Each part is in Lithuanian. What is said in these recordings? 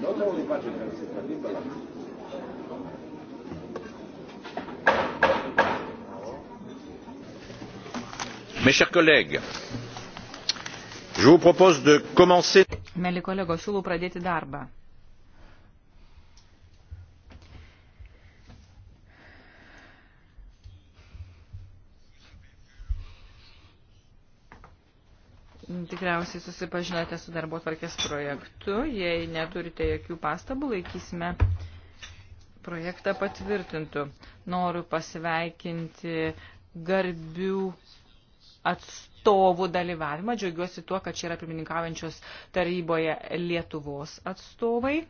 Not only budget sensitive, but imbalance. Mes chers collègues, je vous propose de commencer. Mėly kolegos, siūlau pradėti darbą. tikriausiai susipažinote su darbo tvarkės projektu. Jei neturite jokių pastabų, laikysime projektą patvirtintų. Noriu pasveikinti garbių atstovų dalyvavimą. Džiaugiuosi tuo, kad čia yra pirmininkaujančios taryboje Lietuvos atstovai.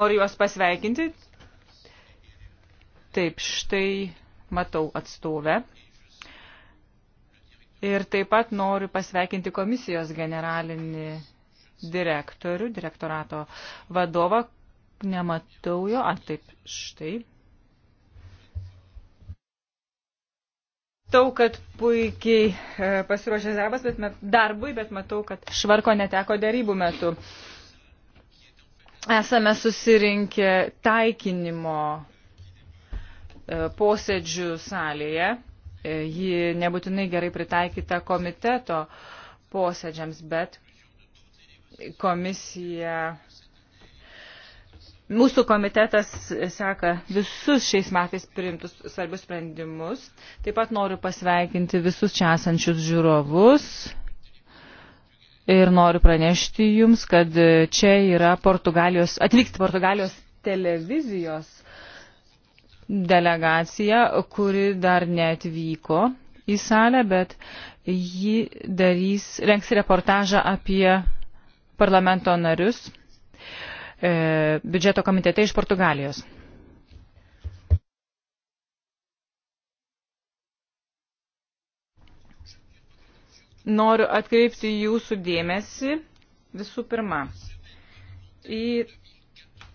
Noriu juos pasveikinti. Taip, štai matau atstovę. Ir taip pat noriu pasveikinti komisijos generalinį direktorių, direktorato vadovą. Nematau jo, ar taip štai. Matau, kad puikiai e, pasiruošęs darbas, bet met, darbui, bet matau, kad švarko neteko darybų metu. Esame susirinkę taikinimo E, posėdžių salėje. E, ji nebūtinai gerai pritaikyta komiteto posėdžiams, bet komisija. Mūsų komitetas seka visus šiais metais priimtus svarbius sprendimus. Taip pat noriu pasveikinti visus čia esančius žiūrovus. Ir noriu pranešti jums, kad čia yra Portugalijos, atvykti Portugalijos televizijos delegacija, kuri dar neatvyko į salę, bet ji darys, renks reportažą apie parlamento narius e, biudžeto komitete iš Portugalijos. Noriu atkreipti jūsų dėmesį visų pirma į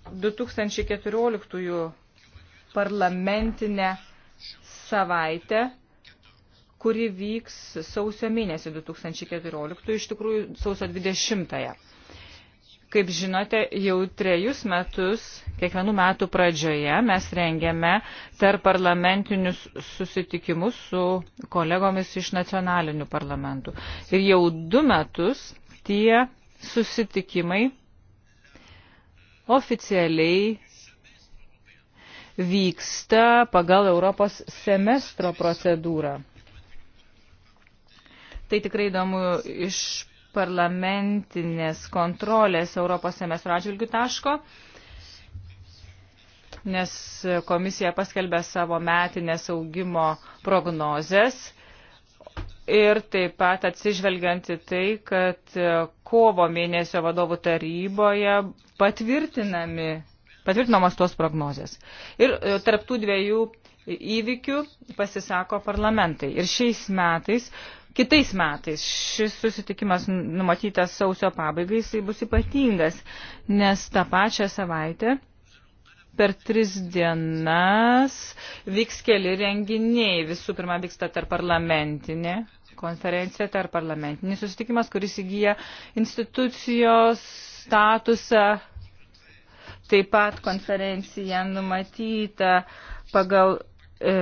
2014 parlamentinę savaitę, kuri vyks sausio mėnesį 2014, iš tikrųjų sausio 20-ąją. Kaip žinote, jau trejus metus, kiekvienų metų pradžioje mes rengiame tarp parlamentinius susitikimus su kolegomis iš nacionalinių parlamentų. Ir jau du metus tie susitikimai oficialiai vyksta pagal Europos semestro procedūrą. Tai tikrai įdomu iš parlamentinės kontrolės Europos semestro atžvilgių taško, nes komisija paskelbė savo metinės augimo prognozes ir taip pat atsižvelgianti tai, kad kovo mėnesio vadovų taryboje patvirtinami patvirtinamos tos prognozės. Ir e, tarptų dviejų įvykių pasisako parlamentai. Ir šiais metais, kitais metais, šis susitikimas numatytas sausio pabaigai, jisai bus ypatingas, nes tą pačią savaitę per tris dienas vyks keli renginiai. Visų pirma, vyksta tarp parlamentinė konferencija, tarp parlamentinis susitikimas, kuris įgyja institucijos statusą Taip pat konferencija numatyta pagal e,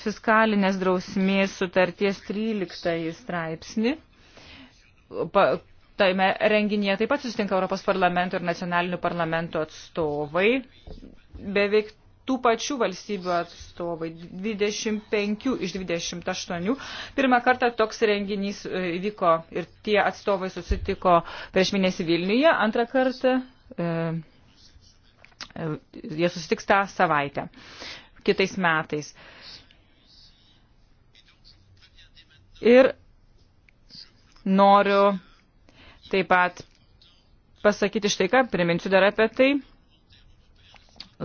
fiskalinės drausmės sutarties 13 straipsnį. Pa, tame renginyje taip pat susitinka Europos parlamento ir nacionalinių parlamento atstovai, beveik tų pačių valstybių atstovai, 25 iš 28. Pirmą kartą toks renginys e, vyko ir tie atstovai susitiko prieš mėnesį Vilniuje, antrą kartą. E, Jie susitiks tą savaitę, kitais metais. Ir noriu taip pat pasakyti štai ką, priminsiu dar apie tai.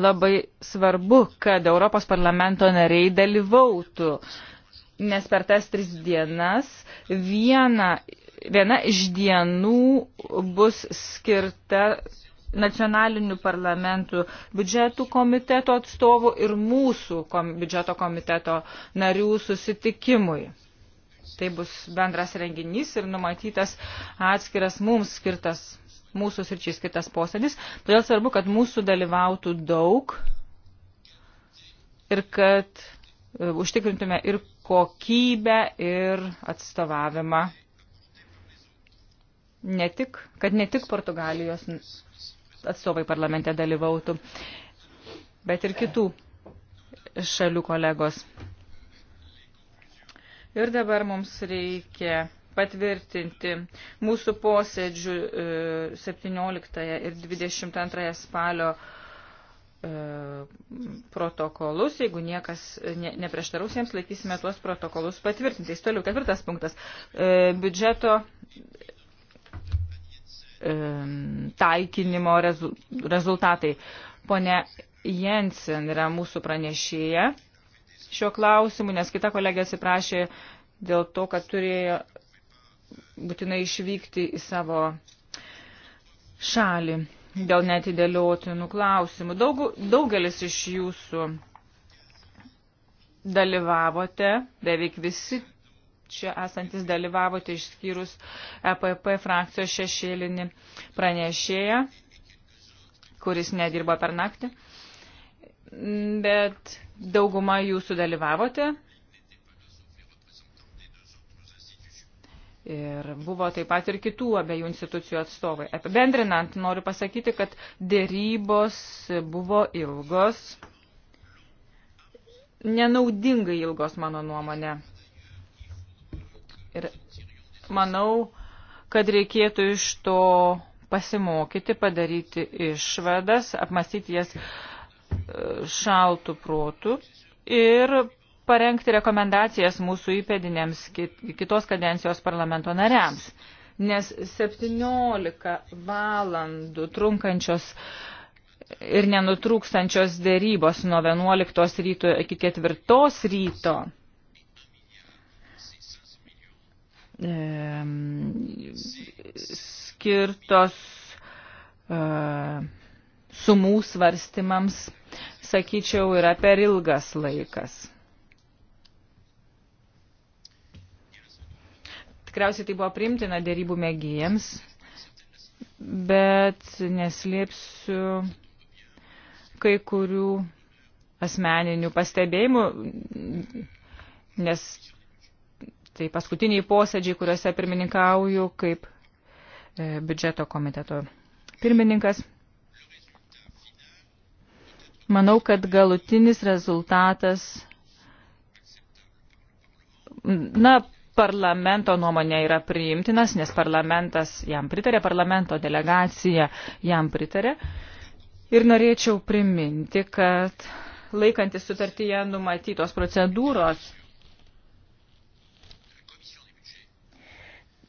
Labai svarbu, kad Europos parlamento nariai dalyvautų, nes per tas tris dienas viena, viena iš dienų bus skirta nacionalinių parlamentų biudžetų komiteto atstovų ir mūsų kom, biudžeto komiteto narių susitikimui. Tai bus bendras renginys ir numatytas atskiras mums skirtas, mūsų sirčiai skirtas posėdis. Todėl svarbu, kad mūsų dalyvautų daug ir kad e, užtikrintume ir kokybę, ir atstovavimą ne tik, kad ne tik Portugalijos atstovai parlamente dalyvautų, bet ir kitų šalių kolegos. Ir dabar mums reikia patvirtinti mūsų posėdžių 17 e, ir 22 spalio e, protokolus, jeigu niekas ne, neprieštaraus jiems, laikysime tuos protokolus patvirtintais. Toliau ketvirtas punktas. E, biudžeto taikinimo rezultatai. Pone Jensen yra mūsų pranešėja šiuo klausimu, nes kita kolegė atsiprašė dėl to, kad turėjo būtinai išvykti į savo šalį dėl netidėliotinų klausimų. Daug, daugelis iš jūsų dalyvavote, beveik visi čia esantis dalyvavote išskyrus EPP frakcijos šešėlinį pranešėją, kuris nedirbo per naktį, bet dauguma jūsų dalyvavote. Ir buvo taip pat ir kitų abiejų institucijų atstovai. Bendrinant, noriu pasakyti, kad dėrybos buvo ilgos, nenaudingai ilgos mano nuomonė. Ir manau, kad reikėtų iš to pasimokyti, padaryti išvadas, apmastyti jas e, šaltų protų ir parengti rekomendacijas mūsų įpėdinėms kitos kadencijos parlamento nariams. Nes 17 valandų trunkančios ir nenutrūkstančios dėrybos nuo 11 ryto iki 4 ryto skirtos e, sumų svarstymams, sakyčiau, yra per ilgas laikas. Tikriausiai tai buvo primtina dėrybų mėgėjams, bet neslėpsiu kai kurių asmeninių pastebėjimų, nes Tai paskutiniai posėdžiai, kuriuose pirmininkauju kaip e, biudžeto komiteto pirmininkas. Manau, kad galutinis rezultatas, na, parlamento nuomonė yra priimtinas, nes parlamentas jam pritarė, parlamento delegacija jam pritarė. Ir norėčiau priminti, kad laikantis sutartyje numatytos procedūros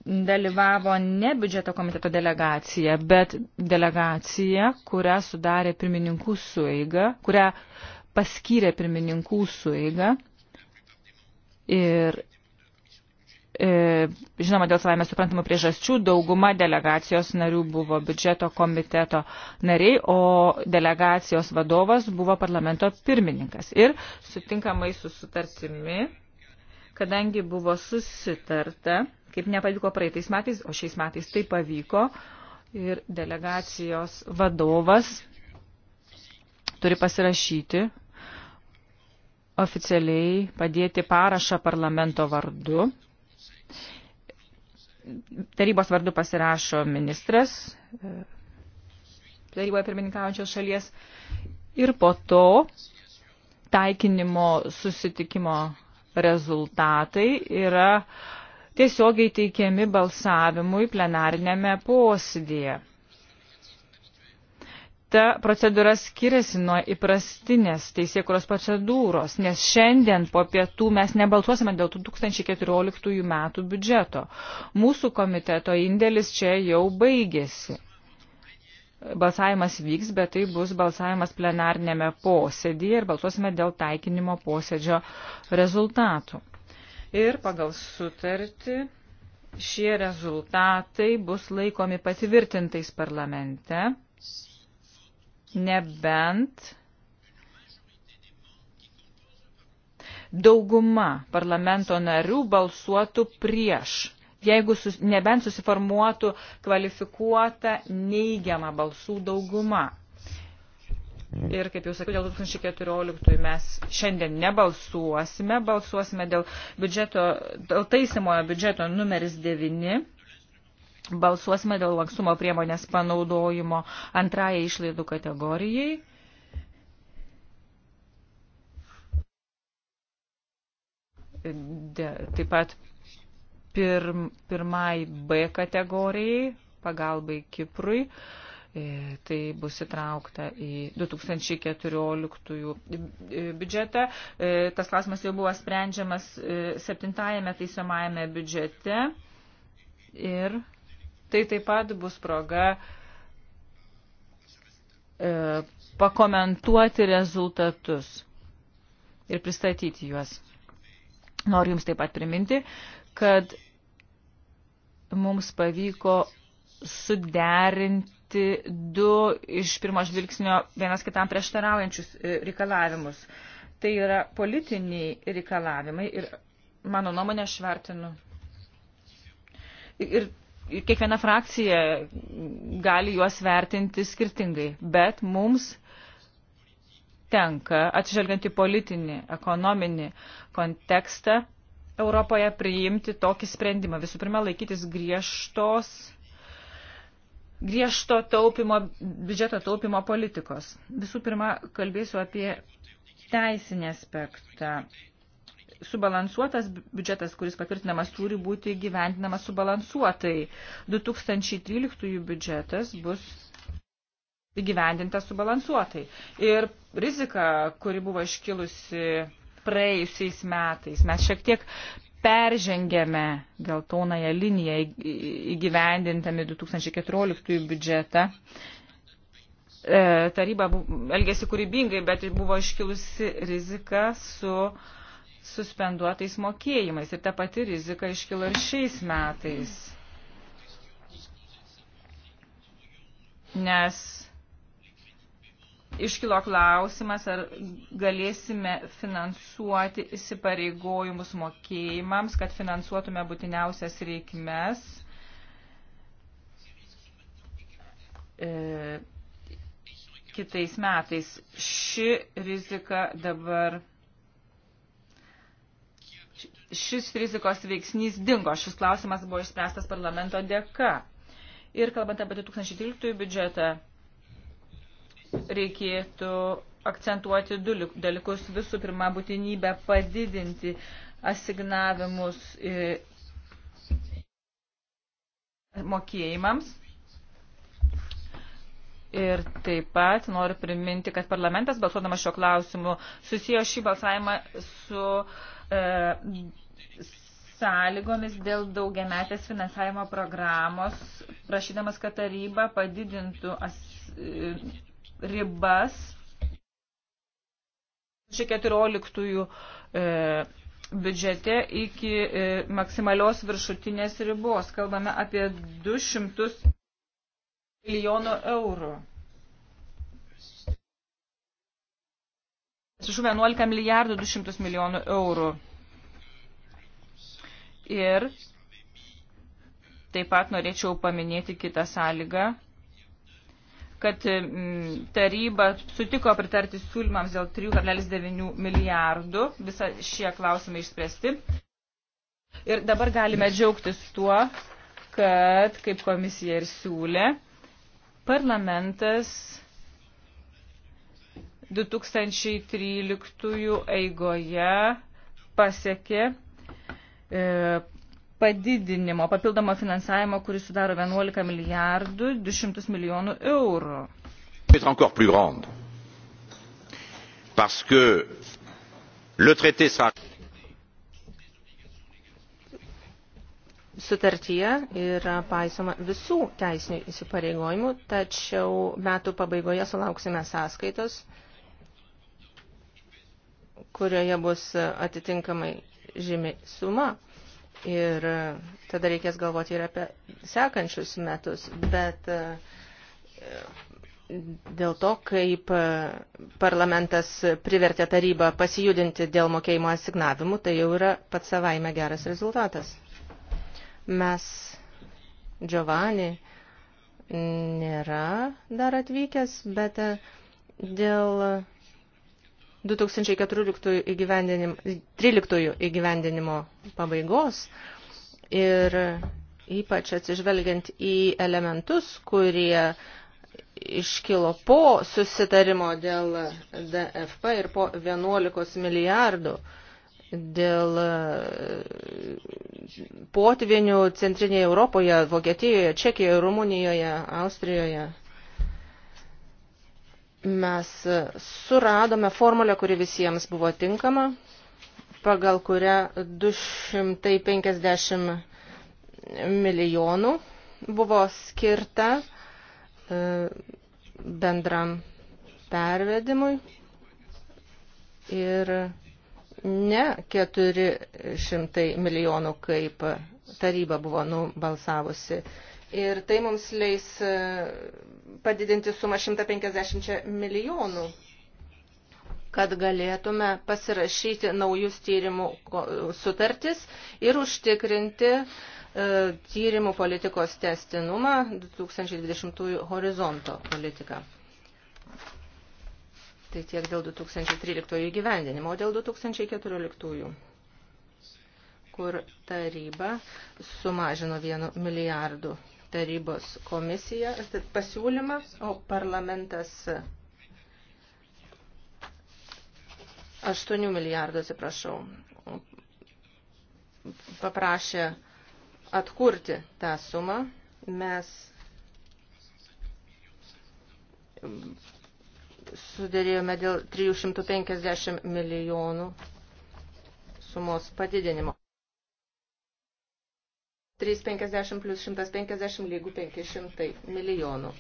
dalyvavo ne biudžeto komiteto delegacija, bet delegacija, kurią sudarė pirmininkų sueiga, kurią paskyrė pirmininkų sueiga. Ir, e, žinoma, dėl savai mes suprantamų priežasčių dauguma delegacijos narių buvo biudžeto komiteto nariai, o delegacijos vadovas buvo parlamento pirmininkas. Ir sutinkamai su sutartimi, kadangi buvo susitarta, kaip nepavyko praeitais metais, o šiais metais tai pavyko. Ir delegacijos vadovas turi pasirašyti oficialiai padėti parašą parlamento vardu. Tarybos vardu pasirašo ministras, e, taryboje pirmininkaujančios šalies ir po to taikinimo susitikimo rezultatai yra uh, tiesiogiai teikiami balsavimui plenarinėme posėdėje. Ta procedūra skiriasi nuo įprastinės teisėkuros procedūros, nes šiandien po pietų mes nebalsuosime dėl 2014 metų biudžeto. Mūsų komiteto indėlis čia jau baigėsi balsavimas vyks, bet tai bus balsavimas plenarnėme posėdėje ir balsuosime dėl taikinimo posėdžio rezultatų ir pagal sutartį šie rezultatai bus laikomi patvirtintais parlamente, nebent dauguma parlamento narių balsuotų prieš, jeigu sus, nebent susiformuotų kvalifikuota neigiama balsų dauguma. Ir kaip jau sakiau, dėl 2014 mes šiandien nebalsuosime, balsuosime dėl, biudžeto, dėl taisimojo biudžeto numeris 9. Balsuosime dėl lankstumo priemonės panaudojimo antrajai išlaidų kategorijai. De, taip pat pir, pirmai B kategorijai, pagalbai Kiprui. Uh, E, tai bus įtraukta į 2014 biudžetą. E, tas klausimas jau buvo sprendžiamas 7-ame e, taisomajame biudžete. Ir tai taip pat bus proga pakomentuoti rezultatus ir pristatyti juos. Noriu Jums taip pat priminti, kad mums pavyko suderinti pateikti du iš pirmo žvilgsnio vienas kitam prieštaraujančius e, reikalavimus. Tai yra politiniai reikalavimai ir mano nuomonė aš vertinu. Ir, ir kiekviena frakcija gali juos vertinti skirtingai, bet mums tenka, atsižvelgiant į politinį, ekonominį kontekstą, Europoje priimti tokį sprendimą. Visų pirma, laikytis griežtos griežto taupimo, biudžeto taupimo politikos. Visų pirma, kalbėsiu apie teisinį aspektą. Subalansuotas biudžetas, kuris patvirtinamas, turi būti gyventinamas subalansuotai. 2013 biudžetas bus įgyvendintas subalansuotai. Ir rizika, kuri buvo iškilusi praėjusiais metais, mes šiek tiek peržengėme geltonąją liniją įgyvendintami 2014 biudžetą. E, taryba elgėsi kūrybingai, bet buvo iškilusi rizika su suspenduotais mokėjimais ir ta pati rizika iškilo ir šiais metais. Nes iškilo klausimas, ar galėsime finansuoti įsipareigojimus mokėjimams, kad finansuotume būtiniausias reikmes. E, kitais metais. Ši rizika dabar. Šis rizikos veiksnys dingo. Šis klausimas buvo išspręstas parlamento dėka. Ir kalbant apie 2013 biudžetą, reikėtų akcentuoti du dalykus. Visų pirma, būtinybę padidinti asignavimus e, mokėjimams. Ir taip pat noriu priminti, kad parlamentas balsuodamas šio klausimu susijo šį balsavimą su e, sąlygomis dėl daugiametės finansavimo programos, prašydamas, kad taryba padidintų as, e, ribas 2014 e, biudžete iki e, maksimalios viršutinės ribos. Kalbame apie 200 milijonų eurų. Atsiprašau, 11 milijardų 200 milijonų eurų. Ir taip pat norėčiau paminėti kitą sąlygą kad mm, taryba sutiko pritarti siūlymams dėl 3,9 milijardų. Visą šie klausimai išspręsti. Ir dabar galime džiaugtis tuo, kad, kaip komisija ir siūlė, parlamentas 2013 eigoje pasiekė e, padidinimo, papildomo finansavimo, kuris sudaro 11 milijardų 200 milijonų eurų. Parce que le traité sera sutartyje yra paisoma visų teisinių įsipareigojimų, tačiau metų pabaigoje sulauksime sąskaitos, kurioje bus atitinkamai žymi suma. Ir e, tada reikės galvoti ir apie sekančius metus, bet e, dėl to, kaip e, parlamentas privertė tarybą pasijudinti dėl mokėjimo asignavimų, tai jau yra pats savaime geras rezultatas. Mes, Giovanni, nėra dar atvykęs, bet dėl 2014 įgyvendinim, 13 įgyvendinimo pabaigos ir ypač atsižvelgiant į elementus, kurie iškilo po susitarimo dėl DFP ir po 11 milijardų dėl e, potvinių Centrinėje Europoje, Vokietijoje, Čekijoje, Rumunijoje, Austrijoje Mes suradome formulę, kuri visiems buvo tinkama, pagal kurią 250 milijonų buvo skirta e, bendram pervedimui ir ne 400 milijonų, kaip taryba buvo nubalsavusi. Ir tai mums leis e, padidinti sumą 150 milijonų, kad galėtume pasirašyti naujus tyrimų sutartis ir užtikrinti e, tyrimų politikos testinumą 2020 horizonto politiką. Tai tiek dėl 2013 įgyvendinimo, o dėl 2014, kur taryba sumažino vienu milijardu tarybos komisiją, tai pasiūlymą, o parlamentas 8 milijardų, atsiprašau, paprašė atkurti tą sumą. Mes sudėrėjome dėl 350 milijonų sumos padidinimo. 350 plus 150 lygų 500 milijonų.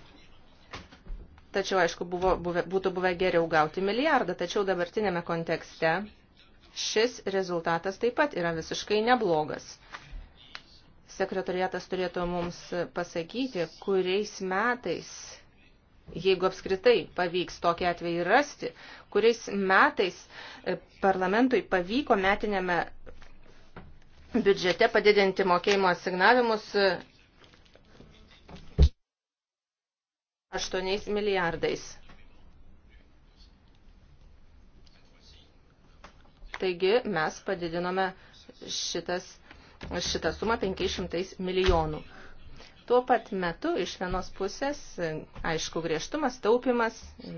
Tačiau, aišku, buvo, buvę, būtų buvę geriau gauti milijardą, tačiau dabartinėme kontekste šis rezultatas taip pat yra visiškai neblogas. Sekretariatas turėtų mums pasakyti, kuriais metais, jeigu apskritai pavyks tokį atvejį rasti, kuriais metais e, parlamentui pavyko metinėme biudžete padidinti mokėjimo asignavimus 8 milijardais. Taigi mes padidinome šitas, šitą sumą 500 milijonų. Tuo pat metu iš vienos pusės, aišku, griežtumas, taupimas,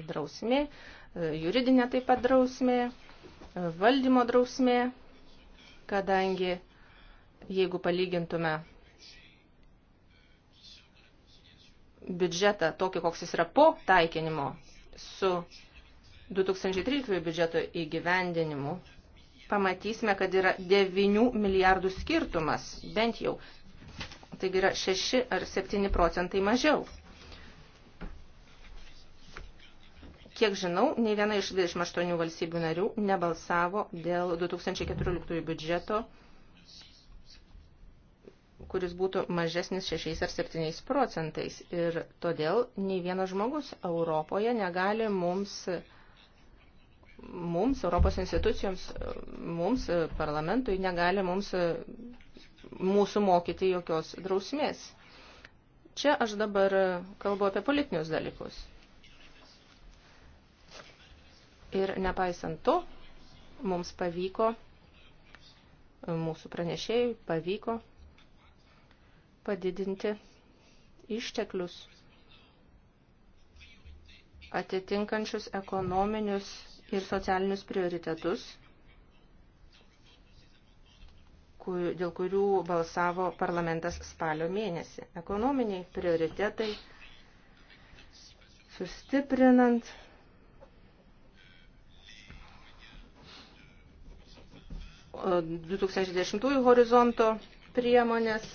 drausmė, juridinė taip pat drausmė, valdymo drausmė, kadangi jeigu palygintume biudžetą, tokį koks jis yra po taikinimo, su 2013 biudžeto įgyvendinimu, pamatysime, kad yra 9 milijardų skirtumas, bent jau. Taigi yra 6 ar 7 procentai mažiau. Kiek žinau, nei viena iš 28 valstybių narių nebalsavo dėl 2014 biudžeto kuris būtų mažesnis 6 ar 7 procentais. Ir todėl nei vienas žmogus Europoje negali mums, mums Europos institucijoms, mums, parlamentui, negali mums, mūsų mokyti jokios drausmės. Čia aš dabar kalbu apie politinius dalykus. Ir nepaisant to, mums pavyko, mūsų pranešėjui pavyko padidinti išteklius atitinkančius ekonominius ir socialinius prioritetus, dėl kurių balsavo parlamentas spalio mėnesį. Ekonominiai prioritetai sustiprinant – 2010 horizonto priemonės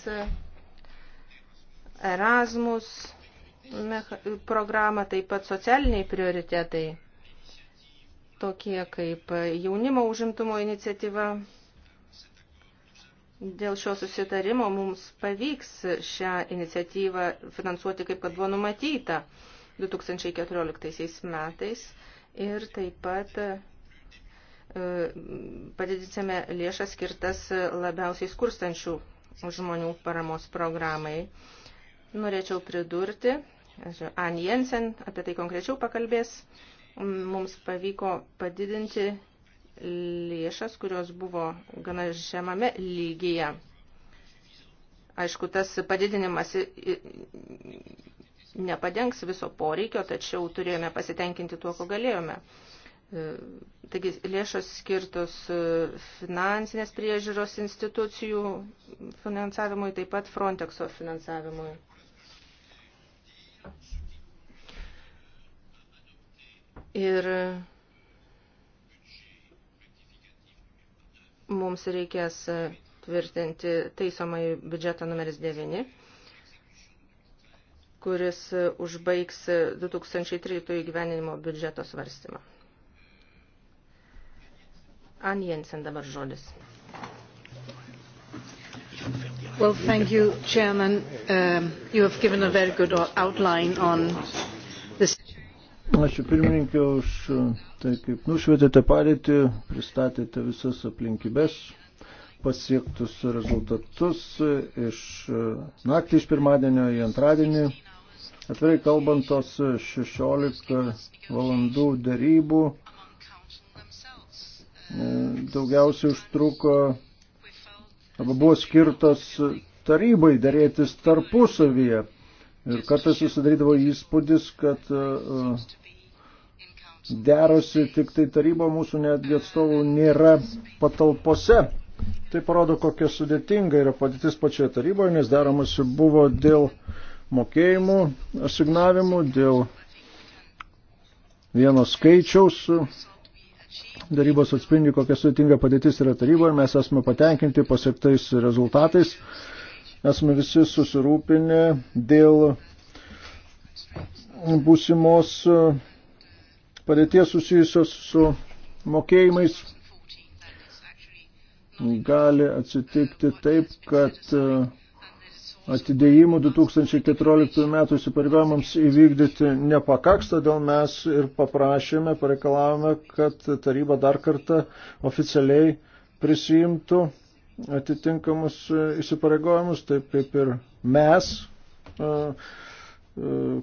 Erasmus programą, taip pat socialiniai prioritetai, tokie kaip jaunimo užimtumo iniciatyva. Dėl šio susitarimo mums pavyks šią iniciatyvą finansuoti, kaip kad buvo numatyta 2014 metais. Ir taip pat e, padidinsime lėšas skirtas labiausiai skurstančių žmonių paramos programai. Norėčiau pridurti, An Jensen apie tai konkrečiau pakalbės, mums pavyko padidinti lėšas, kurios buvo gana žemame lygyje. Aišku, tas padidinimas nepadengs viso poreikio, tačiau turėjome pasitenkinti tuo, ko galėjome. E, taigi lėšos skirtos e, finansinės priežiūros institucijų finansavimui, taip pat Frontexo finansavimui. Ir mums reikės tvirtinti taisomąjį biudžetą numeris 9, kuris užbaigs 2013 gyveninimo biudžeto svarstymą. Ann Jensen dabar žodis. Well, thank you, Chairman. Um, you have given a very good outline on Ačiū pirmininkė už e, tai, kaip nušvietėte padėtį, pristatėte visas aplinkybės, pasiektus rezultatus e, iš e, naktį iš pirmadienio į antradienį. Atvirai kalbant, tos 16 valandų darybų daugiausiai užtruko arba buvo skirtos tarybai dėrėtis tarpusavyje. Ir kartais susidarydavo įspūdis, kad derosi, tik tai taryba mūsų netgi atstovų nėra patalpose. Tai parodo, kokia sudėtinga yra padėtis pačioje taryboje, nes daromasi buvo dėl mokėjimų, asignavimų, dėl vieno skaičiaus. Darybos atspindi, kokia sudėtinga padėtis yra taryboje, mes esame patenkinti pasiektais rezultatais, esame visi susirūpinę dėl būsimos padėties susijusios su mokėjimais gali atsitikti taip, kad e, atidėjimų 2014 metų įsipareigojimams įvykdyti nepakaks, todėl mes ir paprašėme, pareikalavome, kad taryba dar kartą oficialiai prisijimtų atitinkamus įsipareigojimus, taip kaip ir mes e, e,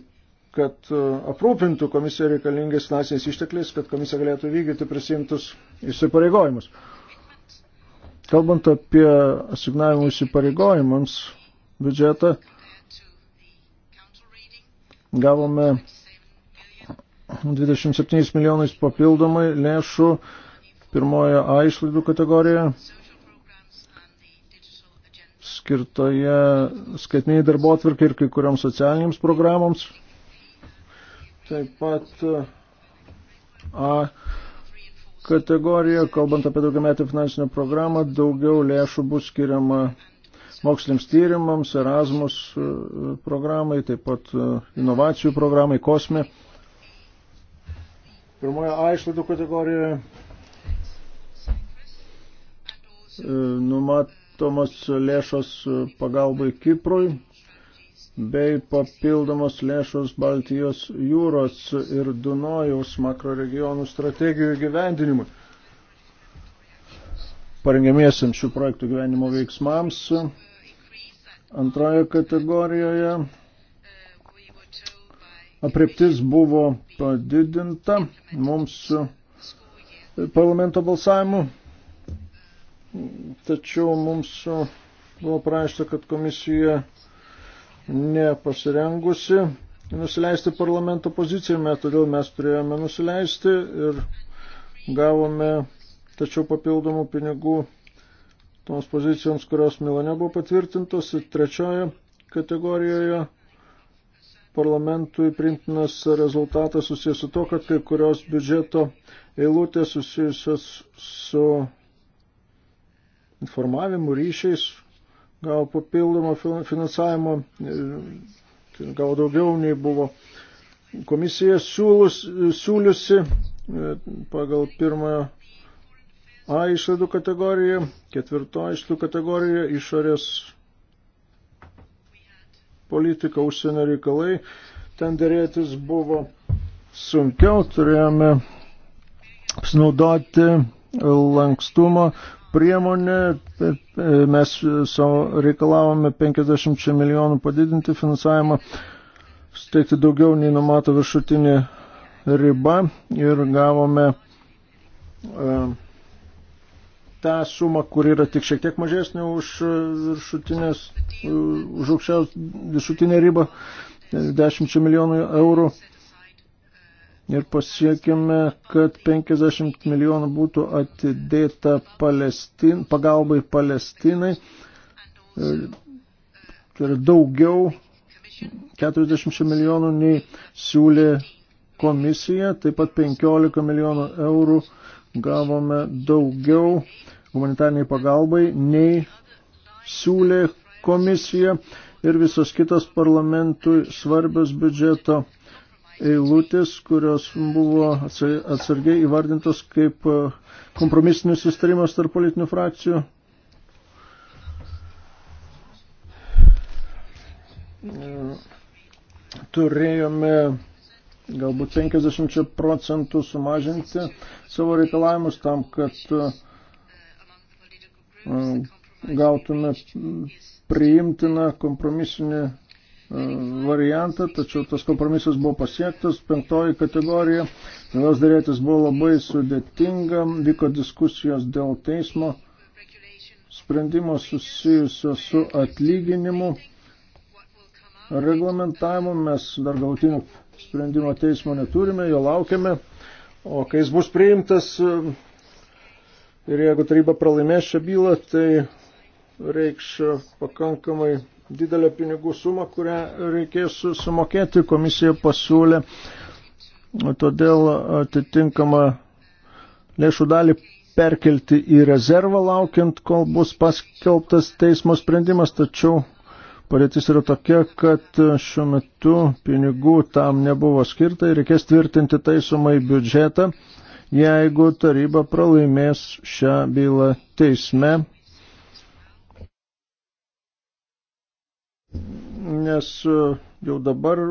kad e, aprūpintų komisiją reikalingais finansiniais ištekliais, kad komisija galėtų vykdyti prisimtus įsipareigojimus. Kalbant apie asignavimų įsipareigojimams biudžetą, gavome 27 milijonais papildomai lėšų pirmojo A išlaidų kategorijoje skirtoje skaitminiai darbo atvirkai ir kai kurioms socialinėms programoms. Taip pat A kategorija, kalbant apie daugiametę finansinę programą, daugiau lėšų bus skiriama moksliniams tyrimams, Erasmus e, programai, taip pat e, inovacijų programai, kosme. Pirmoje A išlaidų kategorijoje e, numatomas lėšos pagalbai Kiprui bei papildomos lėšos Baltijos jūros ir Dunojaus makroregionų strategijų gyvendinimui. Parengiamiesiams šių projektų gyvenimo veiksmams. Antroje kategorijoje apriptis buvo padidinta mums parlamento balsavimu, tačiau mums buvo prašta, kad komisija nepasirengusi nusileisti parlamento pozicijame, todėl mes turėjome nusileisti ir gavome tačiau papildomų pinigų toms pozicijoms, kurios Milane buvo patvirtintos. Ir trečioje kategorijoje parlamentui priimtinas rezultatas susijęs su to, kad kai kurios biudžeto eilutės susijusios su informavimu ryšiais gavo papildomą finansavimą, e, tai gavo daugiau nei buvo komisija siūlus, siūliusi e, pagal pirmąją A išlaidų kategoriją, ketvirtoji išlaidų kategorija, išorės politika, užsienio reikalai. Ten dėrėtis buvo sunkiau, turėjome apsinaudoti lankstumo priemonė, e, e, mes savo reikalavome 50 milijonų padidinti finansavimą, steigti daugiau nei numato viršutinė riba ir gavome uh, tą sumą, kur yra tik šiek tiek mažesnė už viršutinės, už aukščiausią viršutinę ribą, 10 milijonų eurų ir pasiekime, kad 50 milijonų būtų atidėta Palestin, pagalbai Palestinai. Tai yra daugiau 40 milijonų nei siūlė komisija, taip pat 15 milijonų eurų gavome daugiau humanitarniai pagalbai nei siūlė komisija ir visos kitos parlamentui svarbios biudžeto eilutės, kurios buvo atsargiai įvardintos kaip e, kompromisinis sustarimas tarp politinių frakcijų. Turėjome galbūt 50 procentų sumažinti savo reikalavimus tam, kad e, gautume priimtiną kompromisinį variantą, tačiau tas kompromisas buvo pasiektas, penktoji kategorija. Vienos dėrėtis buvo labai sudėtinga, vyko diskusijos dėl teismo sprendimo susijusio su atlyginimu reglamentavimu. Mes dar gautinių sprendimo teismo neturime, jo laukiame, o kai jis bus priimtas ir jeigu taryba pralaimės šią bylą, tai reikš pakankamai didelę pinigų sumą, kurią reikės sumokėti, komisija pasiūlė. Todėl atitinkamą lėšų dalį perkelti į rezervą laukiant, kol bus paskelbtas teismo sprendimas, tačiau padėtis yra tokia, kad šiuo metu pinigų tam nebuvo skirta ir reikės tvirtinti taisomą į biudžetą, jeigu taryba pralaimės šią bylą teisme nes e, jau dabar e,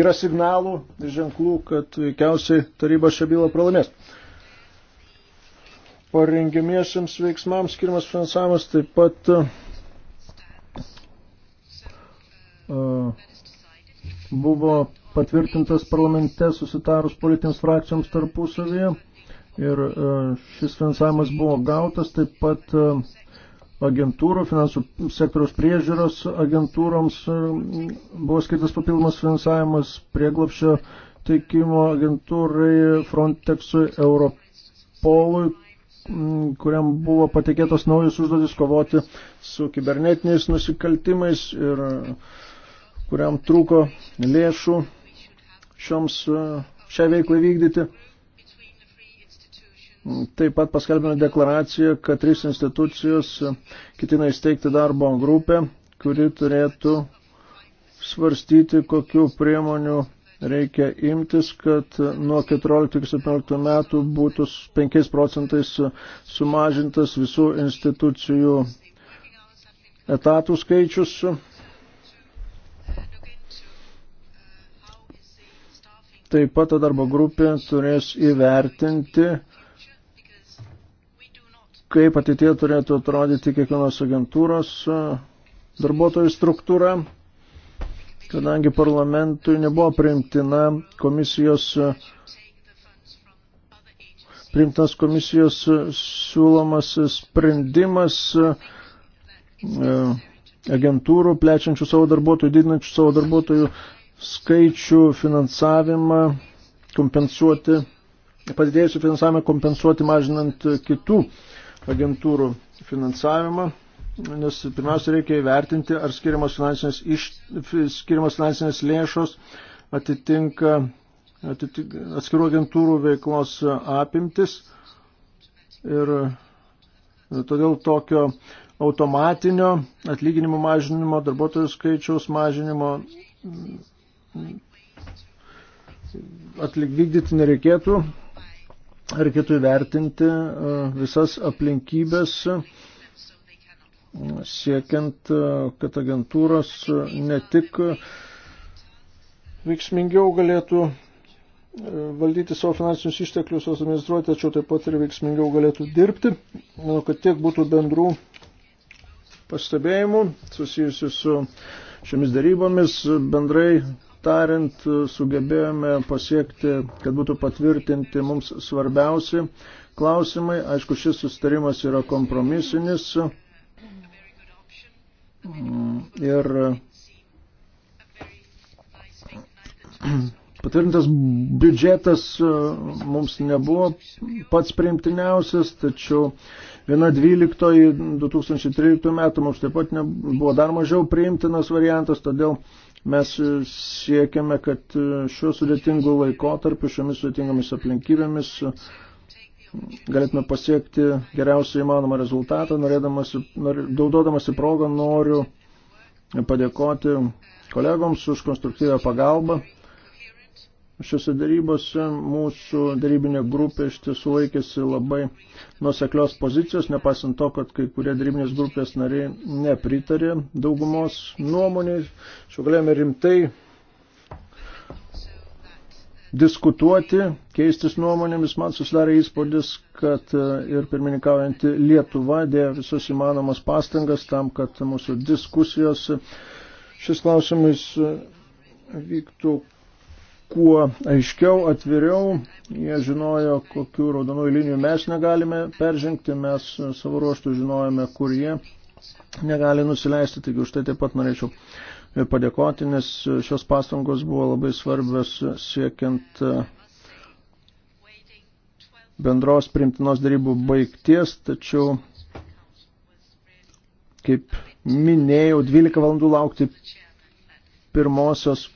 yra signalų ir ženklų, kad veikiausiai taryba šią bylą pralaimės. Parengiamiesiams veiksmams skirimas finansavimas taip pat e, buvo patvirtintas parlamente susitarus politinėms frakcijoms tarpusavėje ir šis finansavimas buvo gautas, taip pat agentūrų, finansų sektoriaus priežiūros agentūroms e, buvo skirtas papildomas finansavimas prieglopščio teikimo agentūrai Frontexui Europolui, kuriam buvo patikėtos naujus užduotis kovoti su kibernetiniais nusikaltimais ir kuriam trūko lėšų šioms e, šią veiklą vykdyti. Taip pat paskelbėme deklaraciją, kad trys institucijos ketina įsteigti darbo grupę, kuri turėtų svarstyti, kokiu priemonių reikia imtis, kad nuo 14-17 metų būtų 5 procentais sumažintas visų institucijų etatų skaičius. Taip pat ta darbo grupė turės įvertinti, kaip ateitie turėtų atrodyti kiekvienos agentūros e, darbuotojų struktūra, kadangi parlamentui nebuvo priimtina komisijos e, priimtas komisijos e, siūlomas sprendimas agentūrų, plečiančių savo darbuotojų, didinančių savo darbuotojų skaičių finansavimą kompensuoti, padidėjusių finansavimą kompensuoti mažinant kitų agentūrų finansavimą, nes pirmiausia reikia įvertinti, ar skiriamos finansinės, iš, skiriamos finansinės lėšos atitinka atitik, atskirų agentūrų veiklos apimtis ir e, todėl tokio automatinio atlyginimų mažinimo, darbuotojų skaičiaus mažinimo atlikvykdyti nereikėtų, reikėtų įvertinti e, visas aplinkybės e, siekiant, e, kad agentūros ne tik veiksmingiau galėtų valdyti savo finansinius išteklius, juos administruoti, tačiau taip pat ir veiksmingiau galėtų dirbti. Manau, kad tiek būtų bendrų pastebėjimų susijusių su šiomis darybomis. Bendrai tariant, sugebėjome pasiekti, kad būtų patvirtinti mums svarbiausi klausimai. Aišku, šis sustarimas yra kompromisinis mm, ir patvirtintas biudžetas uh, mums nebuvo pats priimtiniausias, tačiau 1.12.2013 metų mums taip pat nebuvo dar mažiau priimtinas variantas, todėl Mes e, siekiame, kad e, šiuo sudėtingu laikotarpiu, šiomis sudėtingomis aplinkybėmis e, galėtume pasiekti geriausią įmanomą rezultatą. Daudodamasi progą noriu padėkoti kolegoms už konstruktyvę pagalbą. Šiuose darybose mūsų darybinė grupė iš tiesų laikėsi labai nuseklios pozicijos, nepaisant to, kad kai kurie darybinės grupės nariai nepritarė daugumos nuomonės. Šiuo galėjome rimtai diskutuoti, keistis nuomonėmis. Man susidarė įspūdis, kad ir pirmininkaujanti Lietuva dėjo visus įmanomas pastangas tam, kad mūsų diskusijos šis klausimais vyktų kuo aiškiau, atviriau. Jie žinojo, kokiu raudonųjų linijų mes negalime peržengti, mes savo ruoštų žinojame, kur jie negali nusileisti, taigi už tai taip pat norėčiau padėkoti, nes šios pastangos buvo labai svarbios siekiant bendros primtinos darybų baigties, tačiau, kaip minėjau, 12 valandų laukti pirmosios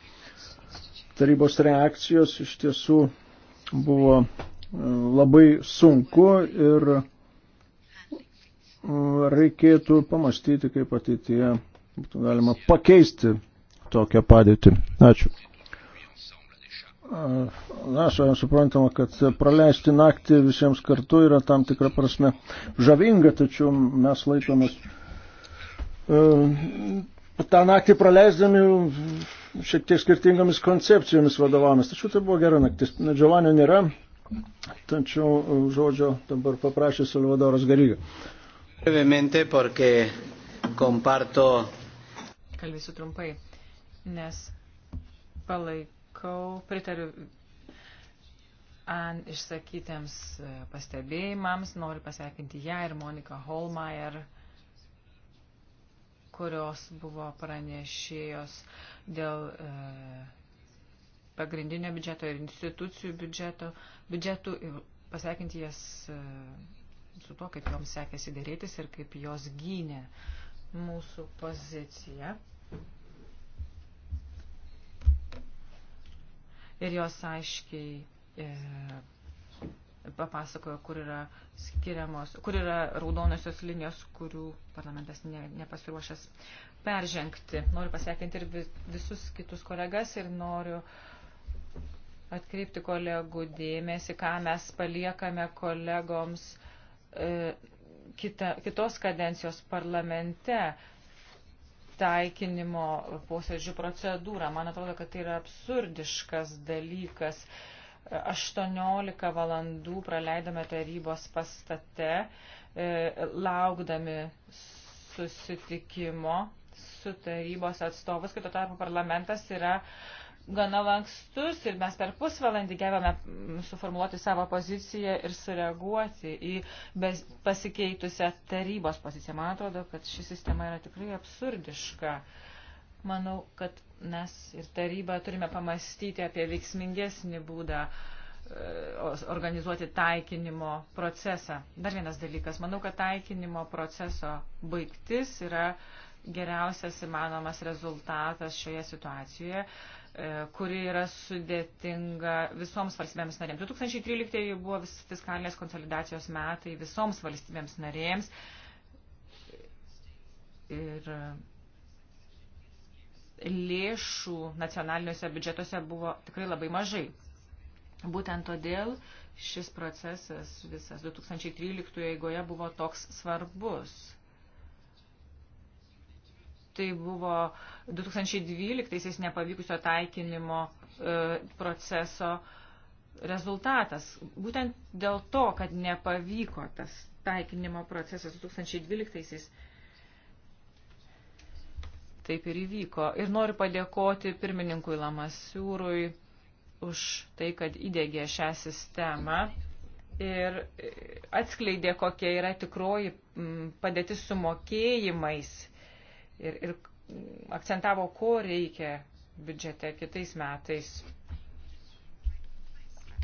tarybos reakcijos iš tiesų buvo e, labai sunku ir e, reikėtų pamastyti, kaip ateityje būtų galima pakeisti tokią padėtį. Ačiū. E, na, savai suprantama, kad praleisti naktį visiems kartu yra tam tikra prasme žavinga, tačiau mes laikomės tą naktį praleisdami šiek tiek skirtingomis koncepcijomis vadovavomės. Tačiau tai buvo gera naktis. Na, Giovanio nėra, tačiau e, žodžio dabar paprašė Salvadoras Garyga. Kalbėsiu trumpai, nes palaikau, pritariu an išsakytiems e, pastebėjimams, noriu pasveikinti ją ir Moniką Holmeier. Ir kurios buvo pranešėjos dėl e, pagrindinio biudžeto ir institucijų biudžeto, biudžetų ir pasveikinti jas e, su to, kaip joms sekėsi dėrėtis ir kaip jos gynė mūsų poziciją. Ir jos aiškiai e, papasakojo, kur yra skiriamos, kur yra raudonosios linijos, kurių parlamentas ne, nepasiruošęs peržengti. Noriu pasiekinti ir visus kitus kolegas ir noriu atkreipti kolegų dėmesį, ką mes paliekame kolegoms e, kita, kitos kadencijos parlamente taikinimo posėdžių procedūrą. Man atrodo, kad tai yra absurdiškas dalykas. E, 18 valandų praleidome tarybos pastate, e, laukdami susitikimo su tarybos atstovus, kai tuo tarpu parlamentas yra gana lankstus ir mes per pusvalandį gebame suformuoluoti savo poziciją ir sureaguoti į pasikeitusią tarybos poziciją. Man atrodo, kad ši sistema yra tikrai absurdiška. Manau, kad mes ir taryba turime pamastyti apie veiksmingesnį būdą e, organizuoti taikinimo procesą. Dar vienas dalykas. Manau, kad taikinimo proceso baigtis yra geriausias įmanomas rezultatas šioje situacijoje, e, kuri yra sudėtinga visoms valstybėms narėms. 2013 buvo fiskalinės konsolidacijos metai visoms valstybėms narėms. Ir lėšų nacionaliniuose biudžetuose buvo tikrai labai mažai. Būtent todėl šis procesas visas 2013 eigoje buvo toks svarbus. Tai buvo 2012 nepavykusio taikinimo e, proceso rezultatas. Būtent dėl to, kad nepavyko tas taikinimo procesas 2012 taip ir įvyko. Ir noriu padėkoti pirmininkui Lamasiūrui už tai, kad įdėgė šią sistemą ir atskleidė, kokia yra tikroji mm, padėtis su mokėjimais ir, ir akcentavo, ko reikia biudžete kitais metais.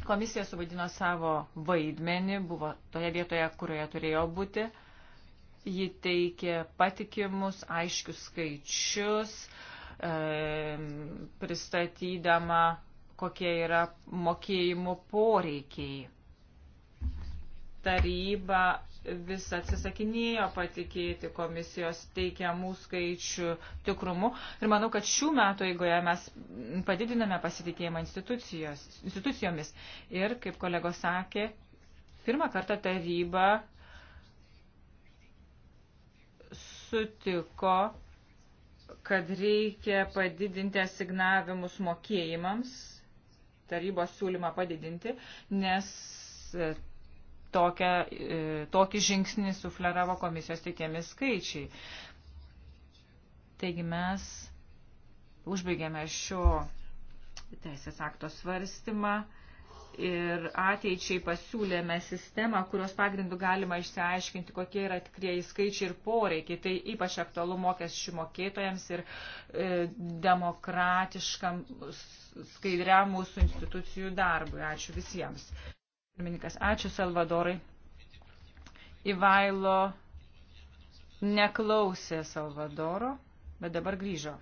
Komisija suvaidino savo vaidmenį, buvo toje vietoje, kurioje turėjo būti. Ji teikė patikimus, aiškius skaičius, e, pristatydama, kokie yra mokėjimų poreikiai. Taryba vis atsisakinėjo patikėti komisijos teikiamų skaičių tikrumu. Ir manau, kad šių metų eigoje mes padidiname pasitikėjimą institucijomis. Ir, kaip kolegos sakė, pirmą kartą taryba sutiko, kad reikia padidinti asignavimus mokėjimams, tarybos siūlymą padidinti, nes e, tokią, e, tokį žingsnį sufleravo komisijos teikiami skaičiai. Taigi mes užbaigėme šio teisės akto svarstymą ir ateičiai pasiūlėme sistemą, kurios pagrindų galima išsiaiškinti, kokie yra tikrieji skaičiai ir poreikiai. Tai ypač aktualu mokesčių mokėtojams ir e, demokratiškam skaidriam mūsų institucijų darbui. Ačiū visiems. Pirmininkas, ačiū Salvadorai. Ivailo neklausė Salvadoro, bet dabar grįžo.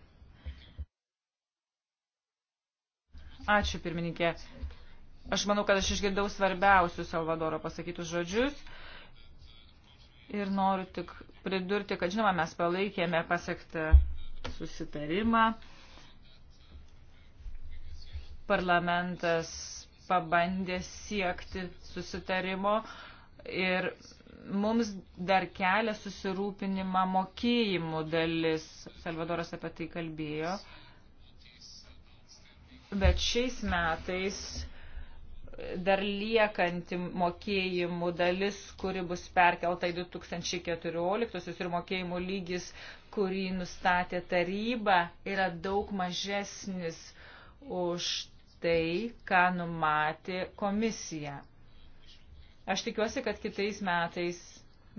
Ačiū pirmininkė. Aš manau, kad aš išgirdau svarbiausius Salvadoro pasakytus žodžius ir noriu tik pridurti, kad žinoma, mes palaikėme pasiektą susitarimą. Parlamentas pabandė siekti susitarimo ir mums dar kelia susirūpinimą mokėjimų dalis. Salvadoras apie tai kalbėjo. Bet šiais metais dar liekanti mokėjimų dalis, kuri bus perkelta į 2014 ir mokėjimų lygis, kurį nustatė taryba, yra daug mažesnis už tai, ką numatė komisija. Aš tikiuosi, kad kitais metais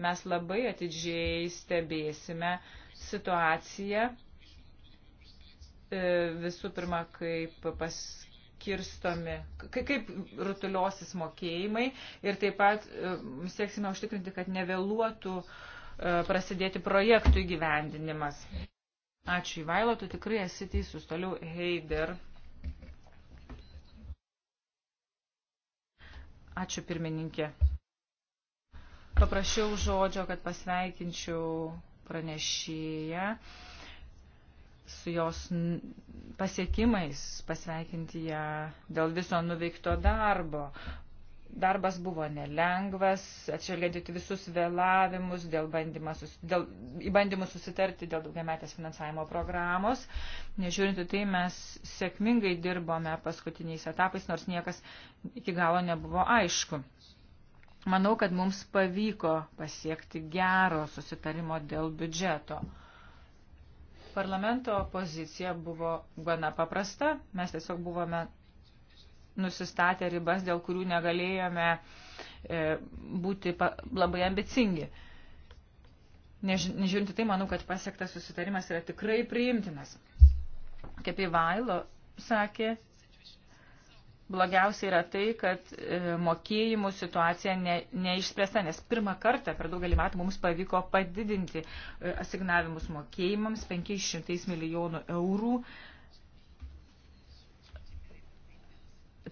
mes labai atidžiai stebėsime situaciją e, visų pirma kaip pas, skirstomi, kaip rutuliosis mokėjimai ir taip pat e, sieksime užtikrinti, kad nevėluotų e, prasidėti projektų įgyvendinimas. Ačiū Ivailo, tu tikrai esi teisus. Toliau Heider. Ačiū pirmininkė. Paprašiau žodžio, kad pasveikinčiau pranešėją su jos pasiekimais, pasveikinti ją dėl viso nuveikto darbo. Darbas buvo nelengvas, atšalėdėti visus vėlavimus, dėl sus, dėl, įbandymų susitarti dėl daugiametės finansavimo programos. Nežiūrint tai, mes sėkmingai dirbome paskutiniais etapais, nors niekas iki galo nebuvo aišku. Manau, kad mums pavyko pasiekti gero susitarimo dėl biudžeto. Parlamento pozicija buvo gana paprasta. Mes tiesiog buvome nusistatę ribas, dėl kurių negalėjome e, būti labai ambicingi. Nežiūrint tai, manau, kad pasiektas susitarimas yra tikrai priimtinas. Kaip įvailo sakė, blogiausia yra tai, kad e, mokėjimų situacija ne, neišspręsta, nes pirmą kartą per daugelį metų mums pavyko padidinti e, asignavimus mokėjimams 500 milijonų eurų.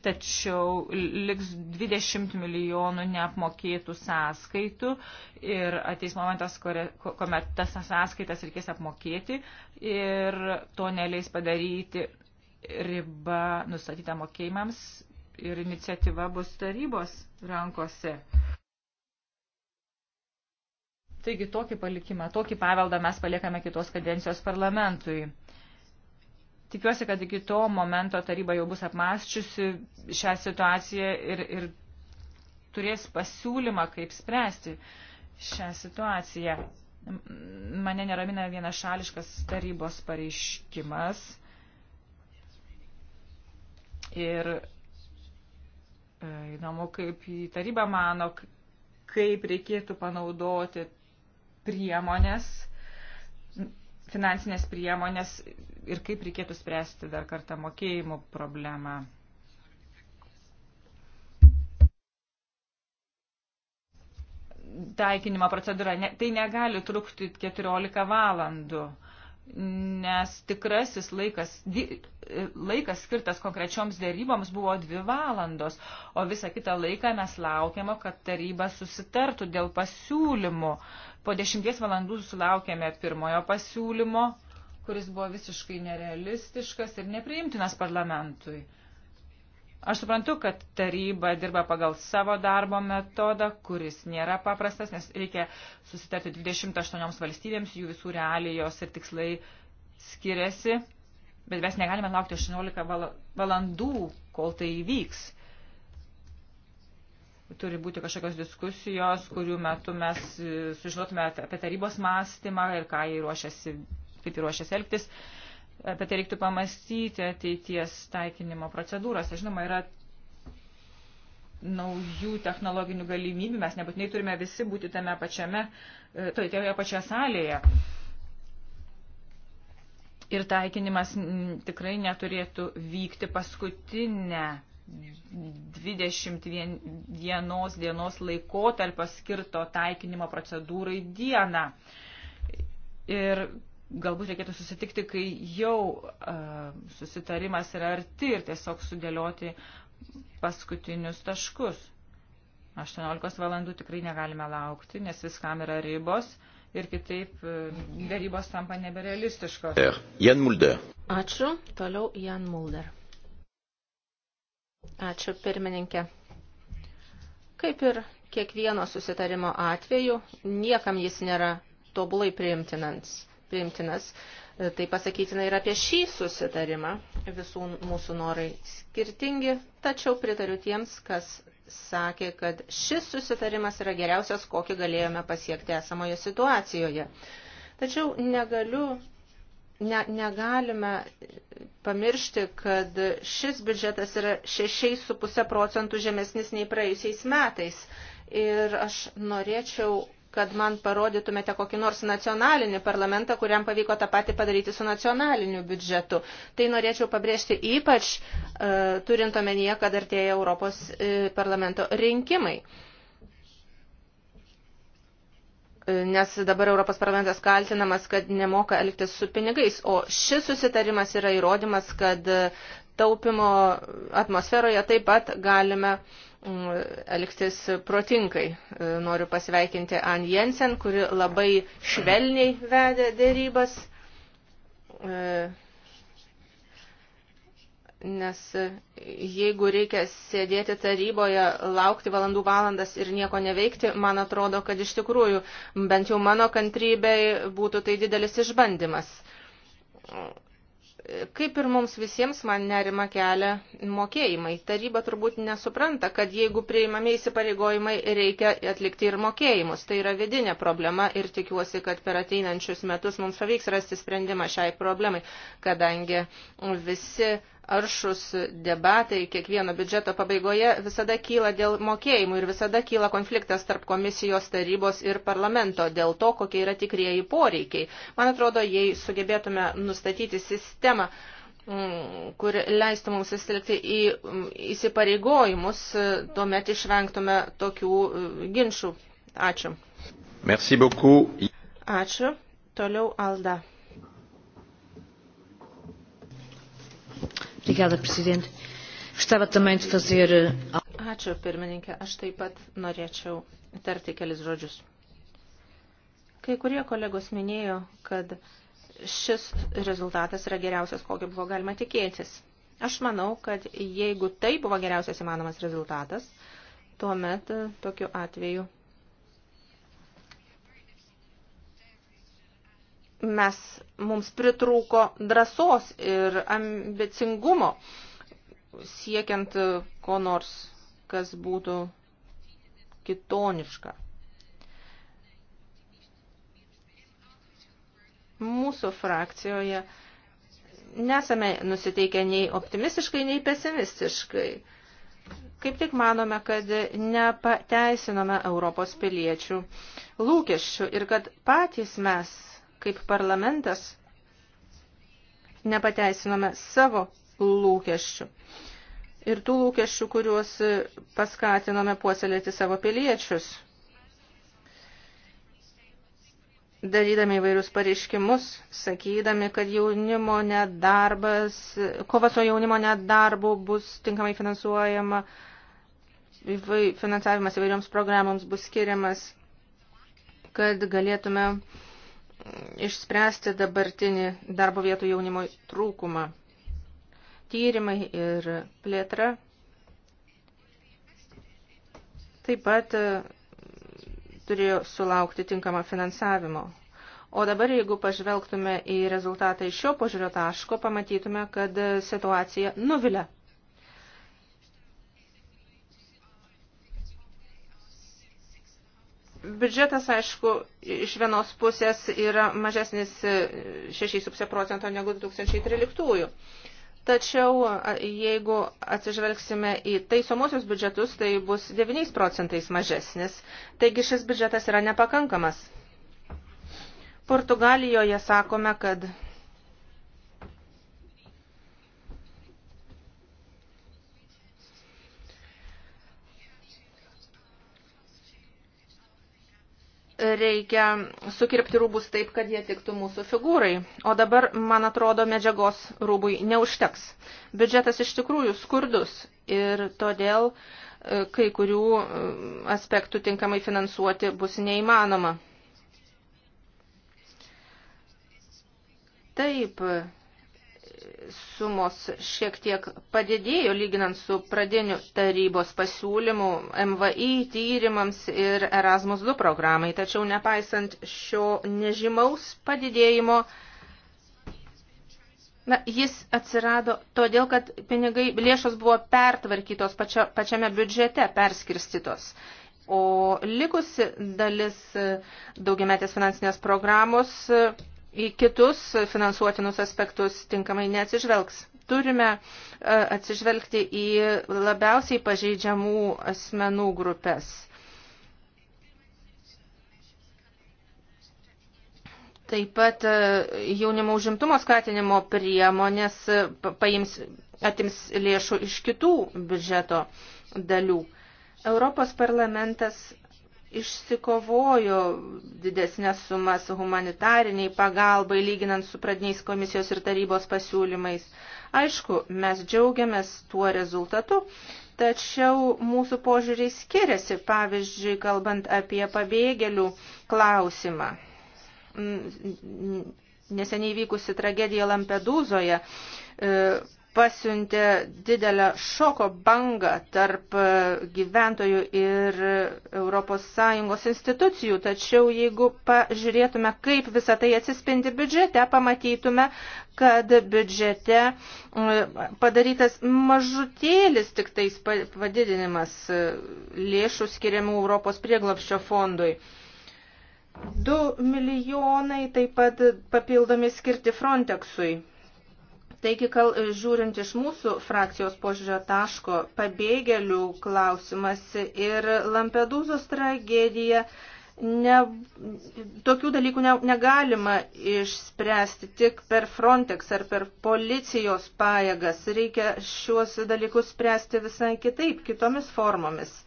Tačiau liks 20 milijonų neapmokėtų sąskaitų ir ateis momentas, kuomet tas sąskaitas reikės apmokėti ir to neleis padaryti riba nustatyta mokėjimams ir iniciatyva bus tarybos rankose. Taigi tokį palikimą, tokį paveldą mes paliekame kitos kadencijos parlamentui. Tikiuosi, kad iki to momento taryba jau bus apmąsčiusi šią situaciją ir, ir turės pasiūlymą, kaip spręsti šią situaciją. Mane neramina vienašališkas tarybos pareiškimas Ir e, įdomu, kaip taryba mano, kaip reikėtų panaudoti priemonės, finansinės priemonės ir kaip reikėtų spręsti dar kartą mokėjimų problemą. Taikinimo procedūra. Ne, tai negali trukti 14 valandų. Uh, nes tikrasis laikas, di, laikas skirtas konkrečioms dėryboms buvo dvi valandos, o visą kitą laiką mes laukiamo, kad taryba susitartų dėl pasiūlymų. Po dešimties valandų sulaukėme pirmojo pasiūlymo, kuris buvo visiškai nerealistiškas ir nepriimtinas parlamentui. Aš suprantu, kad taryba dirba pagal savo darbo metodą, kuris nėra paprastas, nes reikia susitarti 28 valstybėms, jų visų realijos ir tikslai skiriasi, bet mes negalime laukti 18 valandų, kol tai įvyks turi būti kažkokios diskusijos, kurių metu mes e, sužinotume apie tarybos mąstymą ir ką jį ruošiasi, kaip jį ruošiasi elgtis apie tai reiktų pamastyti ateities taikinimo procedūros. Žinoma, yra naujų technologinių galimybių, mes nebūtinai turime visi būti tame pačiame, e, toje pačioje salėje. Ir taikinimas tikrai neturėtų vykti paskutinę 21 dienos, dienos laikotarpio skirto taikinimo procedūrai dieną. Ir galbūt reikėtų susitikti, kai jau uh, susitarimas yra arti ir tiesiog sudėlioti paskutinius taškus. 18 valandų tikrai negalime laukti, nes viskam yra ribos ir kitaip e, darybos tampa neberealistiškos. Jan Mulder. Ačiū. Toliau Jan Mulder. Ačiū pirmininkė. Kaip ir kiekvieno susitarimo atveju, niekam jis nėra tobulai priimtinans priimtinas. E, tai pasakytina ir apie šį susitarimą. Visų mūsų norai skirtingi, tačiau pritariu tiems, kas sakė, kad šis susitarimas yra geriausias, kokį galėjome pasiekti esamoje situacijoje. Tačiau negaliu, ne, negalime pamiršti, kad šis biudžetas yra 6,5 procentų žemesnis nei praėjusiais metais. Ir aš norėčiau kad man parodytumėte kokį nors nacionalinį parlamentą, kuriam pavyko tą patį padaryti su nacionaliniu biudžetu. Tai norėčiau pabrėžti ypač e, turint omenyje, kad artėja Europos e, parlamento rinkimai. E, nes dabar Europos parlamentas kaltinamas, kad nemoka elgtis su pinigais, o šis susitarimas yra įrodymas, kad taupimo atmosferoje taip pat galime uh, Mm, elgtis protingai. E, noriu pasveikinti Ann Jensen, kuri labai švelniai vedė dėrybas, e, nes jeigu reikia sėdėti taryboje, laukti valandų valandas ir nieko neveikti, man atrodo, kad iš tikrųjų bent jau mano kantrybei būtų tai didelis išbandymas Kaip ir mums visiems man nerima kelia mokėjimai. Taryba turbūt nesupranta, kad jeigu priimami įsipareigojimai, reikia atlikti ir mokėjimus. Tai yra vidinė problema ir tikiuosi, kad per ateinančius metus mums pavyks rasti sprendimą šiai problemai, kadangi visi aršus debatai kiekvieno biudžeto pabaigoje visada kyla dėl mokėjimų ir visada kyla konfliktas tarp komisijos tarybos ir parlamento dėl to, kokie yra tikrieji poreikiai. Man atrodo, jei sugebėtume nustatyti sistemą, mm, kur leistų mums įsilgti į mm, įsipareigojimus, tuomet išvengtume tokių mm, ginčių. Ačiū. Merci beaucoup. Ačiū. Toliau Alda. Obrigada, Presidente. Gostava também de fazer. Eh, Ačiū, pirmininkė. Aš taip pat norėčiau tarti kelis žodžius. Kai kurie kolegos minėjo, kad šis rezultatas yra geriausias, kokio buvo galima tikėtis. Aš manau, kad jeigu tai buvo geriausias įmanomas rezultatas, tuomet eh, tokiu atveju mes, mums pritrūko drąsos ir ambicingumo siekiant e, ko nors, kas būtų kitoniška. Mūsų frakcijoje nesame nusiteikę nei optimistiškai, nei pesimistiškai. Kaip tik manome, kad nepateisinome Europos piliečių lūkesčių ir kad patys mes kaip parlamentas nepateisinome savo lūkesčių. Ir tų lūkesčių, kuriuos paskatinome puoselėti savo piliečius, darydami įvairius pareiškimus, sakydami, kad jaunimo nedarbas, kova su jaunimo nedarbu bus tinkamai finansuojama, finansavimas įvairioms programoms bus skiriamas, kad galėtume uh, išspręsti dabartinį darbo vietų jaunimo trūkumą. Tyrimai ir plėtra taip pat e, turėjo sulaukti tinkamą finansavimo. O dabar, jeigu pažvelgtume į rezultatą iš šio požiūrio taško, pamatytume, kad e, situacija nuvilia Biudžetas, aišku, iš vienos pusės yra mažesnis 6,5 e, procento negu 2013. Tačiau jeigu atsižvelgsime į taisomosius biudžetus, tai bus 9 procentais mažesnis. Taigi šis biudžetas yra nepakankamas. Portugalijoje sakome, kad reikia sukirpti rūbus taip, kad jie tiktų mūsų figūrai. O dabar, man atrodo, medžiagos rūbui neužteks. Biudžetas iš tikrųjų skurdus ir todėl e, kai kurių e, aspektų tinkamai finansuoti bus neįmanoma. Taip, sumos šiek tiek padidėjo lyginant su pradiniu tarybos pasiūlymu MVI tyrimams ir Erasmus 2 programai, tačiau nepaisant šio nežymaus padidėjimo, Na, jis atsirado todėl, kad pinigai, lėšos buvo pertvarkytos pačia, pačiame biudžete, perskirstytos. O likusi dalis daugiametės finansinės programos į kitus finansuotinus aspektus tinkamai neatsižvelgs. Turime e, atsižvelgti į labiausiai pažeidžiamų asmenų grupės. Taip pat e, jaunimo užimtumo skatinimo priemonės e, paims, atims lėšų iš kitų biudžeto dalių. Europos parlamentas išsikovojo didesnės sumas humanitariniai pagalbai, lyginant su pradiniais komisijos ir tarybos pasiūlymais. Aišku, mes džiaugiamės tuo rezultatu, tačiau mūsų požiūriai skiriasi, pavyzdžiui, kalbant apie pabėgėlių klausimą. Neseniai vykusi tragedija Lampedūzoje e, pasiuntė didelę šoko bangą tarp gyventojų ir ES institucijų. Tačiau jeigu pažiūrėtume, kaip visą tai atsispindi biudžete, pamatytume, kad biudžete mm, padarytas mažutėlis tik tais padidinimas e, lėšų skiriamų Europos prieglapščio fondui. 2 milijonai taip pat papildomi skirti Frontexui Taigi, kal, žiūrint iš mūsų frakcijos požiūrio taško, pabėgėlių klausimas ir Lampedūzos tragedija, ne, tokių dalykų ne, negalima išspręsti tik per Frontex ar per policijos pajėgas. Reikia šiuos dalykus spręsti visai kitaip, kitomis formomis.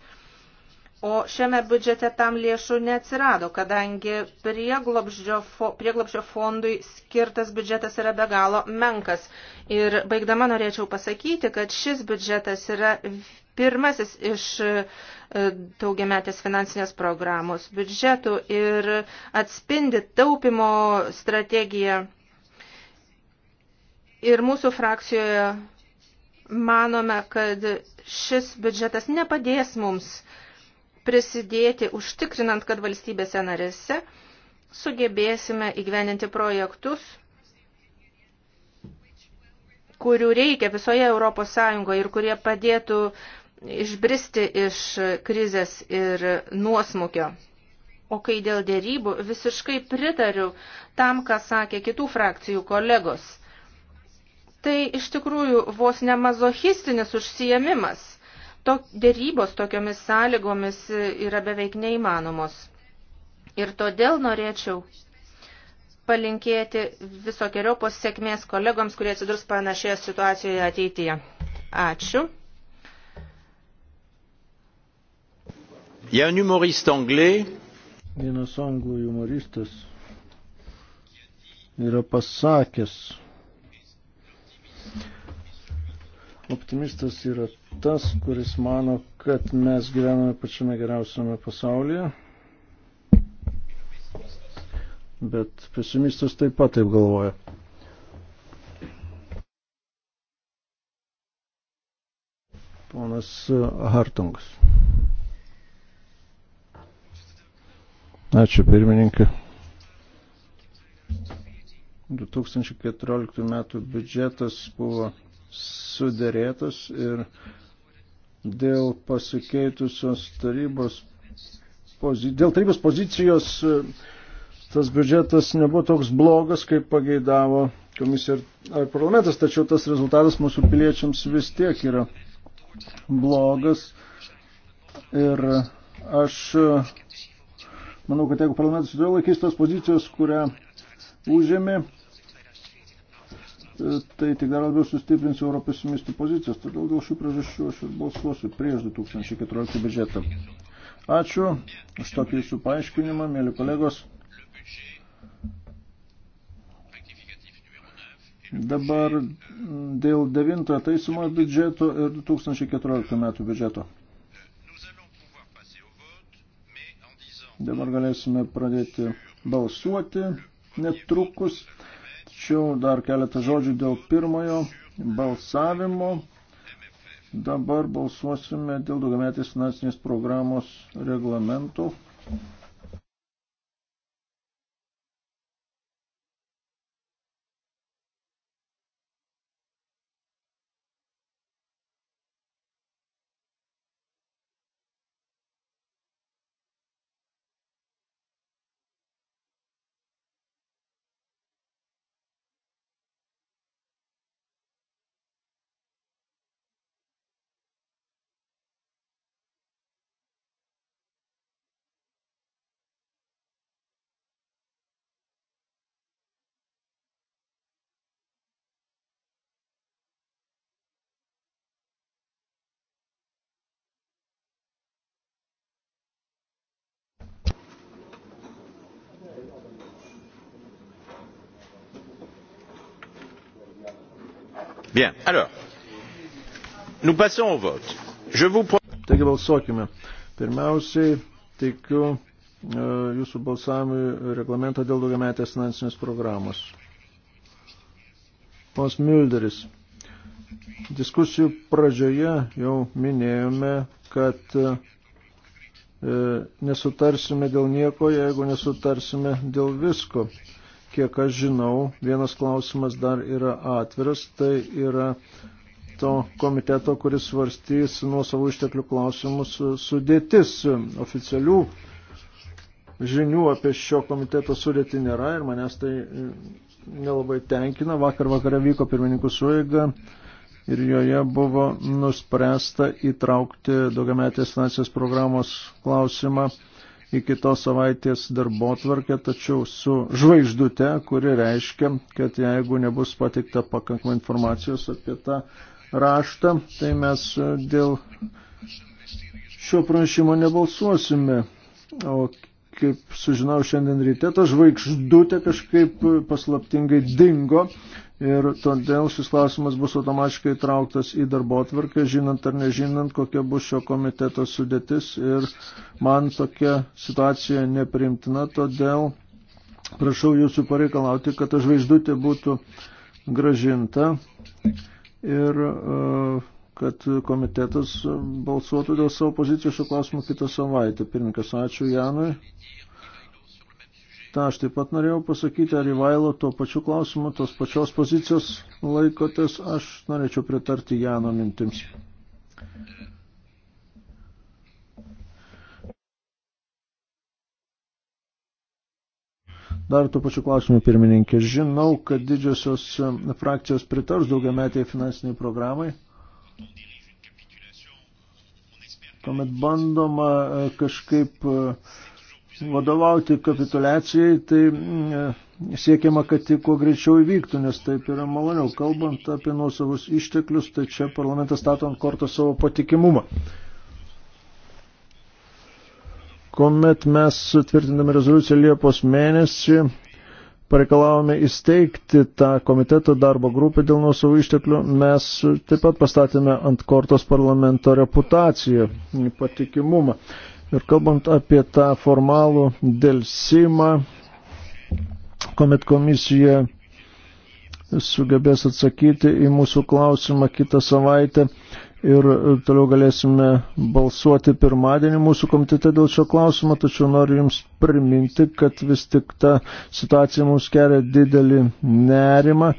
O šiame biudžete tam lėšų neatsirado, kadangi prieglobždžio, prieglobždžio fondui skirtas biudžetas yra be galo menkas. Ir baigdama norėčiau pasakyti, kad šis biudžetas yra pirmasis iš e, daugiametės finansinės programos biudžetų ir atspindi taupimo strategiją. Ir mūsų frakcijoje manome, kad šis biudžetas nepadės mums uh, prisidėti užtikrinant, kad valstybėse narėse sugebėsime įgyveninti projektus, kurių reikia visoje Europos Sąjungoje ir kurie padėtų išbristi iš krizės ir nuosmukio. O kai dėl dėrybų, visiškai pritariu tam, ką sakė kitų frakcijų kolegos. Tai iš tikrųjų vos nemazochistinis užsijėmimas to, dėrybos tokiomis sąlygomis yra beveik neįmanomos. Ir todėl norėčiau palinkėti visokiojopos sėkmės kolegoms, kurie atsidurs panašioje situacijoje ateityje. Ačiū. Il y a un humoriste anglais. Vienas anglų humoristas yra pasakęs, Optimistas yra tas, kuris mano, kad mes gyvename pačiame geriausiame pasaulyje. Bet pesimistas taip pat taip galvoja. Ponas Hartungas. Ačiū pirmininkė. 2014 metų biudžetas buvo sudėrėtas ir dėl pasikeitusios tarybos, pozi, dėl tarybos pozicijos e, tas biudžetas nebuvo toks blogas, kaip pageidavo komisija ar parlamentas, tačiau tas rezultatas mūsų piliečiams vis tiek yra blogas. Ir aš e, manau, kad jeigu parlamentas todėl laikys tos pozicijos, kurią užėmė, tai tik dar labiau sustiprins Europos pesimistų pozicijas. Todėl dėl šių priežasčių aš ir balsuosiu prieš 2014 biudžetą. Ačiū už tokį jūsų paaiškinimą, mėly kolegos. Dabar dėl 9 taisymo biudžeto ir 2014 metų biudžeto. Dabar galėsime pradėti balsuoti netrukus. Tačiau dar keletą žodžių dėl pirmojo balsavimo. Dabar balsuosime dėl daugiametės finansinės programos reglamento. Bien, alors, nous passons au vote. Je vous Taigi balsuokime. Pirmiausiai teikiu e, jūsų balsavimui reglamentą dėl daugiametės finansinės programos. Pons Mülderis. Diskusijų pradžioje jau minėjome, kad e, nesutarsime dėl nieko, jeigu nesutarsime dėl visko kiek aš žinau, vienas klausimas dar yra atviras, tai yra to komiteto, kuris svarstys nuo savo išteklių klausimus sudėtis oficialių žinių apie šio komiteto sudėtį nėra ir manęs tai e, nelabai tenkina. Vakar vakare vyko pirmininkų suėga ir joje buvo nuspręsta įtraukti daugiametės finansinės programos klausimą į kitos savaitės darbo tvarkę, tačiau su žvaigždute, kuri reiškia, kad jeigu nebus pateikta pakankamai informacijos apie tą raštą, tai mes dėl šio pranešimo nebalsuosime. O kaip sužinau šiandien ryte, ta žvaigždutė kažkaip paslaptingai dingo ir todėl šis klausimas bus automatiškai trauktas į darbo atvarkę, žinant ar nežinant, kokia bus šio komiteto sudėtis ir man tokia situacija neprimtina, todėl prašau jūsų pareikalauti, kad ta žvaigždutė būtų gražinta ir uh, kad komitetas balsuotų dėl savo pozicijų šio klausimu kitą savaitę. Pirmininkas, ačiū Janui. Ta, aš taip pat norėjau pasakyti, ar įvailo tuo pačiu klausimu, tos pačios pozicijos laikotės, aš norėčiau pritarti Jano mintims. Dar tuo pačiu klausimu, pirmininkė. Žinau, kad didžiosios frakcijos pritars daugiametiai finansiniai programai kuomet bandoma e, kažkaip e, vadovauti kapitulacijai, tai e, siekiama, kad tai kuo greičiau įvyktų, nes taip yra maloniau. Kalbant apie nuosavus išteklius, tai čia parlamentas stato ant kortą savo patikimumą. Kuomet mes sutvirtindami rezoliuciją Liepos mėnesį pareikalavome įsteigti tą komiteto darbo grupę dėl nuosavų išteklių, mes taip pat pastatėme ant kortos parlamento reputaciją, patikimumą. Ir kalbant apie tą formalų dėlsimą, kuomet komisija sugebės atsakyti į mūsų klausimą kitą savaitę, ir e, toliau galėsime balsuoti pirmadienį mūsų komitete dėl šio klausimo, tačiau noriu Jums priminti, kad vis tik ta situacija mums kelia didelį nerimą,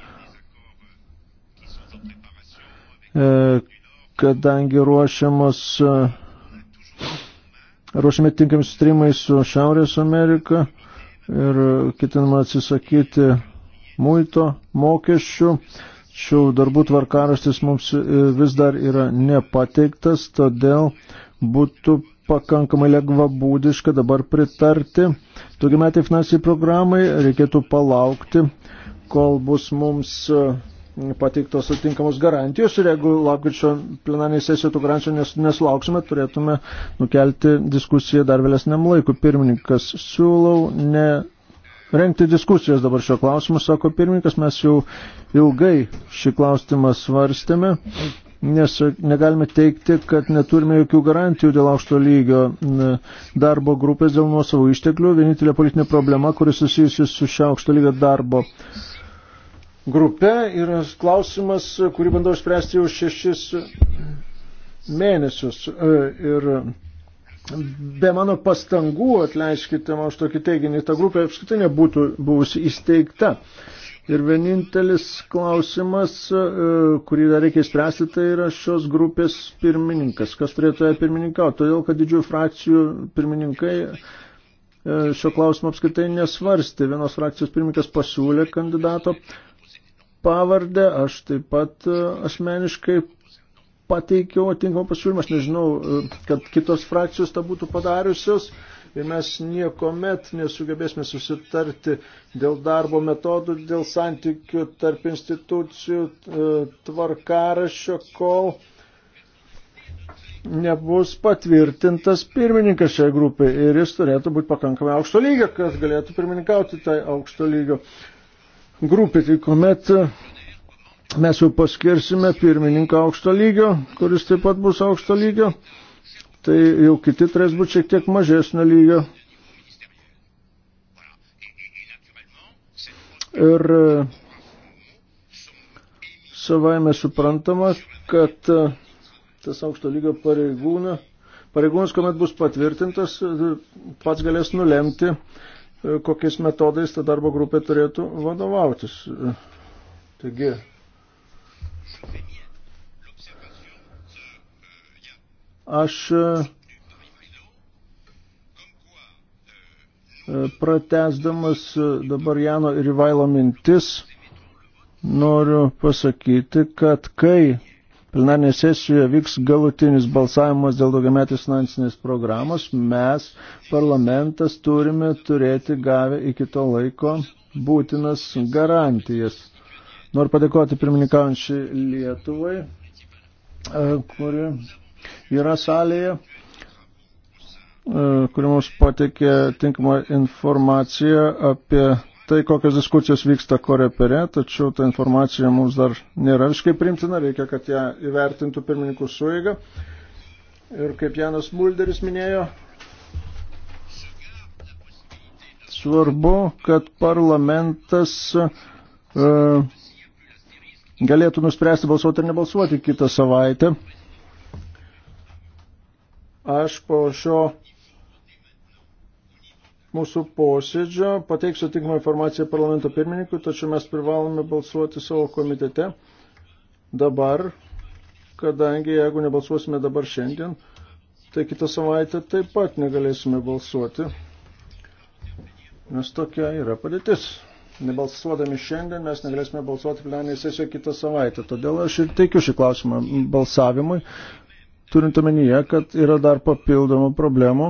e, kadangi ruošiamos, e, ruošiame tinkami sustrimai su Šiaurės Amerika ir ketinama atsisakyti muito mokesčių. Tačiau darbų tvarkaraštis mums e, vis dar yra nepateiktas, todėl būtų pakankamai lengvabūdiška dabar pritarti. Daugiametį finansijai programai reikėtų palaukti, kol bus mums e, pateiktos atitinkamos garantijos ir jeigu lapkričio plenarnėje sesijoje tų garantijų nes, nesulauksime, turėtume nukelti diskusiją dar vėlesniam laikui. Pirmininkas siūlau ne renkti diskusijos dabar šio klausimu, sako pirmininkas, mes jau ilgai šį klausimą svarstėme, nes negalime teikti, kad neturime jokių garantijų dėl aukšto lygio darbo grupės dėl nuosavų išteklių. Vienintelė politinė problema, kuris susijusi su šio aukšto lygio darbo grupe, yra klausimas, kurį bandau spręsti jau šešis mėnesius. E, ir be mano pastangų, atleiskite man už tokį teiginį, ta grupė apskritai nebūtų buvusi įsteigta. Ir vienintelis klausimas, e, kurį dar reikia spręsti, tai yra šios grupės pirmininkas. Kas turėtų ją pirmininkauti? Todėl, kad didžiųjų frakcijų pirmininkai e, šio klausimo apskritai nesvarstė. Vienos frakcijos pirmininkas pasiūlė kandidato pavardę, aš taip pat e, asmeniškai pateikiau atinkamą pasiūlymą, aš nežinau, e, kad kitos frakcijos tą būtų padariusios ir mes niekuomet nesugebėsime susitarti dėl darbo metodų, dėl santykių tarp institucijų e, tvarkarašio, kol nebus patvirtintas pirmininkas šiai grupiai ir jis turėtų būti pakankamai aukšto lygio, kad galėtų pirmininkauti tai aukšto lygio grupė. Tai kuomet mes jau paskirsime pirmininką aukšto lygio, kuris taip pat bus aukšto lygio, tai jau kiti turės būti šiek tiek mažesnio lygio. Ir e, savaime suprantama, kad e, tas aukšto lygio pareigūnas, pareigūnas, kuomet bus patvirtintas, e, pats galės nulemti, kokiais metodais ta darbo grupė turėtų vadovautis. Taigi, Aš e, e, pratesdamas e, dabar Jano ir Ivailo mintis noriu pasakyti, kad kai plenarinė sesijoje vyks galutinis balsavimas dėl daugiametės finansinės programos, mes, parlamentas, turime turėti gavę iki to laiko būtinas garantijas. Noriu padėkoti pirmininkaujančiai Lietuvai, e, kuri yra salėje, e, kuri mums patikė tinkamą informaciją apie tai, kokios diskusijos vyksta korepere, tačiau ta informacija mums dar nėra visiškai primtina, reikia, kad ją įvertintų pirmininkų suėga. Ir kaip Janas Mulderis minėjo, svarbu, kad parlamentas uh, galėtų nuspręsti balsuoti ar nebalsuoti kitą savaitę. Aš po šio mūsų posėdžio pateiksiu tinkamą informaciją parlamento pirmininkui, tačiau mes privalome balsuoti savo komitete dabar, kadangi jeigu nebalsuosime dabar šiandien, tai kitą savaitę taip pat negalėsime balsuoti, nes tokia yra padėtis. Nebalsuodami šiandien mes negalėsime balsuoti plenarinėje sesijoje kitą savaitę. Todėl aš ir teikiu šį klausimą balsavimui, turint omenyje, kad yra dar papildomų problemų.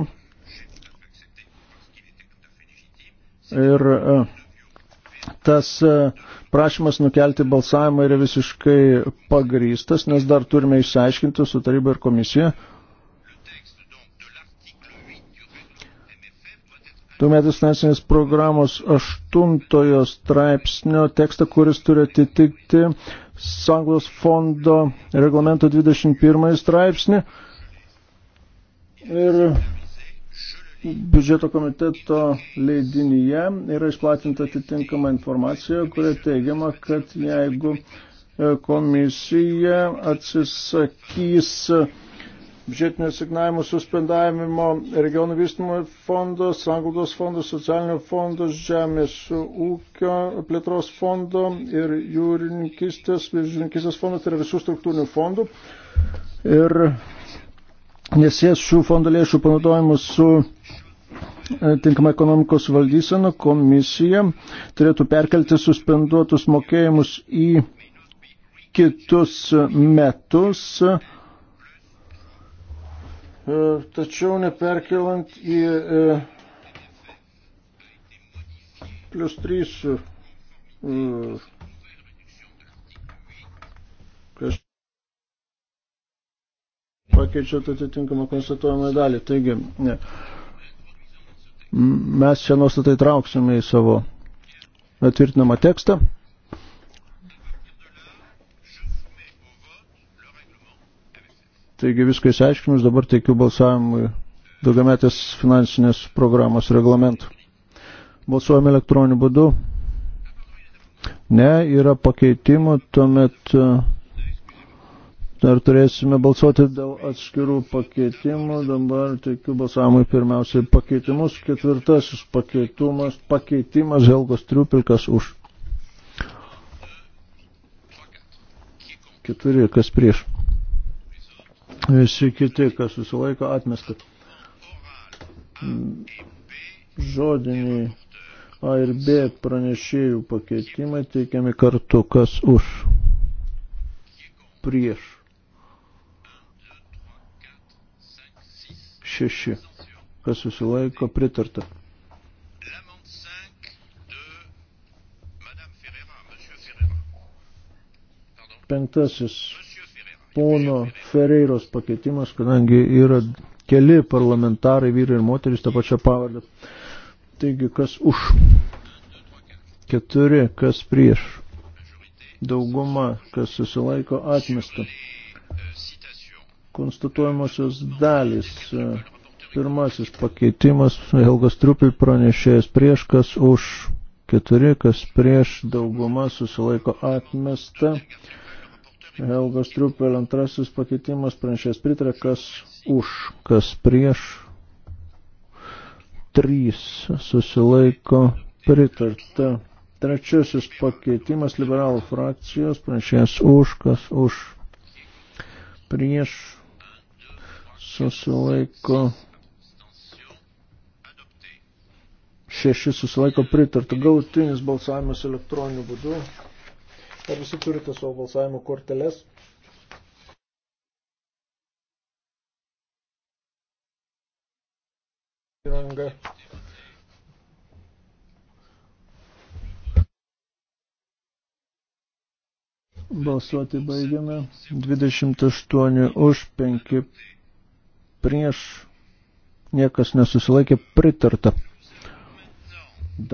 Ir e, tas e, prašymas nukelti balsavimą yra visiškai pagrystas, nes dar turime išsiaiškinti su taryba ir komisija, Tuometės finansinės programos aštuntojo straipsnio tekstą, kuris turi atitikti Sanglos fondo reglamento 21 straipsnį. Ir biudžeto komiteto leidinyje yra išplatinta atitinkama informacija, kuria teigiama, kad jeigu e, komisija atsisakys biudžetinio signavimo suspendavimo regionų vystymo fondo, sanglaudos fondo, socialinio fondo, žemės ūkio plėtros fondo ir jūrininkistės, jūrininkistės fondo, tai yra visų struktūrinių fondų. Ir nesies šių fondo lėšų panaudojimus su e, tinkama ekonomikos valdysena komisija turėtų perkelti suspenduotus mokėjimus į kitus metus E, tačiau neperkelant į e, plus 3 e, kas pakeičiat atitinkamą konstatuojamą dalį. Taigi, ne. mes čia nuostatai trauksime į savo atvirtinamą tekstą. Taigi viską įsiaiškinus, dabar teikiu balsavimui daugiametės finansinės programos reglamentų. Balsuojame elektroniniu būdu. Ne, yra pakeitimų, tuomet e, dar turėsime balsuoti dėl atskirų pakeitimų. Dabar teikiu balsavimui pirmiausiai pakeitimus. Ketvirtasis pakeitumas, pakeitimas Helgos Triupilkas už. Keturi, kas prieš. Visi kiti, kas susilaiko, atmesta. Žodiniai A ir B pranešėjų pakeitimai teikiami kartu, kas už, prieš, šeši, kas susilaiko, pritarta. Penktasis pono Ferreiros pakeitimas, kadangi yra keli parlamentarai, vyrai ir moteris, tą pačią pavardę. Taigi, kas už? Keturi, kas prieš? Dauguma, kas susilaiko, atmesta. Konstatuojamosios dalys. Pirmasis pakeitimas, Helgas Trupil pranešėjas prieš, kas už? Keturi, kas prieš? Dauguma susilaiko, atmesta. Helgos Triupel antrasis pakeitimas, pranešės pritarė, kas už, kas prieš, trys susilaiko pritarta. Trečiasis pakeitimas liberalų frakcijos, pranešės už, kas už, prieš, susilaiko šeši susilaiko pritarta. Galutinis balsavimas elektroniniu būdu. Ar visi turite savo balsavimo korteles? Įranga. Balsuoti baigiame. 28 už 5 prieš. Niekas nesusilaikė pritarta.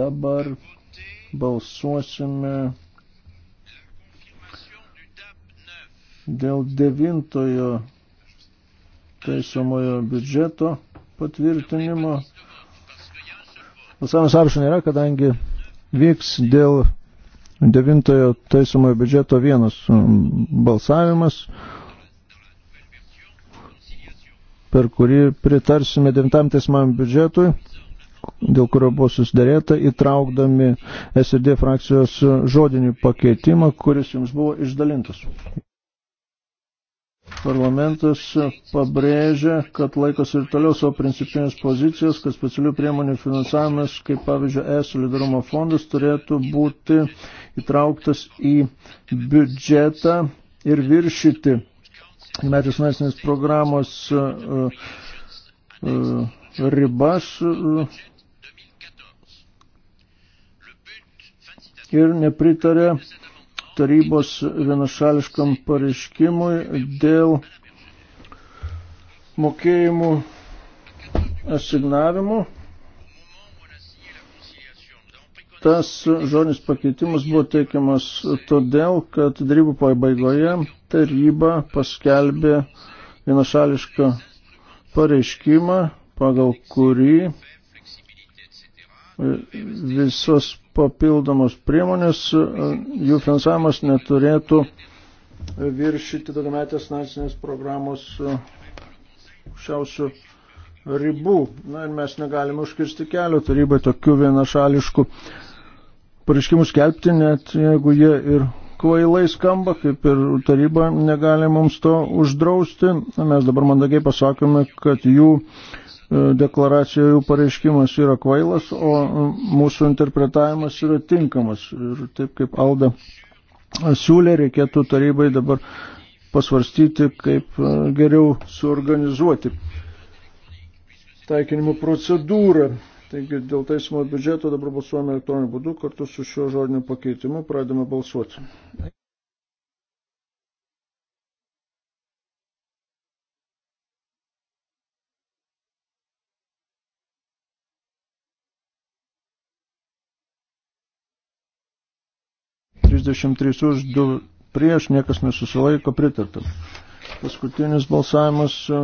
Dabar balsuosime Dėl devintojo taisomojo biudžeto patvirtinimo. Balsavimo sąrašo nėra, kadangi vyks dėl devintojo taisomojo biudžeto vienas balsavimas, per kurį pritarsime devintam teismam biudžetui, dėl kurio buvo susidarėta, įtraukdami SRD frakcijos žodinį pakeitimą, kuris jums buvo išdalintas. Parlamentas pabrėžia, kad laikosi ir toliau savo principinės pozicijos, kad specialių priemonių finansavimas, kaip pavyzdžiui, ES solidarumo fondas turėtų būti įtrauktas į biudžetą ir viršyti metės nacinės programos uh, uh, ribas uh, ir nepritarė tarybos vienašališkam pareiškimui dėl mokėjimų asignavimų. Tas žodis pakeitimas buvo teikiamas todėl, kad darybų pabaigoje taryba paskelbė vienašališką pareiškimą, pagal kurį visos papildomos priemonės, e, jų finansavimas neturėtų viršyti daugiametės nacinės programos e, aukščiausių ribų. Na ir mes negalime užkirsti kelio tarybai tokių vienašališkų pareiškimų skelbti, net jeigu jie ir kvailai skamba, kaip ir taryba negali mums to uždrausti. Mes dabar mandagiai pasakome, kad jų E, deklaracija jų pareiškimas yra kvailas, o e, mūsų interpretavimas yra tinkamas. Ir taip kaip Alda siūlė, reikėtų tarybai dabar pasvarstyti, kaip e, geriau suorganizuoti taikinimo procedūrą. Taigi dėl teismo biudžeto dabar balsuojame elektroniniu būdu kartu su šiuo žodiniu pakeitimu pradėme balsuoti. 33 už 2 prieš, niekas nesusilaiko pritarta. Paskutinis balsavimas e,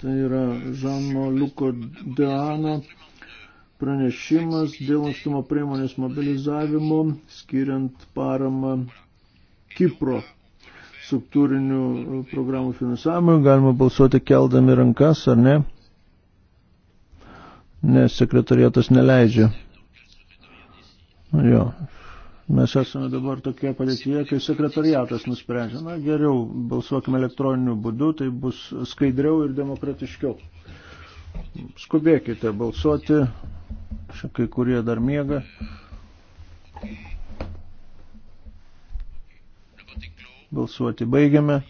tai yra Žano Liuko Deano pranešimas dėl atstumo priemonės mobilizavimo, skiriant paramą Kipro struktūrinių e, programų finansavimui. Galima balsuoti keldami rankas, ar ne? Nes sekretariatas neleidžia. Jo, Mes esame dabar tokie padėtyje, kai sekretariatas nusprendžia, na geriau balsuokime elektroniniu būdu, tai bus skaidriau ir demokratiškiau. Skubėkite balsuoti, čia kai kurie dar miega. Balsuoti baigiame.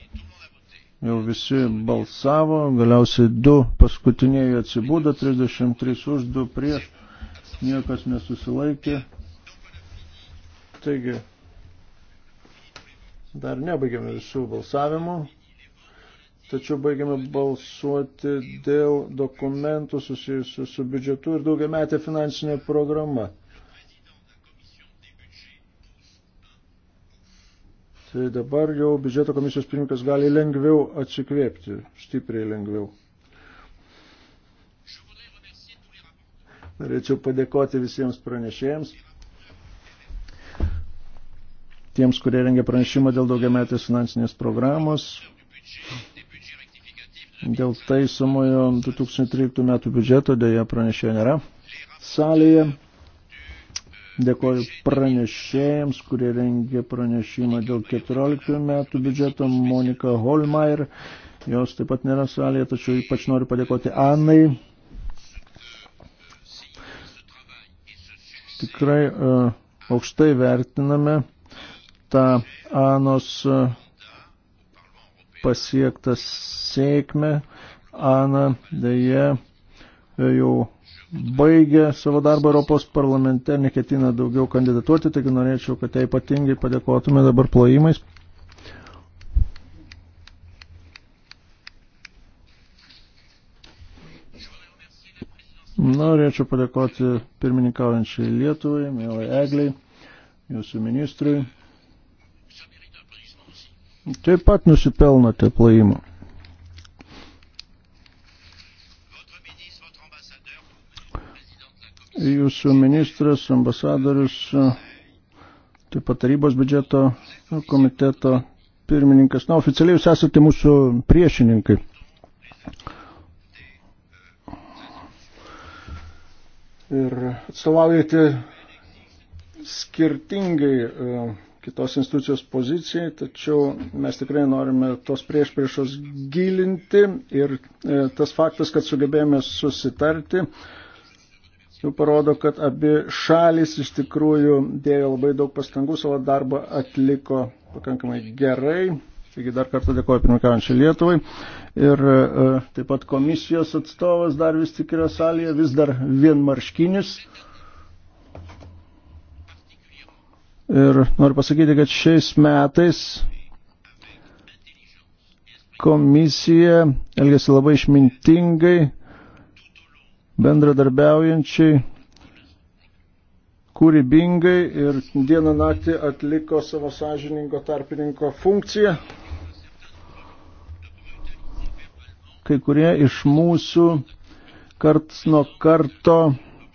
Jau visi balsavo, galiausiai du paskutiniai atsibūdo, 33 už, 2 prieš, niekas nesusilaikė. Taigi, dar nebaigiame visų balsavimų, tačiau baigiame balsuoti dėl dokumentų susijusių su biudžetu ir daugiametė finansinė programa. Tai dabar jau biudžeto komisijos pirmininkas gali lengviau atsikvėpti, stipriai lengviau. Norėčiau padėkoti visiems pranešėjams tiems, kurie rengia pranešimą dėl daugiametės finansinės programos, dėl taisomojo 2013 metų biudžeto, dėja pranešėjo nėra salėje. Dėkoju pranešėjams, kurie rengė pranešimą dėl 14 metų biudžeto, Monika Holmeier, jos taip pat nėra salėje, tačiau ypač noriu padėkoti Annai. Tikrai uh, aukštai vertiname tą Anos pasiektą sėkmę. Ana dėje jau baigė savo darbą Europos parlamente, neketina daugiau kandidatuoti, taigi norėčiau, kad jai ypatingai padėkotume dabar plojimais. Norėčiau padėkoti pirmininkaujančiai Lietuvai, mielai Egliai, jūsų ministrui taip pat nusipelnote plojimo. Jūsų ministras, ambasadorius, taip pat tarybos biudžeto komiteto pirmininkas. Na, oficialiai jūs esate mūsų priešininkai. Ir atstovaujate skirtingai e, kitos institucijos pozicijai, tačiau mes tikrai norime tos priešpriešos gilinti ir e, tas faktas, kad sugebėjome susitarti, jau parodo, kad abi šalis iš tikrųjų dėjo labai daug pastangų, savo darbą atliko pakankamai gerai. Taigi dar kartą dėkoju pirmininkaujančiai Lietuvai. Ir e, taip pat komisijos atstovas dar vis tik yra salėje, vis dar vienmarškinis. Ir noriu pasakyti, kad šiais metais komisija elgėsi labai išmintingai, bendradarbiaujančiai, kūrybingai ir dieną naktį atliko savo sąžininko tarpininko funkciją. Kai kurie iš mūsų karts nuo karto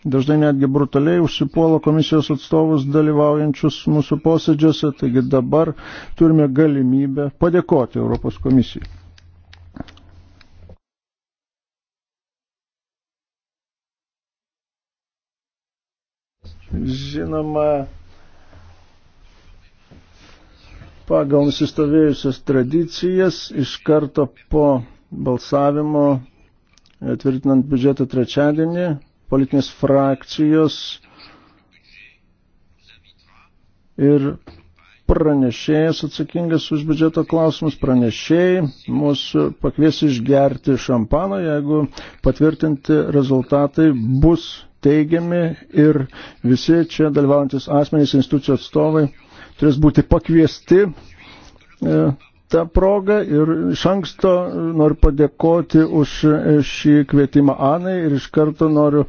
dažnai netgi brutaliai užsipuola komisijos atstovus dalyvaujančius mūsų posėdžiuose, taigi dabar turime galimybę padėkoti Europos komisijai. Žinoma, pagal nusistovėjusias tradicijas iš karto po balsavimo tvirtinant biudžetą trečiadienį politinės frakcijos ir pranešėjas atsakingas už biudžeto klausimus, pranešėjai mus pakvies išgerti šampaną, jeigu patvirtinti rezultatai bus teigiami ir visi čia dalyvaujantis asmenys, institucijų atstovai turės būti pakviesti e, tą progą ir iš anksto noriu padėkoti už šį kvietimą Anai ir iš karto noriu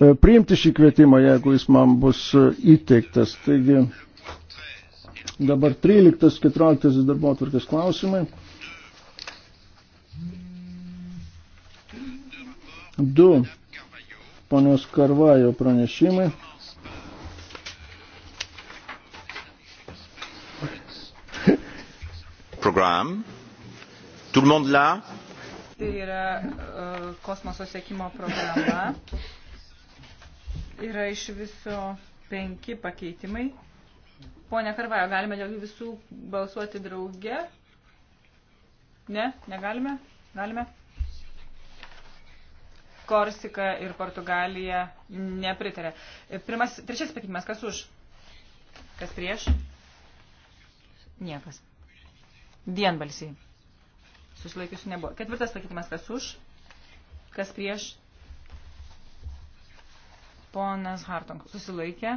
e, priimti šį kvietimą, jeigu jis man bus įteiktas. Taigi dabar 13-14 darbo atvarkės klausimai. Du ponios Karvajo pranešimai. program. Tout le monde là? Tai yra uh, kosmoso sėkimo programa. Yra iš viso penki pakeitimai. Pone Karvajo, galime dėl visų balsuoti drauge? Ne, negalime? Galime? Korsika ir Portugalija nepritarė. E, pirmas, trečias pakeitimas, kas už? Kas prieš? Niekas. Vienbalsiai. Susilaikiusių nebuvo. Ketvirtas pakeitimas, kas už, kas prieš. Ponas Hartong susilaikė.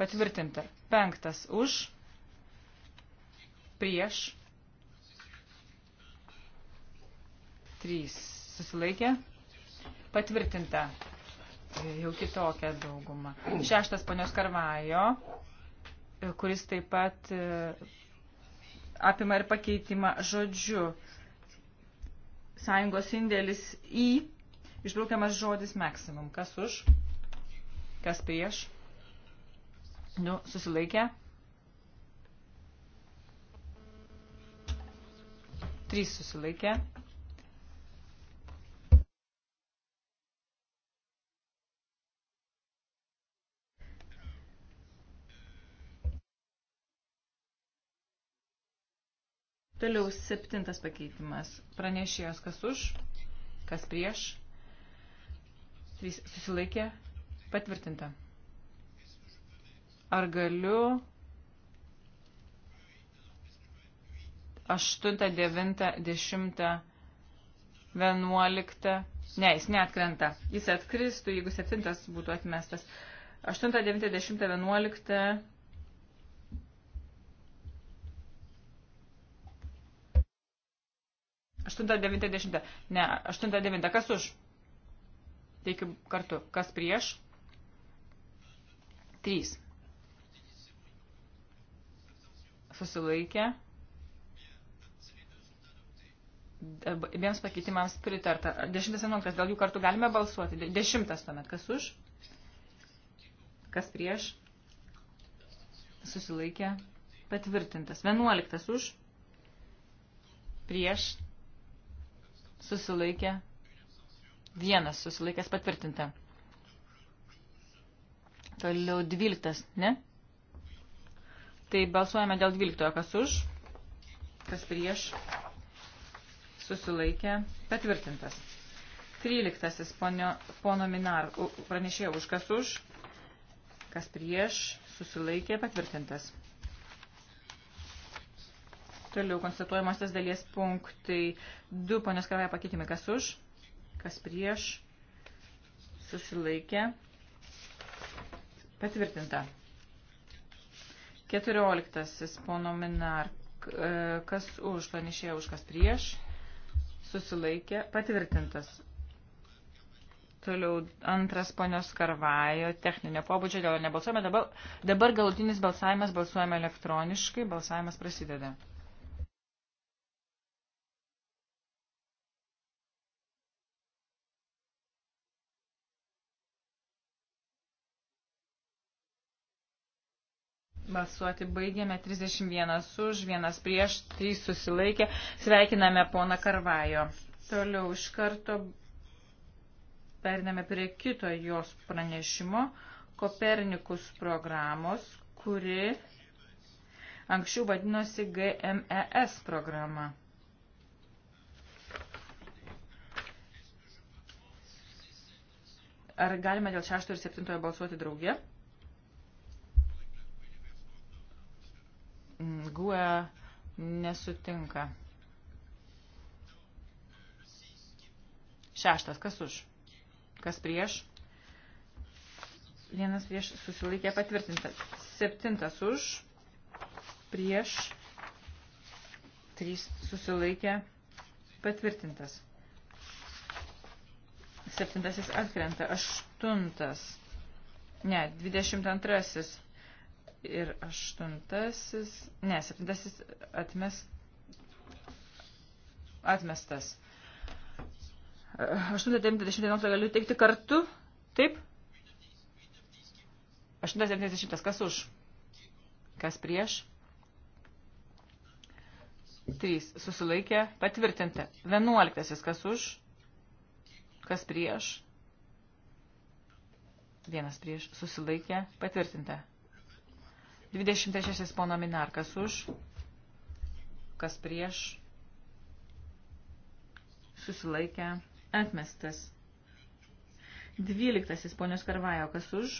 Patvirtinta. Penktas už, prieš. Trys susilaikė. Patvirtinta. Jau kitokia dauguma. Šeštas ponios Karvajo, kuris taip pat apima ir pakeitimą žodžiu. Sąjungos indėlis į išbraukiamas žodis maksimum. Kas už? Kas prieš? Nu, susilaikę. Trys susilaikė. Toliau septintas pakeitimas. Pranešėjos kas už, kas prieš. Trys susilaikė. Patvirtinta. Ar galiu 8, 9, 10, 11. Ne, jis neatkrenta. Jis atkristų, jeigu 7 būtų atmestas. 8, 9, 10, 11. 8.90. Ne, 8.90. Kas už? Teikiu kartu. Kas prieš? 3. Susilaikė. Abiems pakeitimams pritarta. 10.11. Dėl jų kartu galime balsuoti. 10. tuomet. Kas už? Kas prieš? Susilaikė. Patvirtintas. 11. už? Prieš susilaikė, vienas susilaikęs patvirtinta. Toliau dvyliktas, ne? Tai balsuojame dėl dvyliktojo, kas už, kas prieš, susilaikė, patvirtintas. Tryliktasis ponio, pono Minar pranešėjo už kas už, kas prieš, susilaikė, patvirtintas. Toliau konstatuojamosios dalies punktai 2, ponios Karvaja pakeitimai, kas už, kas prieš, susilaikė, patvirtinta. 14. Pono Minar, e, kas už, panešėjo už, kas prieš, susilaikė, patvirtintas. Toliau antras ponios Karvajo techninio pobūdžio, dėl nebalsuojame. Dabar, dabar galutinis balsavimas balsuojame elektroniškai, balsavimas prasideda. Balsuoti baigėme 31 už, vienas prieš, 3 susilaikė. Sveikiname poną Karvajo. Toliau iš karto periname prie kito jos pranešimo Kopernikus programos, kuri anksčiau vadinosi GMES programa. Ar galime dėl 6 ir 7 balsuoti draugė? GUE nesutinka. Šeštas. Kas už? Kas prieš? Vienas prieš susilaikė patvirtintas. Septintas už. Prieš. Trys susilaikė patvirtintas. Septintasis atkrenta. Aštuntas. Ne, dvidešimt antrasis ir aštuntasis, ne, septintasis atmes, atmestas. 8.90 dienos galiu teikti kartu, taip? 8.90, kas už? Kas prieš? 3. Susilaikė, patvirtinta. 11. Kas už? Kas prieš? Vienas prieš susilaikė patvirtinta. 26 pono Minarkas už, kas prieš, susilaikę, atmestas. 12 ponios Karvajo, kas už,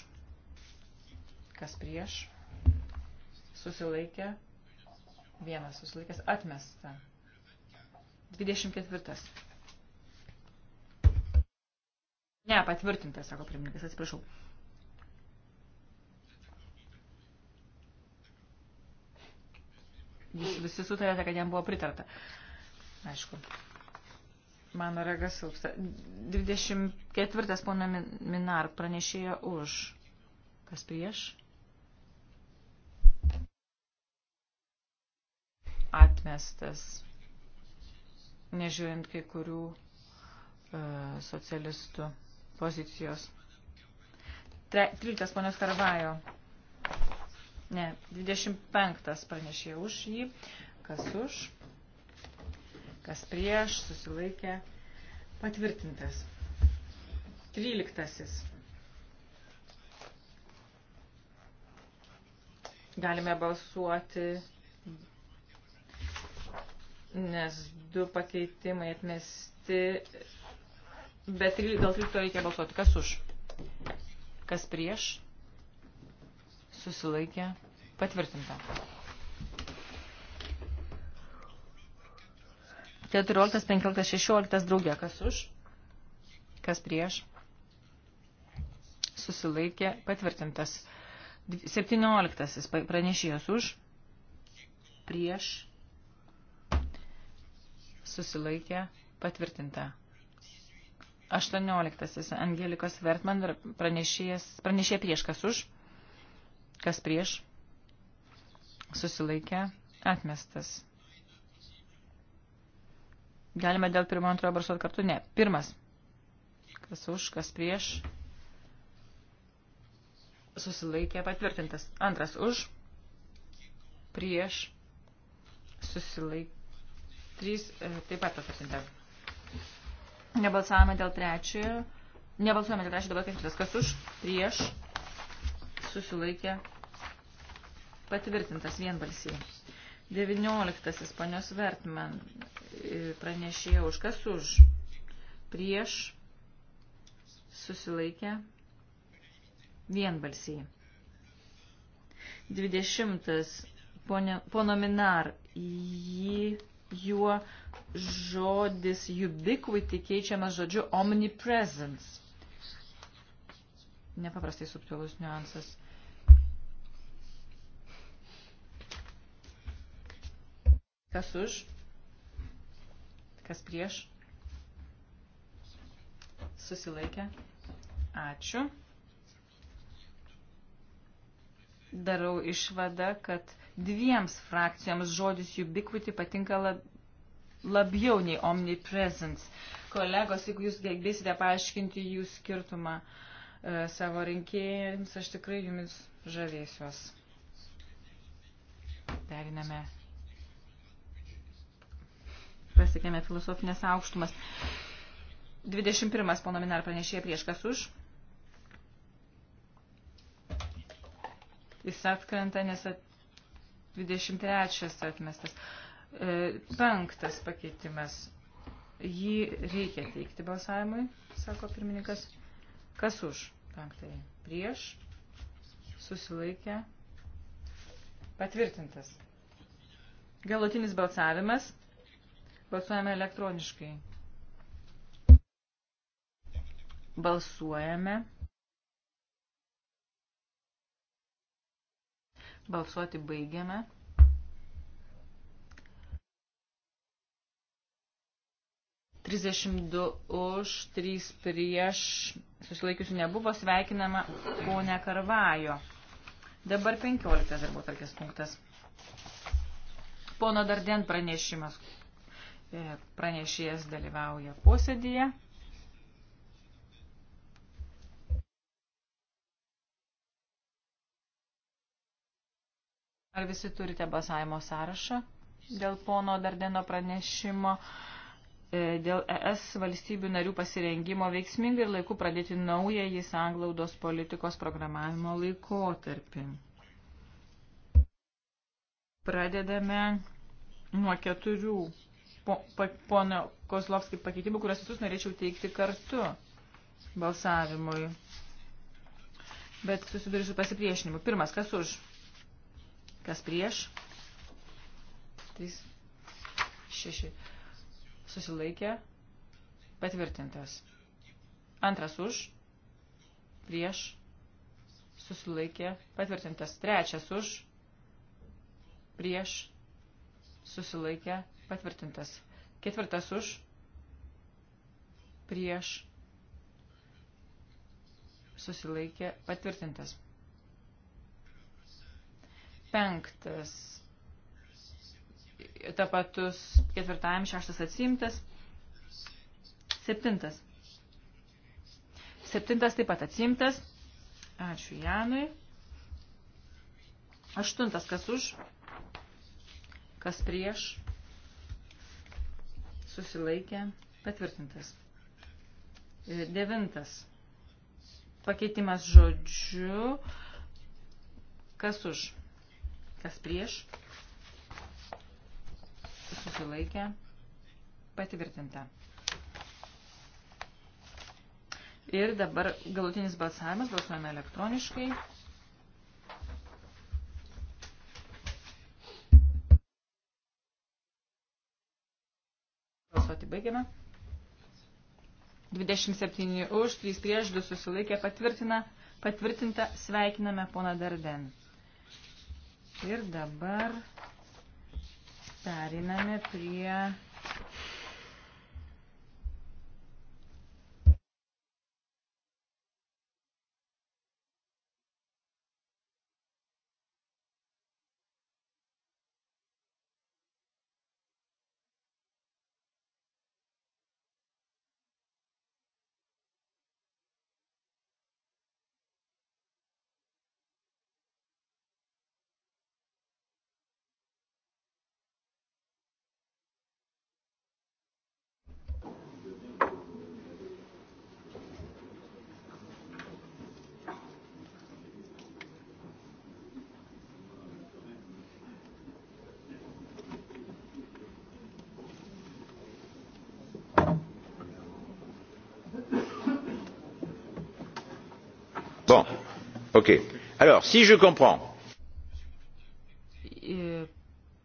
kas prieš, susilaikę, vienas susilaikęs, atmesta. 24. Ne, patvirtintas, sako pirmininkas, atsiprašau. jūs visi sutarėte, kad jam buvo pritarta. Aišku. Mano regas silpsta. 24. pono Minar pranešėjo už. Kas prieš? Atmestas. Nežiūrint kai kurių e, socialistų pozicijos. Tre, 13. ponios Karvajo. Ne, 25 pranešė už jį. Kas už? Kas prieš? Susilaikė. Patvirtintas. 13. Galime balsuoti, nes du pakeitimai atmesti, bet dėl 13 reikia balsuoti. Kas už? Kas prieš? susilaikė, patvirtinta. 14, 15, 16 draugė, kas už, kas prieš, susilaikė, patvirtintas. 17 pranešėjas už, prieš, susilaikė, patvirtinta. 18 Angelikos Vertman pranešėjas, pranešė prieš kas už, Kas prieš? Susilaikė. Atmestas. Galime dėl pirmo antrojo barsuot kartu? Ne. Pirmas. Kas už, kas prieš? Susilaikė patvirtintas. Antras už. Prieš. Susilaikė. Trys e, taip pat patvirtinta. Nebalsavome dėl trečiojo. Nebalsuojame dėl trečiojo, dabar ketvirtas. Kas už? Prieš susilaikė patvirtintas vienbalsiai. 19. Panios Vertman e, pranešėjo už kas už. Prieš susilaikė vienbalsiai. 20. Pono Minar jį juo žodis ubiquity keičiamas žodžiu omnipresence. Nepaprastai subtilus niuansas. Kas už? Kas prieš? Susilaikę. Ačiū. Darau išvadą, kad dviems frakcijoms žodis ubiquity patinka lab, labiau nei omnipresence. Kolegos, jeigu jūs gebėsite paaiškinti jų skirtumą e, savo rinkėjams, aš tikrai jumis žavėsiuos. Deriname pasiekėme filosofinės aukštumas. 21. Pono Minar pranešė prieš kas už. Jis atkrenta, nes at... 23. atmestas. E, penktas pakeitimas. Jį reikia teikti balsavimui, sako pirmininkas. Kas už? Penktąjį. Prieš. Susilaikė. Patvirtintas. Galutinis balsavimas. Balsuojame elektroniškai. Balsuojame. Balsuoti baigiame. Trisdešimt du už, trys prieš, susilaikiusių nebuvo, sveikinama ponia Karvajo. Dabar penkioliktas darbo tarkės punktas. Pono Darden pranešimas, E, pranešėjas dalyvauja posėdėje. Ar visi turite balsavimo sąrašą dėl pono Dardeno pranešimo, e, dėl ES valstybių narių pasirengimo veiksmingai ir laiku pradėti naują į sanglaudos politikos programavimo laikotarpį? Pradedame nuo keturių po, po, pono Kozlovskį pakeitimų, kuriuos visus norėčiau teikti kartu balsavimui. Bet susiduriu su pasipriešinimu. Pirmas, kas už? Kas prieš? 3, 6. Susilaikė. Patvirtintas. Antras už. Prieš. Susilaikė. Patvirtintas. Trečias už. Prieš. Susilaikė. Patvirtintas. Ketvirtas už. Prieš. Susilaikė. Patvirtintas. Penktas. Tapatus ketvirtajam šeštas atsimtas. Septintas. Septintas taip pat atsimtas. Ačiū Janui. Aštuntas kas už, kas prieš, susilaikė, patvirtintas. E, devintas. Pakeitimas žodžiu. Kas už? Kas prieš? Susilaikė. Patvirtinta. Ir dabar galutinis balsavimas. Balsuojame elektroniškai. Balsuoti baigiame. 27 už, 3 prieš, 2 susilaikė, patvirtina, patvirtinta, sveikiname poną Darden. Ir dabar periname prie Bon, ok. Alors, si je comprends.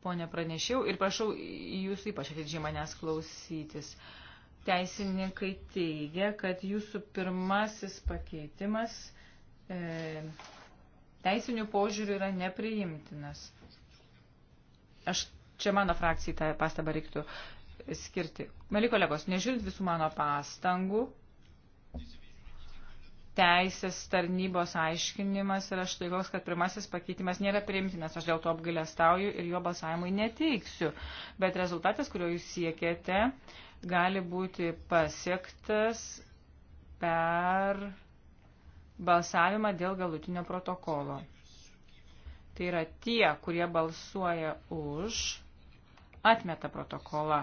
Pone pranešiau ir prašau jūs ypač atidžiai manęs klausytis. Teisininkai teigia, kad jūsų pirmasis pakeitimas e, teisinių požiūrių yra nepriimtinas. Aš čia mano frakcijai tą pastabą reiktų skirti. Meli kolegos, nežiūrint visų mano pastangų, teisės tarnybos aiškinimas yra štai koks, kad pirmasis pakeitimas nėra priimtinas, aš dėl to apgailestauju ir jo balsavimui neteiksiu. Bet rezultatas, kurio jūs siekėte, gali būti pasiektas per balsavimą dėl galutinio protokolo. Tai yra tie, kurie balsuoja už, atmeta protokolą.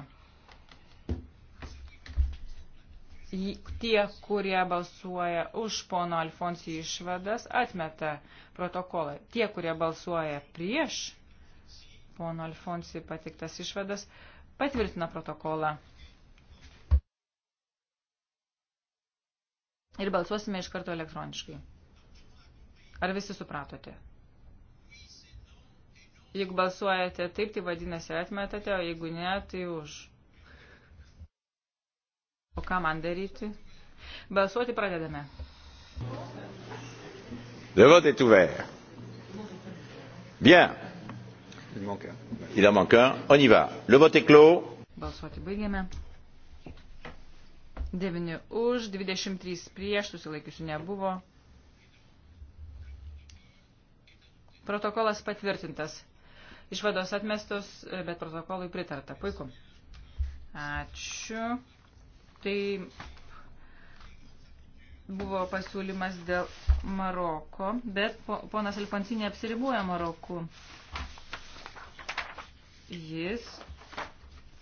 tie, kurie balsuoja už pono Alfonsijų išvadas, atmeta protokolą. Tie, kurie balsuoja prieš pono Alfonsijų patiktas išvadas, patvirtina protokolą. Ir balsuosime iš karto elektroniškai. Ar visi supratote? Jeigu balsuojate taip, tai vadinasi atmetate, o jeigu ne, tai už. O ką man daryti? Balsuoti pradedame. Le vote est ouvert. Bien. Il, manque un. Il en manque un. On y va. Le vote est clos. Balsuoti baigėme. 9 už, 23 prieš, susilaikiusių nebuvo. Protokolas patvirtintas. Išvados atmestos, bet protokolui pritarta. Puiku. Ačiū. Tai buvo pasiūlymas dėl Maroko, bet ponas Alfonsinė apsiribuoja Maroku. Jis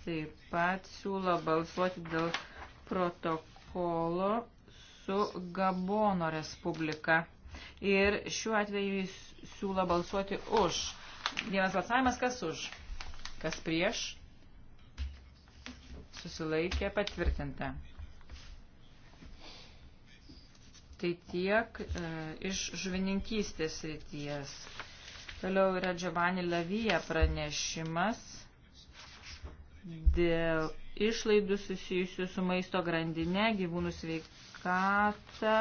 taip pat siūlo balsuoti dėl protokolo su Gabono Respublika. Ir šiuo atveju jis siūlo balsuoti už. Vienas balsavimas, kas už, kas prieš, susilaikė patvirtinta. Tai tiek e, iš žuvininkystės ryties. Toliau yra Giovanni Lavija pranešimas dėl išlaidų susijusių su maisto grandinė, gyvūnų sveikata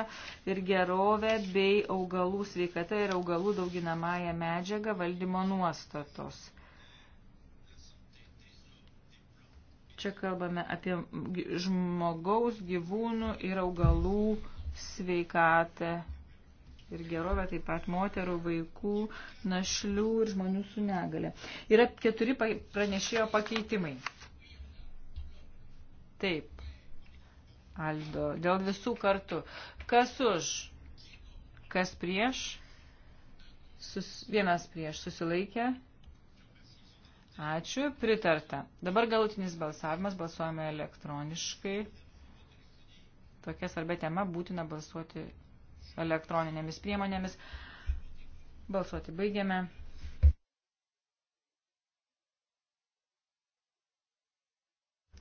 ir gerovė bei augalų sveikata ir augalų dauginamąją medžiagą valdymo nuostatos. Čia kalbame apie žmogaus, gyvūnų ir augalų sveikatą ir gerovę, taip pat moterų, vaikų, našlių ir žmonių su negale. Yra keturi pranešėjo pakeitimai. Taip, Aldo, dėl visų kartų. Kas už, kas prieš, Sus, vienas prieš susilaikė, Ačiū, pritarta. Dabar galutinis balsavimas, balsuojame elektroniškai. Tokia svarbia tema būtina balsuoti elektroninėmis priemonėmis. Balsuoti baigiame.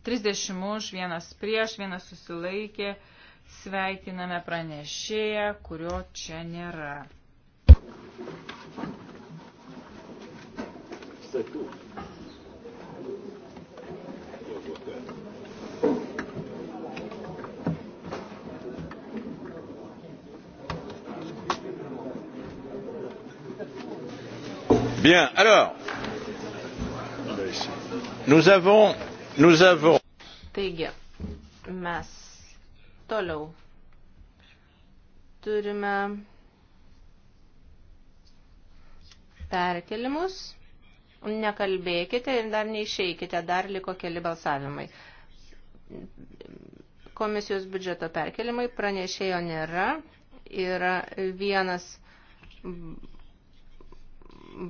Trisdešimt už, vienas prieš, vienas susilaikė. Sveikiname pranešėją, kurio čia nėra. tokių. Bien, alors, nous avons, nous avons. Taigi, mes toliau turime perkelimus. Nekalbėkite ir dar neišeikite, dar liko keli balsavimai. Komisijos biudžeto perkelimai pranešėjo nėra, yra vienas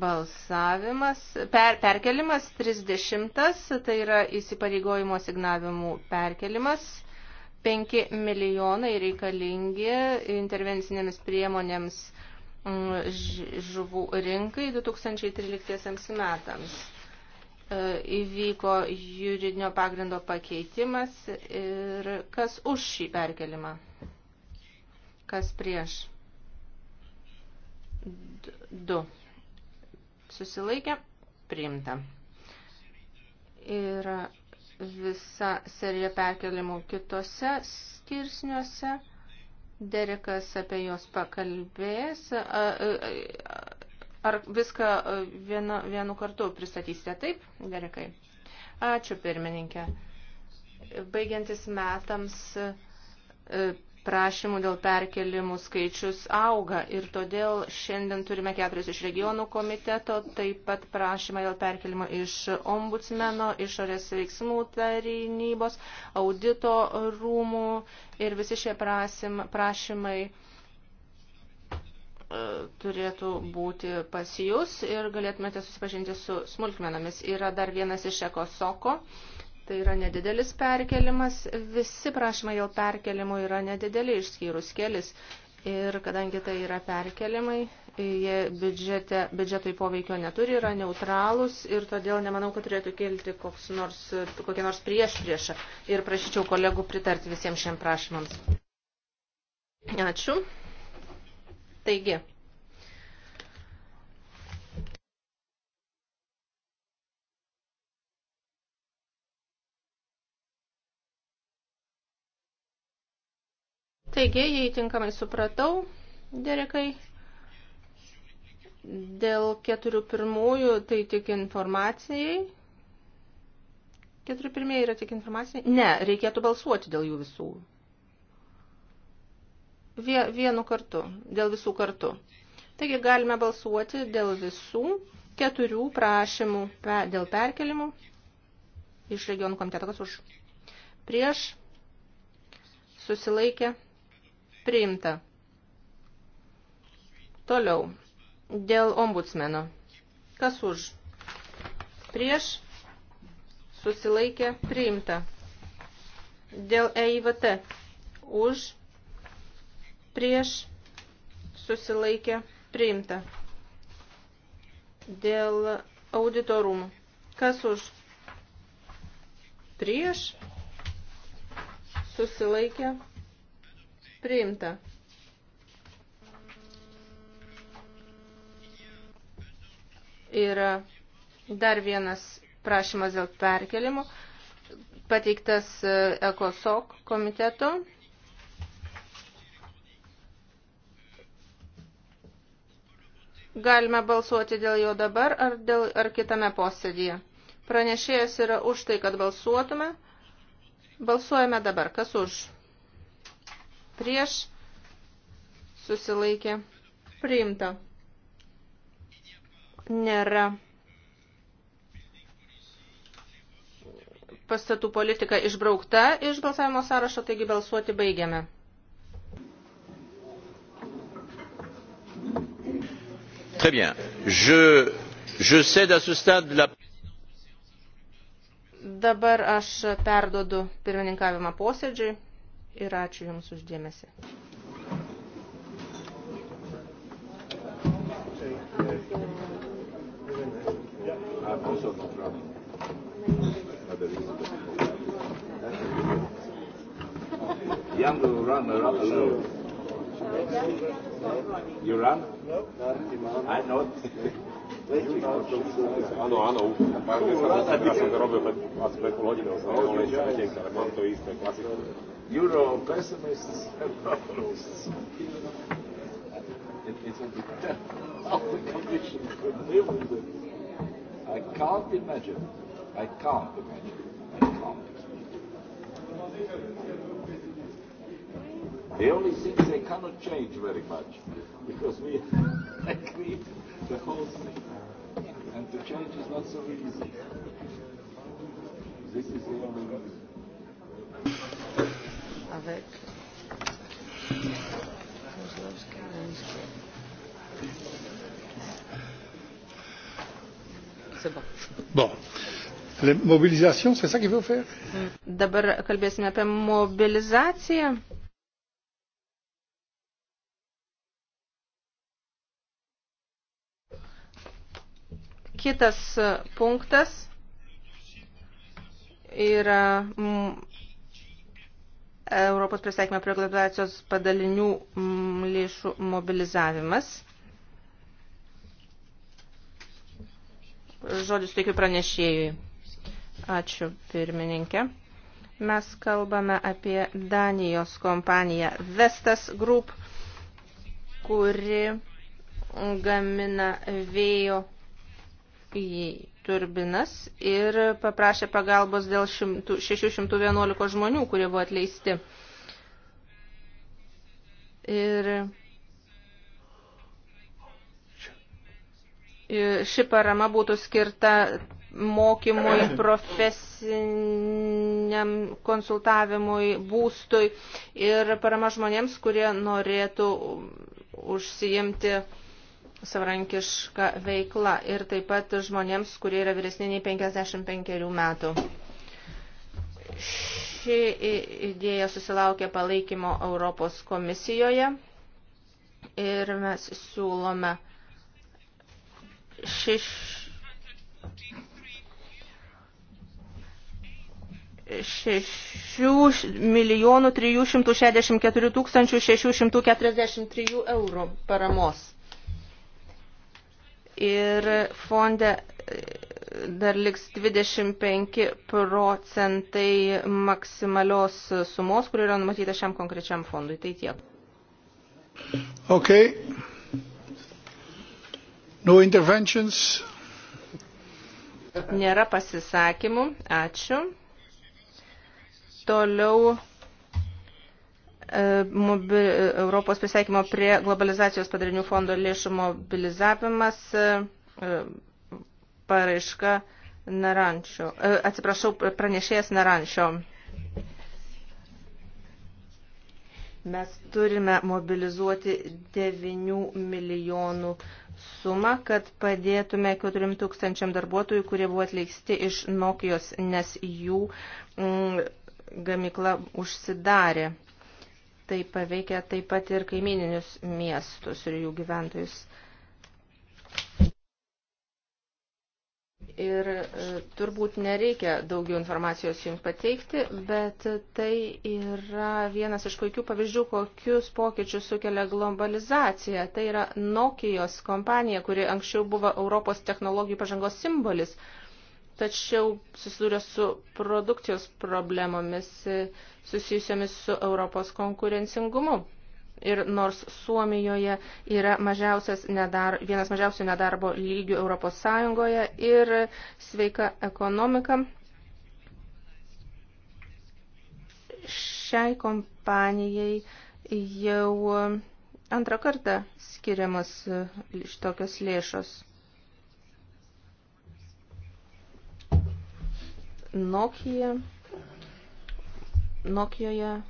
balsavimas, per, perkelimas 30, tai yra įsipareigojimo signavimų perkelimas. 5 milijonai reikalingi intervencinėms priemonėms Mm, žuvų rinkai 2013 metams. E, įvyko juridinio pagrindo pakeitimas ir kas už šį perkelimą? Kas prieš? Du. Susilaikė? Priimta. Ir visa serija perkelimų kitose skirsniuose – Derekas apie juos pakalbės. Ar viską vienu, vienu kartu pristatysite taip, Derekai? Ačiū, pirmininkė. Baigiantis metams prašymų dėl perkelimų skaičius auga ir todėl šiandien turime keturis iš regionų komiteto, taip pat prašymą dėl perkelimo iš ombudsmeno, išorės veiksmų tarnybos, audito rūmų ir visi šie prašymai e, turėtų būti pas jūs ir galėtumėte susipažinti su smulkmenomis. Yra dar vienas iš ekosoko. soko Tai yra nedidelis perkelimas. Visi prašymai dėl perkelimų yra nedideli, išskyrus kelis. Ir kadangi tai yra perkelimai, jie biudžete, biudžetui poveikio neturi, yra neutralūs ir todėl nemanau, kad turėtų kelti nors, kokią nors prieš priešą. Ir prašyčiau kolegų pritarti visiems šiem prašymams. Ačiū. Taigi, Taigi, jei tinkamai supratau, Derekai, dėl keturių pirmųjų tai tik informacijai. Keturi pirmieji yra tik informaciniai? Ne, reikėtų balsuoti dėl jų visų. Vie, vienu kartu, dėl visų kartu. Taigi galime balsuoti dėl visų keturių prašymų pe, dėl perkelimų iš regionų komiteto, kas už prieš susilaikė Priimta. Toliau. Dėl ombudsmeno. Kas už? Prieš. Susilaikė. Priimta. Dėl EIVT. Už. Prieš. Susilaikė. Priimta. Dėl auditorumų. Kas už? Prieš. Susilaikė. Priimta priimta. Ir dar vienas prašymas dėl perkelimų pateiktas e, ECOSOC komitetu. Galime balsuoti dėl jo dabar ar, dėl, ar kitame posėdėje. Pranešėjas yra už tai, kad balsuotume. Balsuojame dabar. Kas už? prieš susilaikė priimta. Nėra pastatų politika išbraukta iš balsavimo sąrašo, taigi balsuoti baigiame. Très bien. Je, je cède à ce stade la... Dabar aš perdodu pirmininkavimą posėdžiui ir ačiū Jums uždėmesi. Young will run around alone. You run? No. I not. Áno, áno, Marke sa rozhodná, som to robil pred asi pred pol hodinou, som to len čo ale mám to isté, klasické. Euro pessimists and optimists. It, it will depend how the Commission could deal with it. I can't imagine. I can't imagine. I can't. The only thing they cannot change very much because we agreed the whole thing. And to change is not so easy. This is the only reason avec Bon. Mobilizacijos, c'est ça qu'il veut faire? Dabar kalbėsime apie mobilizaciją. Kitas e, punktas yra Europos prisaikymo prie globalizacijos padalinių mm, lėšų mobilizavimas. Žodis teikiu pranešėjui. Ačiū, pirmininkė. Mes kalbame apie Danijos kompaniją Vestas Group, kuri gamina vėjo turbinas ir paprašė pagalbos dėl 611 žmonių, kurie buvo atleisti. Ir ši parama būtų skirta mokymui, profesiniam konsultavimui, būstui ir parama žmonėms, kurie norėtų užsijimti savarankiška veikla ir taip pat žmonėms, kurie yra vyresni nei 55 metų. Ši idėja susilaukė palaikymo Europos komisijoje ir mes siūlome šeš... 6 milijonų 364 tūkstančių 643 eurų paramos ir fonde e, dar liks 25 procentai maksimalios sumos, kuri yra numatyta šiam konkrečiam fondui. Tai tiek. Ok. No interventions. Nėra pasisakymų. Ačiū. Toliau E, Europos prisaikymo prie globalizacijos padarinių fondo lėšų mobilizavimas, e, e, paraiška Narančio. Atsiprašau, pranešėjas Narančio. Mes turime mobilizuoti 9 milijonų sumą, kad padėtume 4 tūkstančiam darbuotojų, kurie buvo atleisti iš Nokijos, nes jų mm, gamikla užsidarė tai paveikia taip pat ir kaimininius miestus ir jų gyventojus. Ir e, turbūt nereikia daugiau informacijos jums pateikti, bet tai yra vienas iš puikių pavyzdžių, kokius pokyčius sukelia globalizacija. Tai yra Nokijos kompanija, kuri anksčiau buvo Europos technologijų pažangos simbolis tačiau susidūrė su produkcijos problemomis susijusiomis su Europos konkurencingumu. Ir nors Suomijoje yra mažiausias nedar, vienas mažiausių nedarbo lygių Europos Sąjungoje ir sveika ekonomika, šiai kompanijai jau antrą kartą skiriamas šitokios lėšos. Nokia, Nokijoje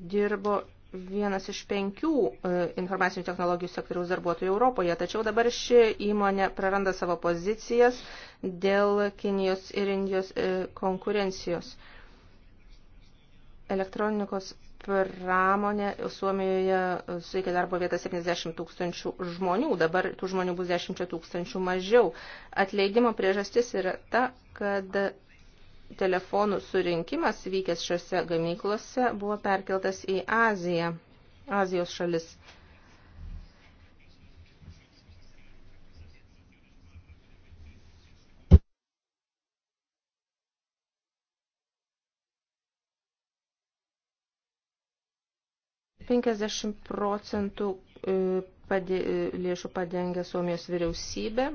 dirbo vienas iš penkių e, informacinių technologijų sektoriaus darbuotojų Europoje, tačiau dabar ši įmonė praranda savo pozicijas dėl Kinijos ir Indijos e, konkurencijos. Elektronikos pramonė Suomijoje suveikia darbo vietą 70 tūkstančių žmonių, dabar tų žmonių bus 10 tūkstančių mažiau. Atleidimo priežastis yra ta, kad telefonų surinkimas vykęs šiuose gamyklose buvo perkeltas į Aziją, Azijos šalis. Penkiasdešimt procentų e, padė, e, lėšų padengia Suomijos vyriausybė.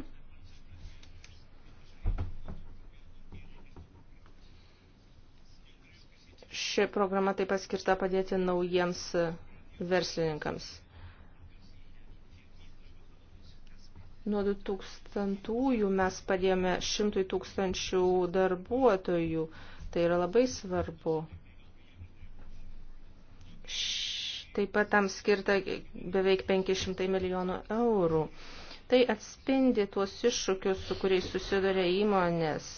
Ši programa taip pat skirta padėti naujiems verslininkams. Nuo 2000 mes padėjome 100 tūkstančių darbuotojų. Tai yra labai svarbu. Taip pat tam skirta beveik 500 milijonų eurų. Tai atspindi tuos iššūkius, su kuriais susiduria įmonės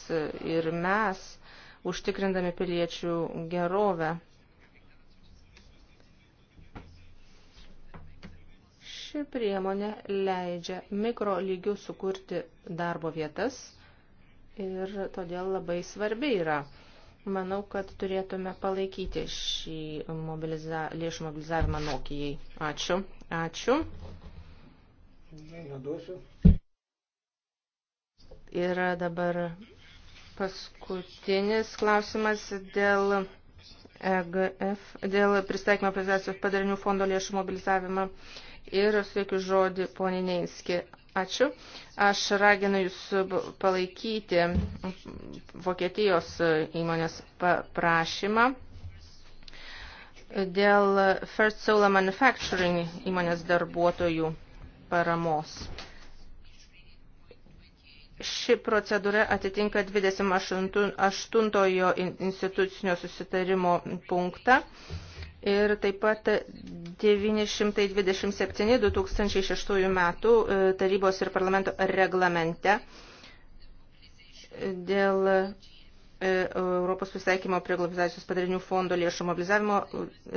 ir mes užtikrindami piliečių gerovę. Ši priemonė leidžia mikro lygių sukurti darbo vietas ir todėl labai svarbi yra. Manau, kad turėtume palaikyti šį mobiliza lėšų mobilizavimą Nokijai. Ačiū. Ačiū. Neduosiu. Ir dabar Paskutinis klausimas dėl EGF, dėl pristaikymo prezentacijos padarinių fondo lėšų mobilizavimą ir sveikiu žodį poniai Neinski. Ačiū. Aš raginu Jūs palaikyti Vokietijos įmonės prašymą dėl First Solar Manufacturing įmonės darbuotojų paramos. Ši procedūra atitinka 28 institucinio susitarimo punktą ir taip pat 927 2006 metų e, tarybos ir parlamento reglamente dėl e, Europos susitaikymo prie globalizacijos padarinių fondo lėšų mobilizavimo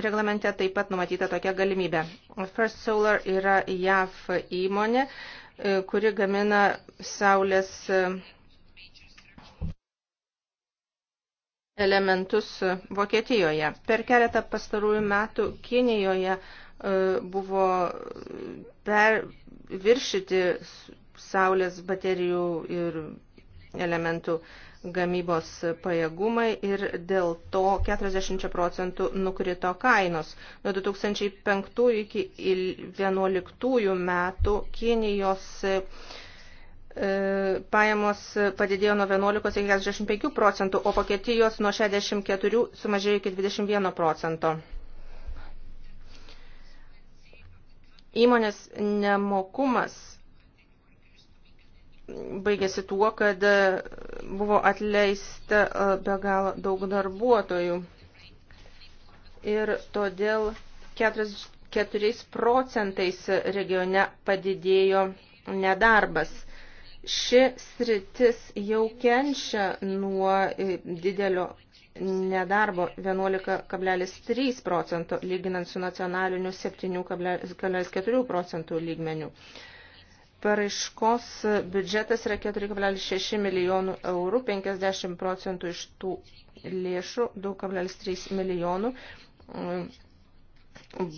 reglamente taip pat numatyta tokia galimybė. First Solar yra JAV įmonė, E, kuri gamina saulės e, elementus Vokietijoje. Per keletą pastarųjų metų Kinijoje e, buvo per viršyti saulės baterijų ir elementų gamybos pajėgumai ir dėl to 40 procentų nukrito kainos. Nuo 2005 iki 2011 metų Kinijos e, e, pajamos padidėjo nuo 11 iki 45 procentų, o Vokietijos nuo 64 sumažėjo iki 21 procento. Įmonės nemokumas baigėsi tuo, kad e, buvo atleista e, be galo daug darbuotojų. Ir todėl 4 procentais regione padidėjo nedarbas. Ši sritis jau kenčia nuo e, didelio nedarbo 11,3 procento lyginant su nacionaliniu 7,4 procentų lygmeniu. Paraiškos biudžetas yra 4,6 milijonų eurų, 50 procentų iš tų lėšų, 2,3 milijonų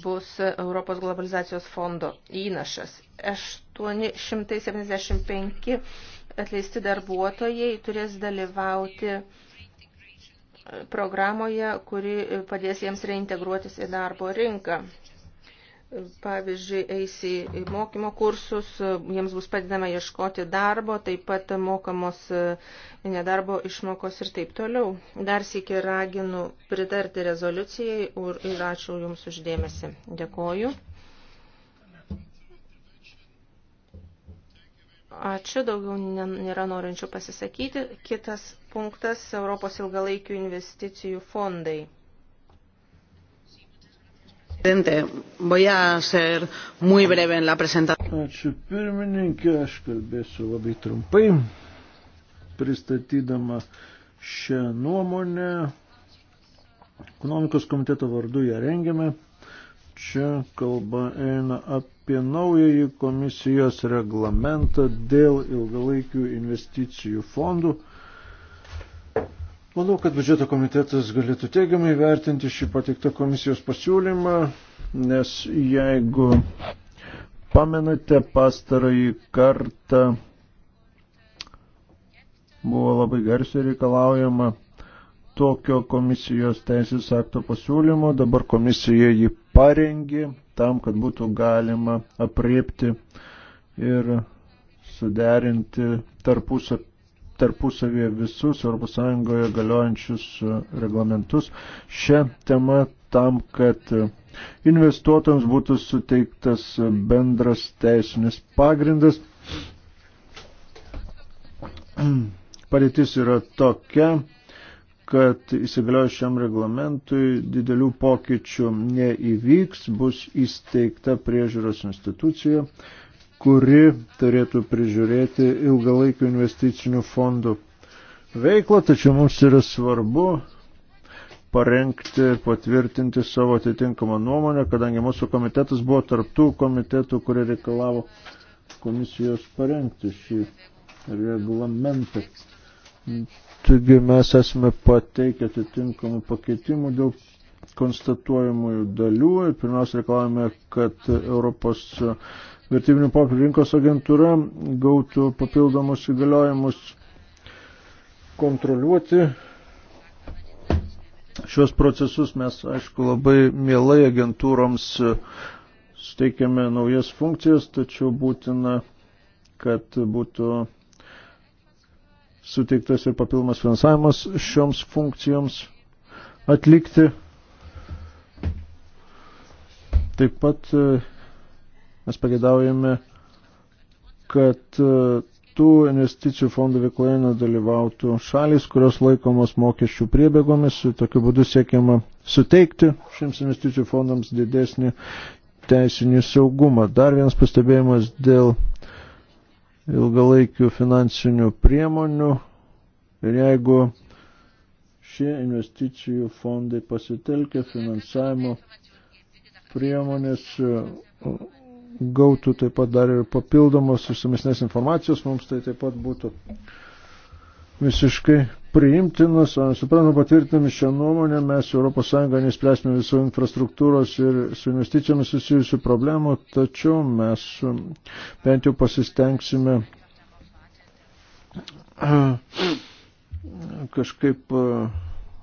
bus Europos globalizacijos fondo įnašas. 875 atleisti darbuotojai turės dalyvauti programoje, kuri padės jiems reintegruotis į darbo rinką. Pavyzdžiui, eis į mokymo kursus, jiems bus padedama ieškoti darbo, taip pat mokamos e, nedarbo išmokos ir taip toliau. Dar sėki raginu pritarti rezoliucijai ir ačiū Jums uždėmesi. Dėkoju. Ačiū, daugiau nėra norinčių pasisakyti. Kitas punktas - Europos ilgalaikių investicijų fondai. Ačiū pirmininkė, aš kalbėsiu labai trumpai, pristatydama šią nuomonę. Ekonomikos komiteto vardu ją rengiame. Čia kalba eina apie naująjį komisijos reglamentą dėl ilgalaikių investicijų fondų. Manau, kad biudžeto komitetas galėtų teigiamai vertinti šį pateiktą komisijos pasiūlymą, nes jeigu pamenate pastarąjį kartą buvo labai garsiai reikalaujama tokio komisijos teisės akto pasiūlymo, dabar komisija jį parengė tam, kad būtų galima apriepti ir suderinti tarpusą tarpusavėje visus ES galiojančius e, reglamentus šią temą tam, kad e, investuotojams būtų suteiktas e, bendras teisinis pagrindas. Padėtis yra tokia, kad įsigaliojus šiam reglamentui didelių pokyčių neįvyks, bus įsteigta priežiūros institucija, kuri turėtų prižiūrėti ilgalaikių investicinių fondų veiklą, tačiau mums yra svarbu parengti ir patvirtinti savo atitinkamą nuomonę, kadangi mūsų komitetas buvo tarptų komitetų, kurie reikalavo komisijos parengti šį reglamentą. Taigi mes esame pateikę atitinkamų pakeitimų dėl konstatuojamųjų dalių ir pirmiausia reikalavome, kad Europos vertybinių popierių rinkos agentūra gautų papildomus įgaliojimus kontroliuoti šios procesus. Mes, aišku, labai mielai agentūroms steikiame naujas funkcijas, tačiau būtina, kad būtų suteiktas ir papildomas finansavimas šioms funkcijoms atlikti. Taip pat Mes pagėdaujame, kad e, tų investicijų fondų veikloje nedalyvautų šalis, kurios laikomos mokesčių priebėgomis. Tokiu būdu siekiama suteikti šiems investicijų fondams didesnį teisinį saugumą. Dar vienas pastebėjimas dėl ilgalaikių finansinių priemonių. Ir jeigu šie investicijų fondai pasitelkia finansavimo priemonės gautų taip pat dar ir papildomos išsamesnės informacijos, mums tai taip pat būtų visiškai priimtinas, suprantu, patvirtinami šią nuomonę, mes ES nespręsime visų infrastruktūros ir su investicijomis susijusių problemų, tačiau mes um, bent jau pasistengsime uh, kažkaip uh,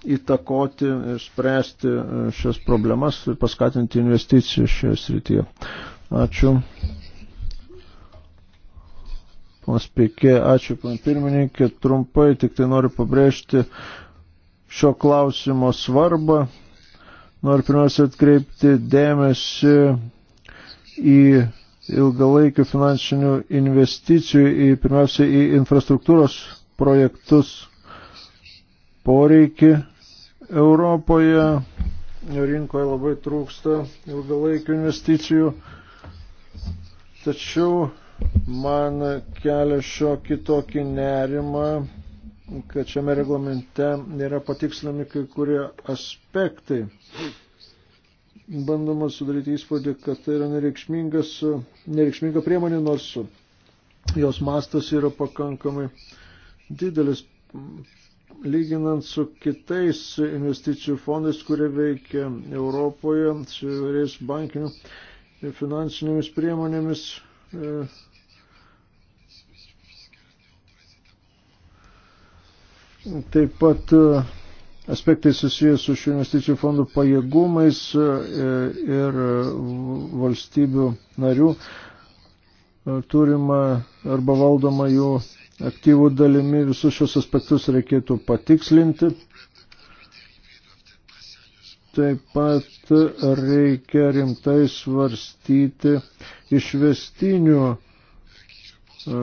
įtakoti ir spręsti uh, šias problemas ir paskatinti investicijų šioje srityje. Ačiū. Ponas Pikė, ačiū, pan pirmininkė. Trumpai tik tai noriu pabrėžti šio klausimo svarbą. Noriu pirmiausia atkreipti dėmesį į ilgalaikių finansinių investicijų, į, pirmiausia, į infrastruktūros projektus poreikį Europoje. Rinkoje labai trūksta ilgalaikių investicijų. Tačiau man kelia šiokį tokį nerimą, kad šiame reglamente nėra patikslinami kai kurie aspektai. Bandoma sudaryti įspūdį, kad tai yra nereikšminga priemonė, nors jos mastas yra pakankamai didelis, lyginant su kitais investicijų fondais, kurie veikia Europoje, su įvairiais bankinių finansinėmis priemonėmis. E, taip pat e, aspektai susijęs su šių investicijų fondų pajėgumais e, ir valstybių narių turima arba valdoma jų aktyvų dalimi. Visus šios aspektus reikėtų patikslinti Taip pat reikia rimtai svarstyti išvestinių e,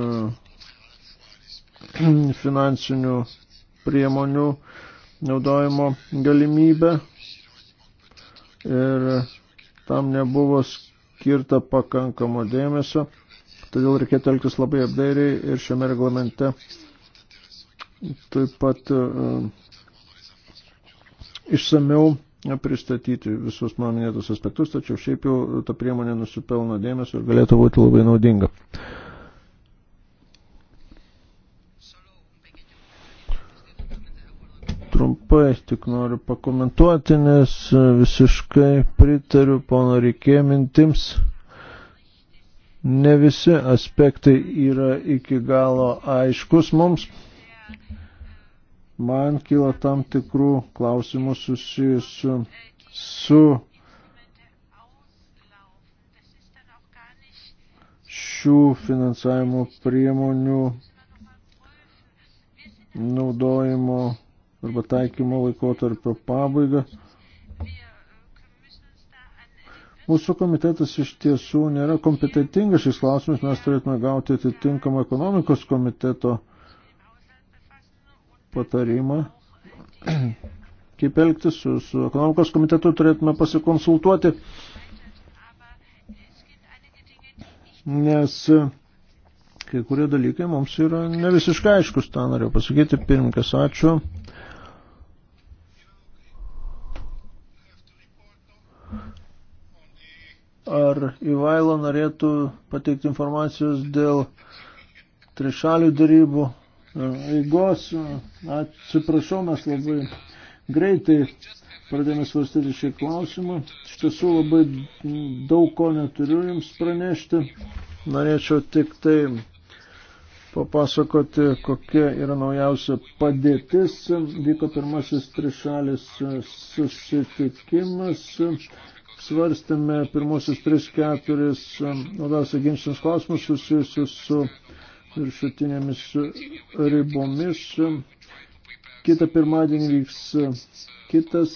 finansinių priemonių naudojimo galimybę ir tam nebuvo skirta pakankamo dėmesio, todėl reikėtų elgtis labai apdairiai ir šiame reglamente taip pat uh, e, išsameu pristatyti visus man minėtus aspektus, tačiau šiaip jau ta priemonė nusipelno dėmesio ir galėtų būti labai naudinga. Trumpai tik noriu pakomentuoti, nes visiškai pritariu pono reikė mintims. Ne visi aspektai yra iki galo aiškus mums. Yeah man kyla tam tikrų klausimų susijusių su šių finansavimo priemonių naudojimo arba taikymo laikotarpio pabaiga. Mūsų komitetas iš tiesų nėra kompetitingas šis klausimas, mes turėtume gauti atitinkamą ekonomikos komiteto uh, patarimą, kaip elgtis su, su ekonomikos komitetu, turėtume pasikonsultuoti, nes e, kai kurie dalykai mums yra ne visiškai aiškus, tą norėjau pasakyti, pirmkas, ačiū. Ar Ivailo norėtų pateikti informacijos dėl trišalių darybų eigos. Atsiprašau, mes labai greitai pradėjome svarstyti šį klausimą. Iš tiesų labai daug ko neturiu jums pranešti. Norėčiau tik tai papasakoti, kokia yra naujausia padėtis. Vyko pirmasis trišalis susitikimas. Svarstėme pirmosius tris keturis labiausiai ginčinius klausimus susijusius su. su viršutinėmis ribomis. Kita pirmadienį vyks kitas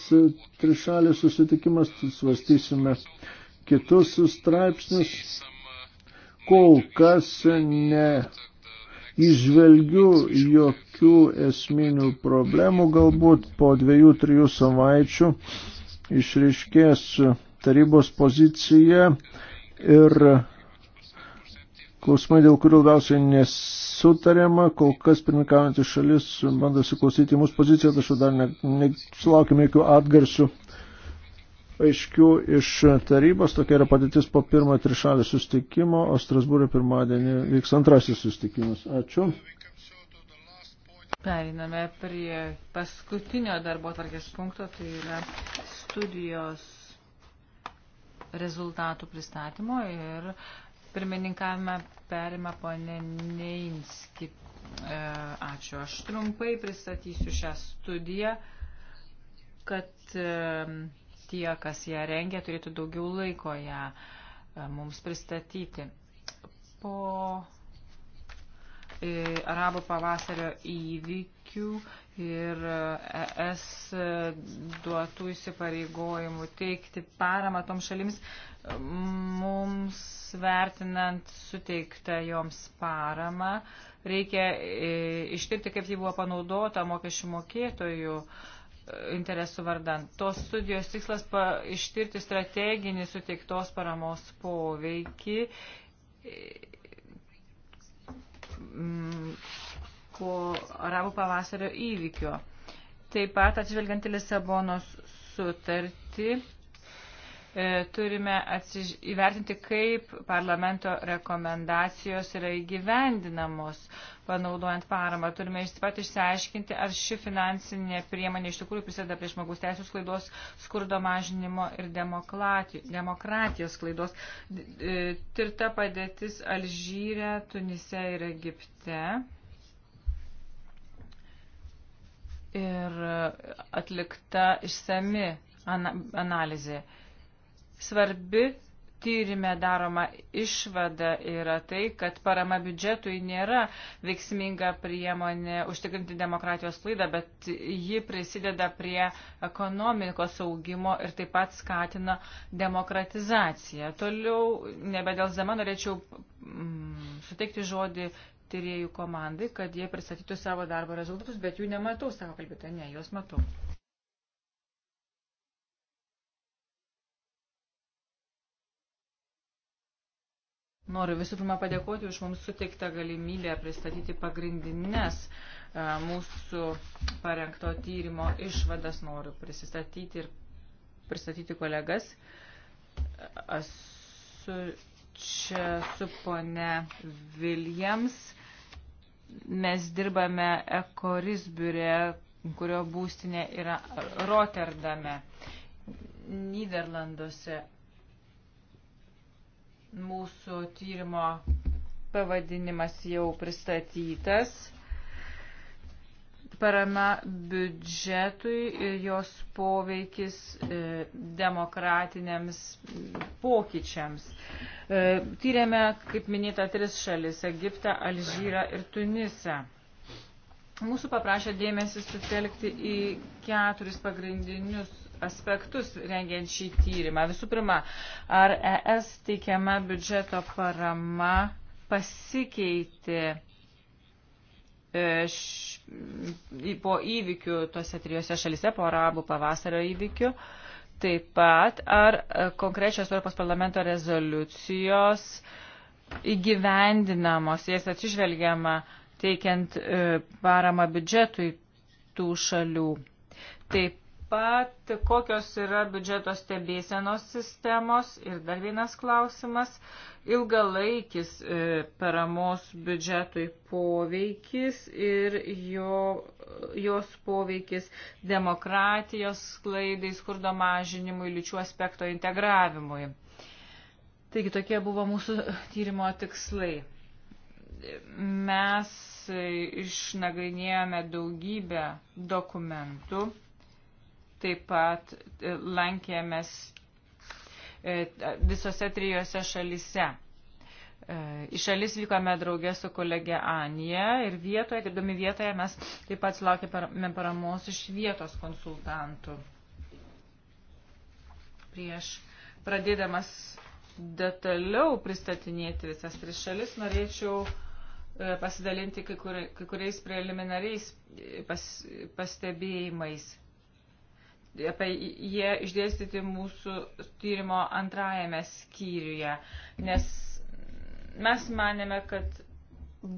trišalės susitikimas, svarstysime kitus straipsnius. Kol kas ne išvelgiu jokių esminių problemų, galbūt po dviejų, trijų savaičių išriškės tarybos pozicija ir klausimai, dėl kurių labiausiai nesutariama, kol kas pirmikaujantis šalis bando įsiklausyti į mūsų poziciją, tačiau dar nesulaukime ne, jokių atgarsių aiškių iš tarybos. Tokia yra padėtis po pirmo trišalio sustikimo, o Strasbūrė pirmadienį vyks antrasis sustikimas. Ačiū. Periname prie paskutinio darbo tvarkės punkto, tai yra studijos rezultatų pristatymo ir Pirmininkavimą perima ponė Neinski. E, ačiū. Aš trumpai pristatysiu šią studiją, kad e, tie, kas ją rengia, turėtų daugiau laiko ją e, mums pristatyti. Po arabo pavasario įvykių ir ES duotų įsipareigojimų teikti paramą tom šalims, mums vertinant suteiktą joms paramą, reikia e, ištirti, kaip ji buvo panaudota mokesčių mokėtojų e, interesų vardan. Tos studijos tikslas pa, ištirti strateginį suteiktos paramos poveikį, e, po arabų pavasario įvykio. Taip pat atsižvelgiant į Lisabonos sutartį, E, turime atsiž... įvertinti, kaip parlamento rekomendacijos yra įgyvendinamos, panaudojant paramą. Turime taip pat išsiaiškinti, ar ši finansinė priemonė iš tikrųjų prisideda prie žmogus teisų sklaidos, skurdo mažinimo ir demokratijos sklaidos. E, tirta padėtis Alžyre, Tunise ir Egipte. Ir atlikta išsami analizė. Uh, Svarbi tyrimė daroma išvada yra tai, kad parama biudžetui nėra veiksminga priemonė užtikrinti demokratijos klaidą, bet ji prisideda prie ekonomikos augimo ir taip pat skatina demokratizaciją. Toliau, nebedelsdama, norėčiau mm, suteikti žodį tyriejų komandai, kad jie pristatytų savo darbo rezultatus, bet jų nematau, sako kalbėtoja, ne, juos matau. Noriu visų pirma padėkoti už mums suteiktą galimybę pristatyti pagrindinės e, mūsų parengto tyrimo išvadas. Noriu prisistatyti ir pristatyti kolegas. Esu čia su pone Viljams. Mes dirbame Ekoris biure, kurio būstinė yra Rotterdame, Niderlanduose. Mūsų tyrimo pavadinimas jau pristatytas. Parama biudžetui ir jos poveikis e, demokratiniams pokyčiams. E, tyrėme, kaip minėta, tris šalis - Egiptą, Alžyrą ir Tunisą. Mūsų paprašė dėmesį sutelkti į keturis pagrindinius aspektus rengiant šį tyrimą. Visų pirma, ar ES teikiama biudžeto parama pasikeitė e, po įvykių tose trijose šalise, po arabų pavasario įvykių. Taip pat, ar e, konkrečios Europos parlamento rezoliucijos įgyvendinamos, jas atsižvelgiama teikiant e, paramą biudžetui tų šalių. Taip pat kokios yra biudžeto stebėsenos sistemos ir dar vienas klausimas - ilgalaikis e, paramos biudžetui poveikis ir jo, jos poveikis demokratijos klaidai, skurdo mažinimui, lyčių aspekto integravimui. Taigi tokie buvo mūsų tyrimo tikslai. Mes e, išnagrinėjome daugybę dokumentų Taip pat e, lankėmės e, visose trijose šalise. E, į šalis vykome draugė su kolegė Anija ir vietoje, dirbdami vietoje, mes taip pat sulaukėme paramos iš vietos konsultantų. Prieš pradėdamas detaliau pristatinėti visas tris šalis, norėčiau pasidalinti kai, kur, kai kuriais preliminariais pas, pastebėjimais apie jie išdėstyti mūsų tyrimo antrajame skyriuje, nes mes manėme, kad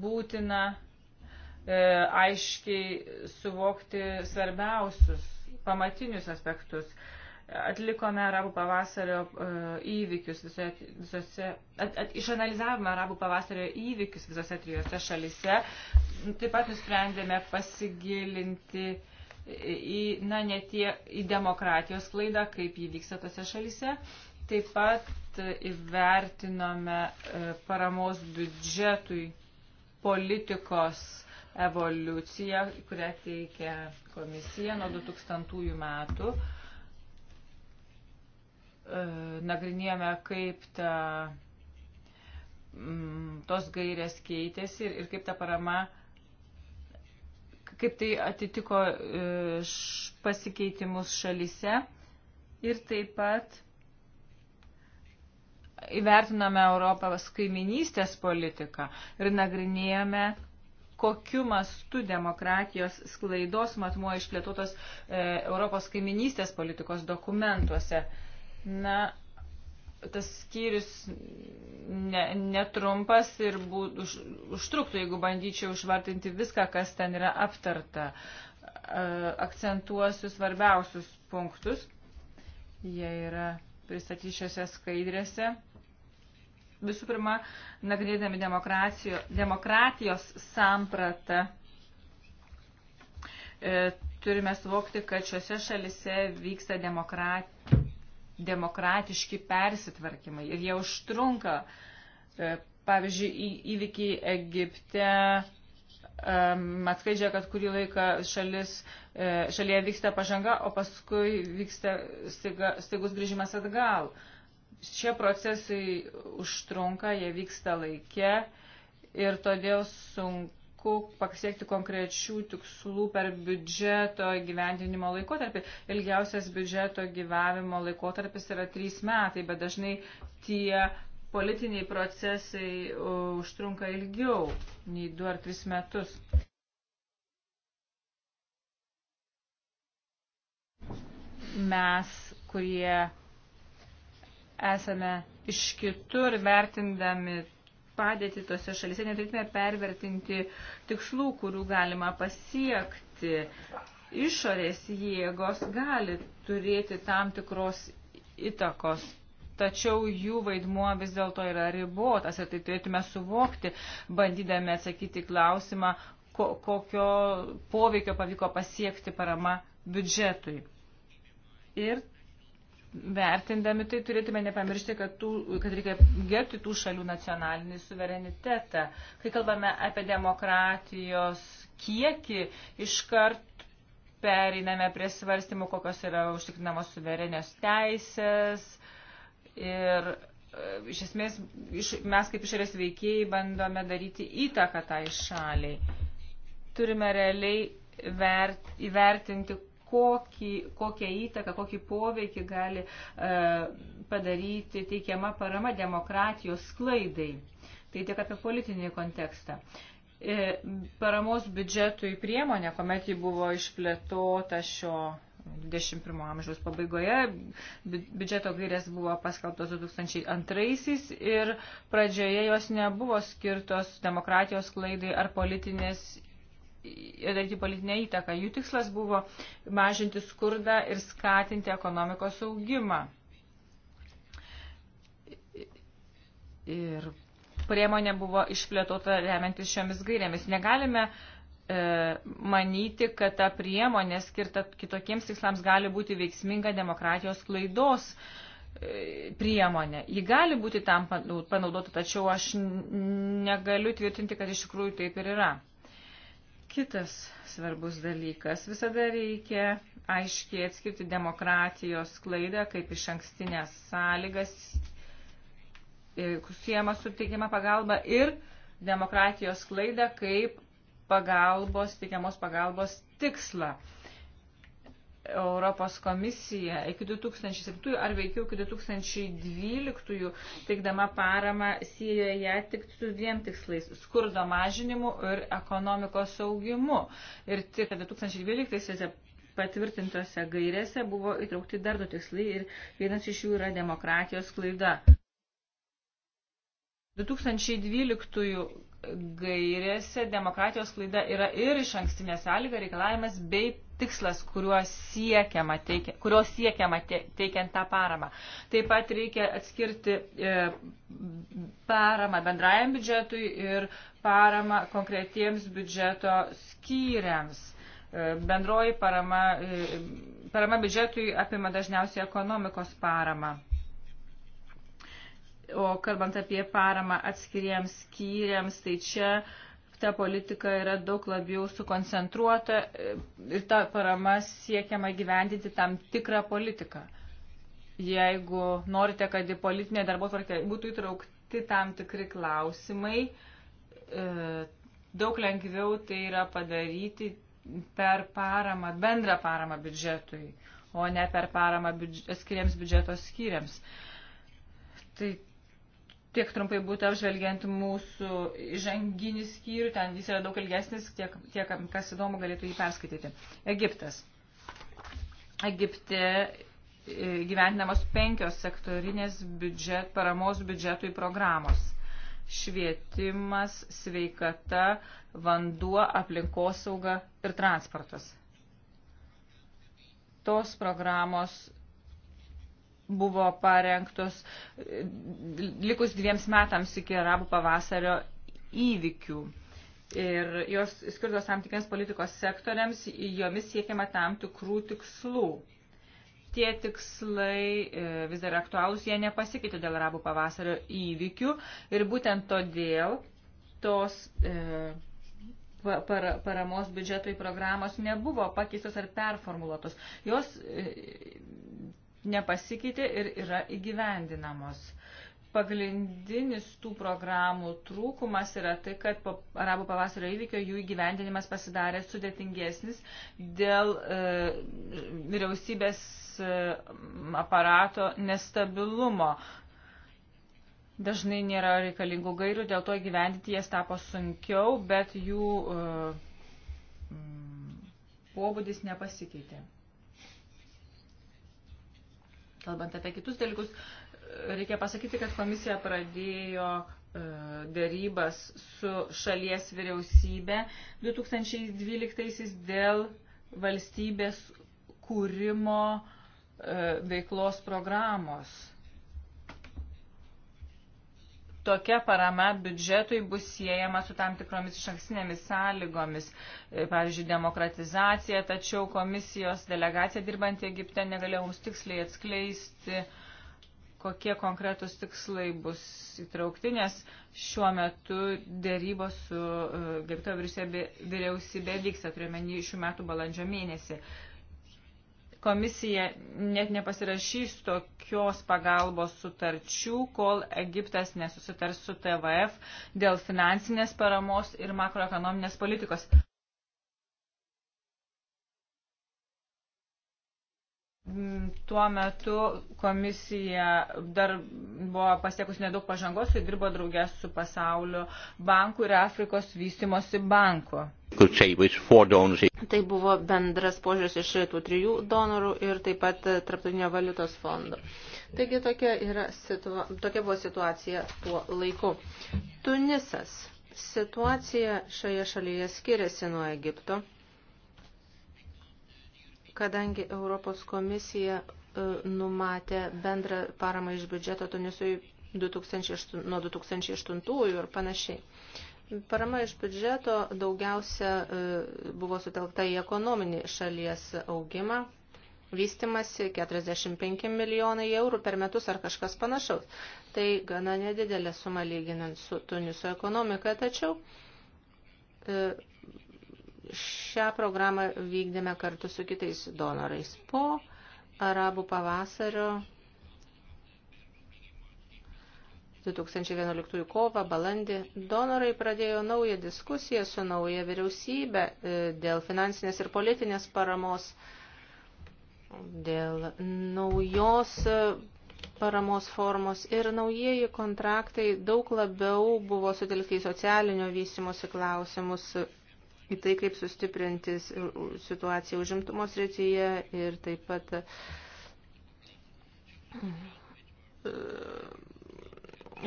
būtina e, aiškiai suvokti svarbiausius, pamatinius aspektus. Atlikome arabų pavasario e, įvykius visose, visose at, at, išanalizavome arabų pavasario įvykius visose trijose šalise, taip pat nusprendėme pasigilinti e, į, na, ne tie, į demokratijos klaidą, kaip jį vyksta tose šalise. Taip pat e, įvertinome e, paramos biudžetui politikos evoliuciją, kurią teikia komisija nuo 2000 metų. E, nagrinėjome, kaip ta, tos gairės keitėsi ir, ir kaip ta parama uh, kaip tai atitiko e, pasikeitimus šalyse ir taip pat įvertinome Europos kaiminystės politiką ir nagrinėjome, kokiu mastu demokratijos sklaidos matmuo išplėtotas e, Europos kaiminystės politikos dokumentuose. Na, tas skyrius ne, netrumpas ir būt, už, užtruktų, jeigu bandyčiau išvartinti viską, kas ten yra aptarta. Akcentuosiu svarbiausius punktus. Jie yra pristatyti šiuose skaidrėse. Visų pirma, nagrinėdami demokratijos sampratą, e, turime suvokti, kad šiuose šalise vyksta demokrat, demokratiški persitvarkymai ir jie užtrunka. E, pavyzdžiui, įvykiai Egipte um, atskleidžia, kad kurį laiką šalis, e, šalyje vyksta pažanga, o paskui vyksta stiga, stigus grįžimas atgal. Šie procesai užtrunka, jie vyksta laikė ir todėl sunku sunku pasiekti konkrečių tikslų per biudžeto gyvendinimo laikotarpį. Ilgiausias biudžeto gyvavimo laikotarpis yra trys metai, bet dažnai tie politiniai procesai užtrunka ilgiau nei du ar tris metus. Mes, kurie esame iš kitur vertindami padėtį tose šalise, neturėtume pervertinti tikslų, kurių galima pasiekti. Išorės jėgos gali turėti tam tikros įtakos, tačiau jų vaidmuo vis dėlto yra ribotas ir tai turėtume suvokti, bandydami atsakyti klausimą, ko, kokio poveikio pavyko pasiekti parama biudžetui. Ir vertindami tai turėtume nepamiršti, kad, tų, kad reikia gerbti tų šalių nacionalinį suverenitetą. Kai kalbame apie demokratijos kiekį, iškart periname prie svarstymų, kokios yra užtikrinamos suverenios teisės ir e, iš esmės iš, mes kaip išorės veikėjai bandome daryti įtaką tai šaliai. Turime realiai vert, įvertinti, kokį, kokią įtaką, kokį poveikį gali e, padaryti teikiama parama demokratijos sklaidai. Tai tiek apie politinį kontekstą. E, paramos biudžetui priemonė, kuomet ji buvo išplėtota šio 21 amžiaus pabaigoje. Biudžeto gairės buvo paskelbtos 2002-aisiais ir pradžioje jos nebuvo skirtos demokratijos klaidai ar politinės daryti politinę įtaką. Jų tikslas buvo mažinti skurdą ir skatinti ekonomikos augimą. Ir priemonė buvo išplėtota remiantis šiomis gairėmis. Negalime e, manyti, kad ta priemonė skirta kitokiems tikslams gali būti veiksminga demokratijos klaidos e, priemonė. Ji gali būti tam panaudota, tačiau aš negaliu tvirtinti, kad iš tikrųjų taip ir yra. Kitas svarbus dalykas. Visada reikia aiškiai atskirti demokratijos klaidą kaip iš ankstinės sąlygas e, siejama su teikiama pagalba ir demokratijos klaidą kaip pagalbos, teikiamos pagalbos tikslą. Europos komisija iki 2007 ar veikiau iki 2012, teikdama paramą, siejo ją tik su dviem tikslais - skurdo mažinimu ir ekonomikos augimu. Ir tik 2012 patvirtintose gairėse buvo įtraukti dar du tikslai ir vienas iš jų yra demokratijos klaida. 2012 gairėse demokratijos klaida yra ir iš ankstinė sąlyga, reikalavimas bei tikslas, kuriuo siekiama, teikia, kurio siekiama teikiant tą paramą. Taip pat reikia atskirti e, paramą bendrajam biudžetui ir paramą konkretiems biudžeto skyriams. E, bendroji parama, e, parama biudžetui apima dažniausiai ekonomikos paramą. O kalbant apie paramą atskiriems skyriams, tai čia ta politika yra daug labiau sukoncentruota e, ir ta parama siekiama gyvendinti tam tikrą politiką. Jeigu norite, kad į politinę darbo tvarkę būtų įtraukti tam tikri klausimai, e, daug lengviau tai yra padaryti per paramą, bendrą paramą biudžetui, o ne per paramą biudž atskiriams biudžeto skyriams. Tai Tiek trumpai būtų apžvelgiant mūsų žanginį skyrių, ten jis yra daug ilgesnis, tiek, tiek kas įdomu galėtų jį perskaityti. Egiptas. Egipte e, gyventinamos penkios sektorinės biudžet, paramos biudžetui programos. Švietimas, sveikata, vanduo, aplinkosauga ir transportas. Tos programos buvo parengtos likus dviems metams iki arabų pavasario įvykių. Ir jos skirtos tam tikriems politikos sektoriams, jomis siekiama tam tikrų tikslų. Tie tikslai e, vis dar aktualūs, jie nepasikeitė dėl arabų pavasario įvykių ir būtent todėl tos e, para, paramos biudžetui programos nebuvo pakeistos ar performuluotos. Jos e, nepasikeitė ir yra įgyvendinamos. Pagrindinis tų programų trūkumas yra tai, kad po arabų pavasario įvykio jų įgyvendinimas pasidarė sudėtingesnis dėl e, vyriausybės e, aparato nestabilumo. Dažnai nėra reikalingų gairių, dėl to gyventi jas tapo sunkiau, bet jų e, pobūdis nepasikeitė. Kalbant apie kitus dalykus, reikia pasakyti, kad komisija pradėjo e, dėrybas su šalies vyriausybė 2012 dėl valstybės kūrimo e, veiklos programos tokia parama biudžetui bus siejama su tam tikromis išankstinėmis sąlygomis, e, pavyzdžiui, demokratizacija, tačiau komisijos delegacija dirbant Egipte negalėjo mums tiksliai atskleisti, kokie konkretus tikslai bus įtraukti, nes šiuo metu dėrybos su e, Egipto vyriausybė vyksta, turiuomenį šių metų balandžio mėnesį komisija net nepasirašys tokios pagalbos sutarčių, kol Egiptas nesusitars su TVF dėl finansinės paramos ir makroekonominės politikos. Mm, tuo metu komisija dar buvo pasiekus nedaug pažangos ir dirbo draugės su pasaulio banku ir Afrikos vystimosi banku. Tai buvo bendras požiūris iš tų trijų donorų ir taip pat Traptautinio valiutos fondo. Taigi tokia, yra situa tokia buvo situacija tuo laiku. Tunisas. Situacija šioje šalyje skiriasi nuo Egipto kadangi Europos komisija e, numatė bendrą paramą iš biudžeto Tunisui 2008, nuo 2008 ir panašiai. Parama iš biudžeto daugiausia e, buvo sutelkta į ekonominį šalies augimą, vystimasi 45 milijonai eurų per metus ar kažkas panašaus. Tai gana nedidelė suma lyginant su Tuniso ekonomika, tačiau e, šią programą vykdėme kartu su kitais donorais. Po arabų pavasario 2011 kovą, balandį, donorai pradėjo naują diskusiją su nauja vyriausybė e, dėl finansinės ir politinės paramos, dėl naujos e, paramos formos ir naujieji kontraktai daug labiau buvo sutelkti į socialinio vystimosi klausimus, į tai, kaip sustiprinti situaciją užimtumo srityje ir taip pat e,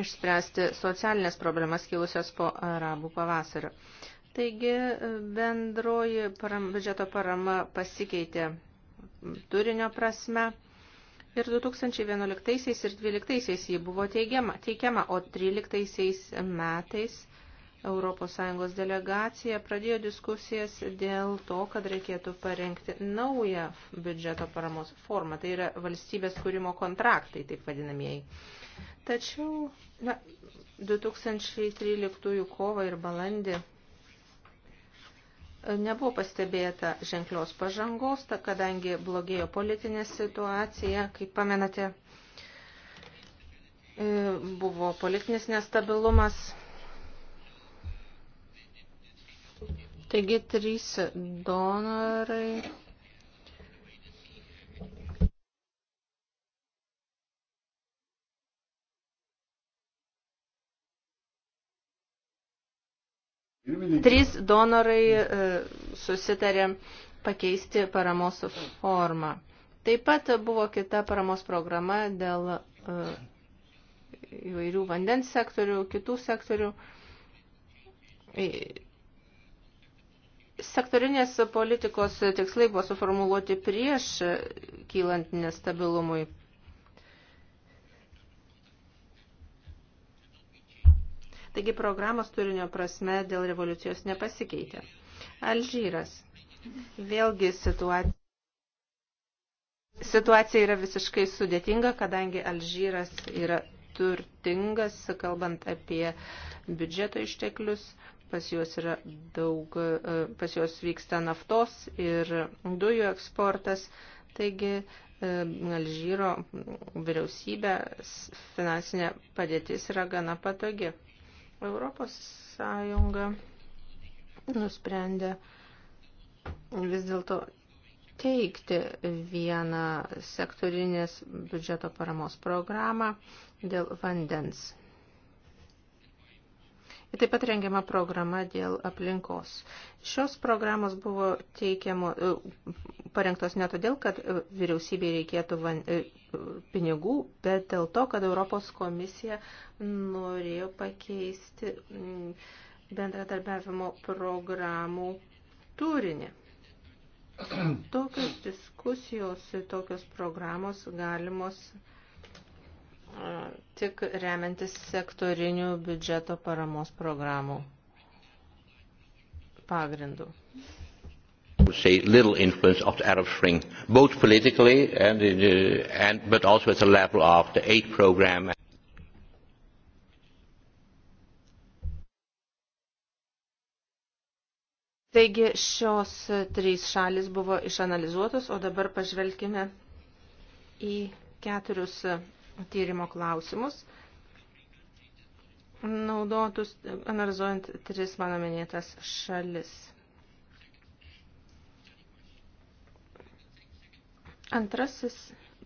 išspręsti socialinės problemas kilusios po arabų pavasario. Taigi e, bendroji param, biudžeto parama pasikeitė turinio prasme ir 2011 ir 2012 ji buvo teigiama, teikiama, o 2013 metais ES delegacija pradėjo diskusijas dėl to, kad reikėtų parengti naują biudžeto paramos formą. Tai yra valstybės kūrimo kontraktai, taip vadinamieji. Tačiau na, 2013 kovą ir balandį nebuvo pastebėta ženklios pažangos, ta, kadangi blogėjo politinė situacija, kaip pamenate, e, buvo politinis nestabilumas Taigi trys donorai. Trys donorai e, susitarė pakeisti paramos formą. Taip pat buvo kita paramos programa dėl e, įvairių vandens sektorių, kitų sektorių e, Sektorinės politikos tikslai buvo suformuluoti prieš kylant nestabilumui. Taigi programos turinio prasme dėl revoliucijos nepasikeitė. Alžyras. Vėlgi situacija. Situacija yra visiškai sudėtinga, kadangi Alžyras yra turtingas, kalbant apie biudžeto išteklius. Pas juos, yra daug, e, pas juos vyksta naftos ir dujų eksportas. Taigi e, Alžyro vyriausybė finansinė padėtis yra gana patogi. Europos Sąjunga nusprendė vis dėlto teikti vieną sektorinės biudžeto paramos programą dėl vandens. Ir taip pat rengiama programa dėl aplinkos. Šios programos buvo teikiamo, e, parengtos ne todėl, kad e, vyriausybei reikėtų van, e, pinigų, bet dėl to, kad Europos komisija norėjo pakeisti bendradarbiavimo programų turinį. Tokios diskusijos, tokios programos galimos tik remiantis sektorinių biudžeto paramos programų pagrindų. Say little influence of the Arab Spring, both politically and, uh, and but also at the level of the aid program. Taigi šios trys šalis buvo išanalizuotos, o dabar pažvelkime į keturius tyrimo klausimus, naudotus analizuojant tris mano minėtas šalis. Antrasis,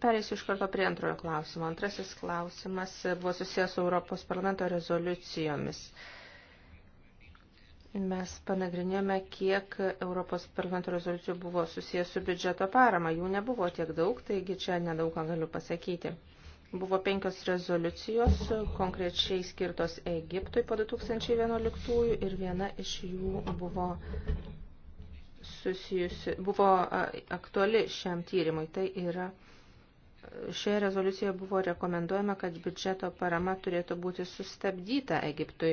perėsiu iš karto prie antrojo klausimo. Antrasis klausimas buvo susijęs su Europos parlamento rezoliucijomis. Mes panagrinėjome, kiek Europos parlamento rezoliucijų buvo susijęs su biudžeto parama. Jų nebuvo tiek daug, taigi čia nedaug ką galiu pasakyti. Buvo penkios rezoliucijos konkrečiai skirtos Egiptui po 2011 ir viena iš jų buvo, susijusi, buvo aktuali šiam tyrimui. Tai yra, šioje rezoliucijoje buvo rekomenduojama, kad biudžeto parama turėtų būti sustabdyta Egiptui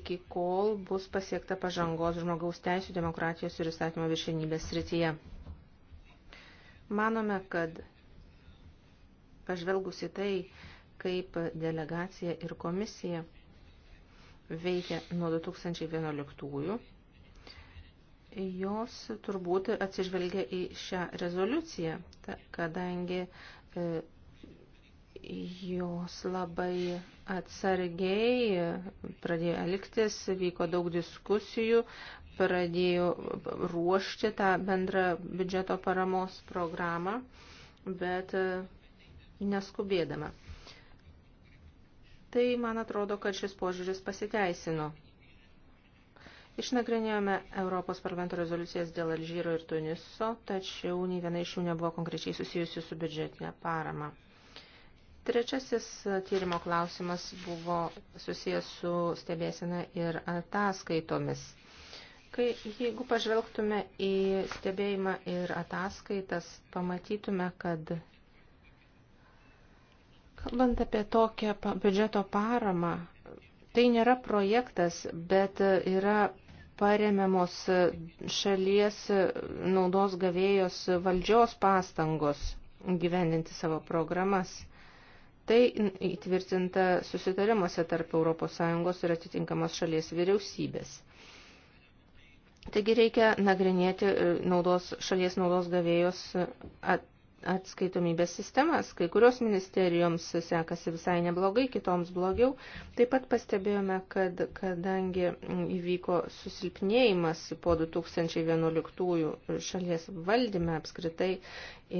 iki kol bus pasiekta pažangos žmogaus teisų, demokratijos ir įstatymo viršenybės srityje. Manome, kad pažvelgusi tai, kaip delegacija ir komisija veikia nuo 2011-ųjų, jos turbūt atsižvelgia į šią rezoliuciją, kadangi e, jos labai atsargiai pradėjo elgtis, vyko daug diskusijų, pradėjo ruošti tą bendrą biudžeto paramos programą, bet e, neskubėdama. Tai man atrodo, kad šis požiūris pasiteisino. Išnagrinėjome Europos parlamento rezoliucijas dėl Alžyro ir Tuniso, tačiau nei viena iš jų nebuvo konkrečiai susijusi su biudžetinė parama. Trečiasis tyrimo klausimas buvo susijęs su stebėsena ir ataskaitomis. Kai, jeigu pažvelgtume į stebėjimą ir ataskaitas, pamatytume, kad Kalbant apie tokią biudžeto paramą, tai nėra projektas, bet yra paremiamos šalies naudos gavėjos valdžios pastangos gyvendinti savo programas. Tai įtvirtinta susitarimuose tarp ES ir atitinkamos šalies vyriausybės. Taigi reikia nagrinėti e, naudos, šalies naudos gavėjos at, atskaitomybės sistemas. Kai kurios ministerijoms sekasi visai neblogai, kitoms blogiau. Taip pat pastebėjome, kad kadangi įvyko susilpnėjimas po 2011 šalies valdyme apskritai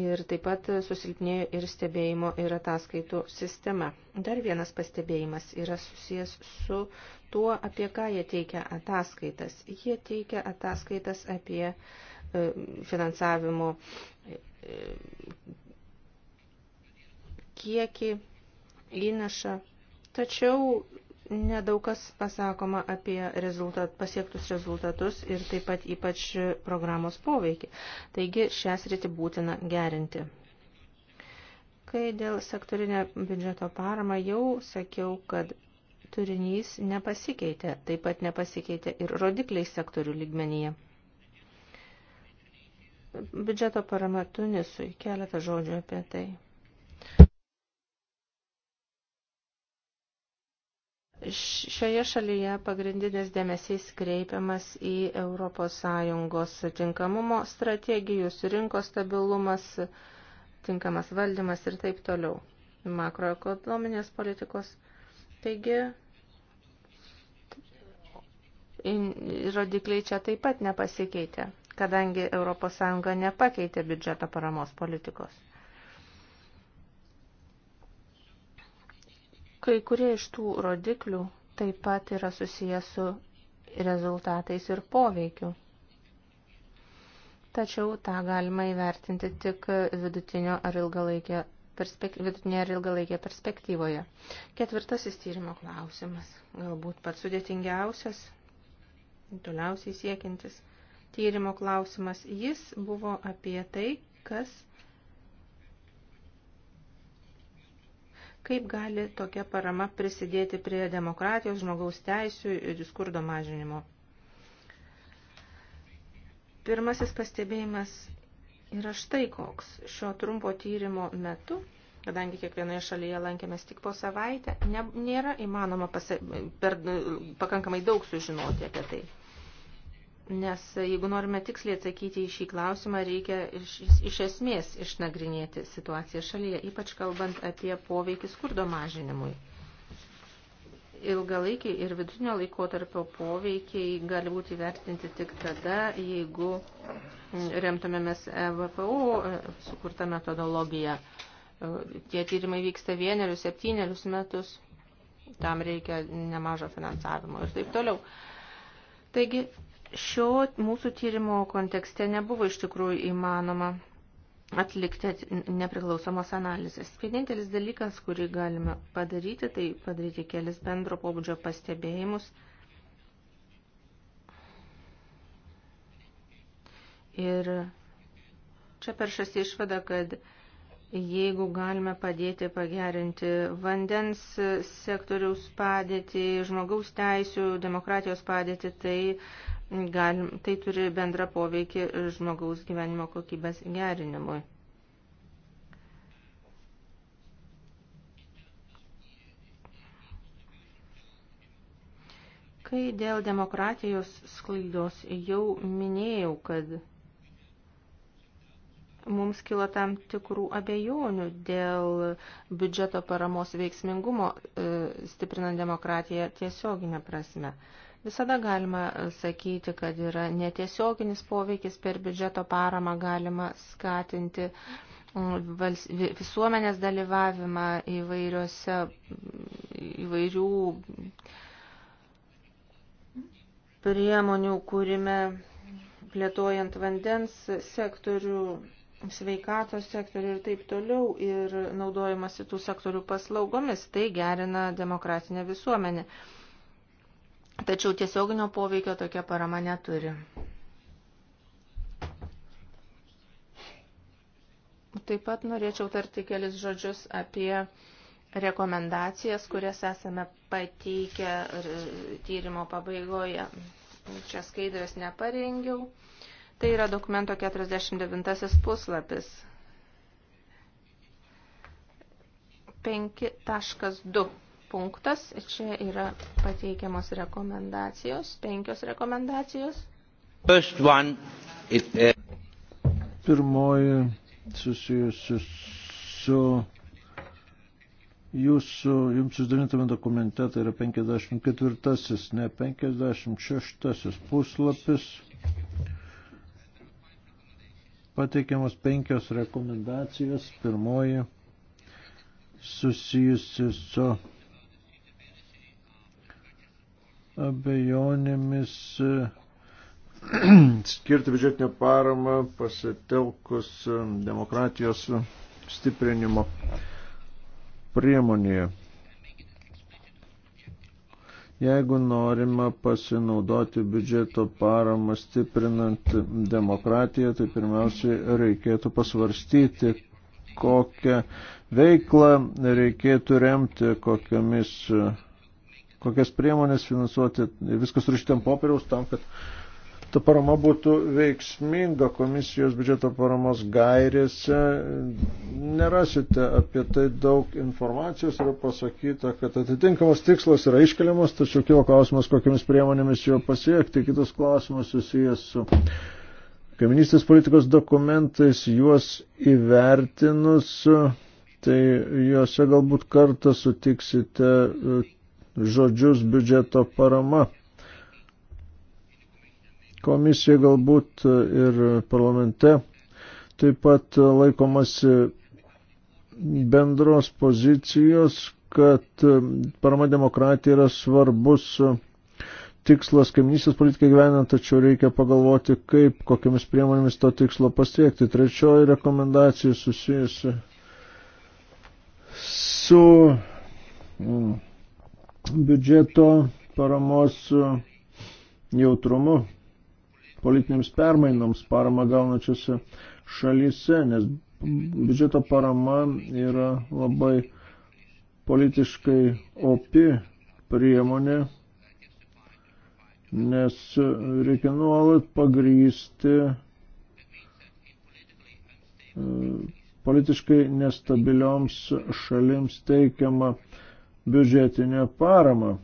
ir taip pat susilpnėjo ir stebėjimo ir ataskaitų sistema. Dar vienas pastebėjimas yra susijęs su tuo, apie ką jie teikia ataskaitas. Jie teikia ataskaitas apie e, finansavimo kiekį įneša, tačiau nedaug kas pasakoma apie rezultat, pasiektus rezultatus ir taip pat ypač programos poveikį. Taigi šią sritį būtina gerinti. Kai dėl sektorinio biudžeto parama jau sakiau, kad turinys nepasikeitė, taip pat nepasikeitė ir rodikliai sektorių lygmenyje. Biudžeto parama Tunisui. Keletą žodžių apie tai. Šioje šalyje pagrindinės dėmesys kreipiamas į ES tinkamumo strategijus, rinkos stabilumas, tinkamas valdymas ir taip toliau. Makroekonominės politikos. Taigi, rodikliai čia taip pat nepasikeitė kadangi ES nepakeitė biudžeto paramos politikos. Kai kurie iš tų rodiklių taip pat yra susiję su rezultatais ir poveikiu. Tačiau tą galima įvertinti tik vidutinio ar ilgalaikė perspek... vidutinė ir ilgalaikė perspektyvoje. Ketvirtasis tyrimo klausimas, galbūt pats sudėtingiausias, toliausiai siekintis – tyrimo klausimas. Jis buvo apie tai, kas, kaip gali tokia parama prisidėti prie demokratijos, žmogaus teisų ir skurdo mažinimo. Pirmasis pastebėjimas yra štai koks. Šio trumpo tyrimo metu kadangi kiekvienoje šalyje lankėmės tik po savaitę, ne, nėra įmanoma pasa, per, pakankamai daug sužinoti apie tai. Nes jeigu norime tiksliai atsakyti į šį klausimą, reikia iš, iš esmės išnagrinėti situaciją šalyje, ypač kalbant apie poveikį skurdo mažinimui. Ilgalaikiai ir vidutinio laikotarpio poveikiai gali būti vertinti tik tada, jeigu mm, remtumėmės EVPU e, sukurtą metodologiją. E, tie tyrimai vyksta vienerius, septynerius metus, tam reikia nemažo finansavimo ir taip toliau. Taigi, šio mūsų tyrimo kontekste nebuvo iš tikrųjų įmanoma atlikti nepriklausomos analizės. Vienintelis dalykas, kurį galime padaryti, tai padaryti kelis bendro pobūdžio pastebėjimus ir čia peršasi išvada, kad jeigu galime padėti pagerinti vandens sektoriaus padėtį, žmogaus teisų, demokratijos padėtį, tai galim, tai turi bendrą poveikį žmogaus gyvenimo kokybės gerinimui. Kai dėl demokratijos sklaidos jau minėjau, kad mums kilo tam tikrų abejonių dėl biudžeto paramos veiksmingumo e, stiprinant demokratiją tiesioginę prasme. Visada galima sakyti, kad yra netiesioginis poveikis per biudžeto paramą galima skatinti mm, visuomenės dalyvavimą įvairiuose, įvairių priemonių kūrime, plėtojant vandens sektorių, sveikatos sektorių ir taip toliau ir naudojimasi tų sektorių paslaugomis. Tai gerina demokratinę visuomenę. Tačiau tiesioginio poveikio tokia parama neturi. Taip pat norėčiau tarti kelis žodžius apie rekomendacijas, kurias esame pateikę e, tyrimo pabaigoje. Čia skaidrės neparengiau. Tai yra dokumento 49 puslapis. 5.2 punktas. Čia yra pateikiamos rekomendacijos, penkios rekomendacijos. First one, it, uh... Pirmoji susijusi su jūsų, jums išdalintame dokumente, tai yra 54, ne 56 puslapis pateikiamos penkios rekomendacijos. Pirmoji susijusi su abejonėmis e, skirti biudžetinę paramą pasitelkus e, demokratijos stiprinimo priemonėje. Jeigu norima pasinaudoti biudžeto paramą stiprinant demokratiją, tai pirmiausiai reikėtų pasvarstyti, kokią veiklą reikėtų remti, kokiamis kokias priemonės finansuoti, viskas rašyti ant popieriaus tam, kad ta parama būtų veiksminga komisijos biudžeto paramos gairėse. Nerasite apie tai daug informacijos, yra pasakyta, kad atitinkamas tikslas yra iškeliamas, tačiau kilo klausimas, kokiamis priemonėmis jo pasiekti. Kitas klausimas susijęs su kaiminystės politikos dokumentais, juos įvertinus. Tai juose galbūt kartą sutiksite žodžius biudžeto parama. Komisija galbūt ir parlamente taip pat laikomasi bendros pozicijos, kad parama demokratija yra svarbus tikslas kaiminystės politikai gyvenant, tačiau reikia pagalvoti, kaip, kokiamis priemonėmis to tikslo pasiekti. Trečioji rekomendacija susijusi su mm, biudžeto paramos e, jautrumu politinėms permainoms parama gaunačiose šalyse, nes biudžeto parama yra labai politiškai opi priemonė, nes reikia nuolat pagrysti e, politiškai nestabilioms šalims teikiamą biudžetinę paramą.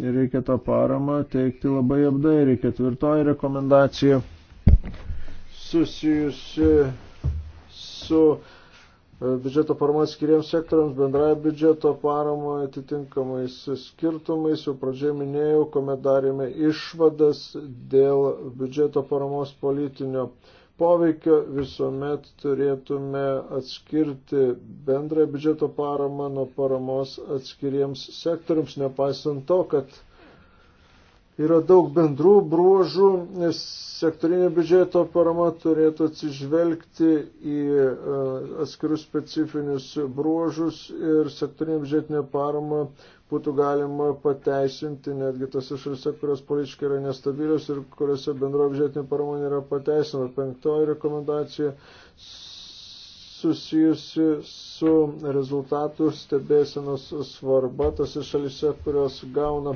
Ir reikia tą paramą teikti labai apdairiai. Ketvirtoji rekomendacija susijusi su e, biudžeto parama skiriams sektoriams, bendrai biudžeto parama atitinkamais skirtumais. Jau pradžioje minėjau, kuomet darėme išvadas dėl biudžeto paramos politinio poveikio visuomet turėtume atskirti bendrą biudžeto paramą nuo paramos atskiriems sektoriams, nepaisant to, kad yra daug bendrų bruožų, nes sektorinė biudžeto parama turėtų atsižvelgti į e, atskirus specifinius bruožus ir sektorinė biudžetinė parama būtų galima pateisinti netgi tose šalise, kurios politiškai yra nestabilios ir kuriuose bendro apžiūrėtinė parama nėra pateisinama. Penktoji rekomendacija susijusi su rezultatų stebėsenos svarba tose šalise, kurios gauna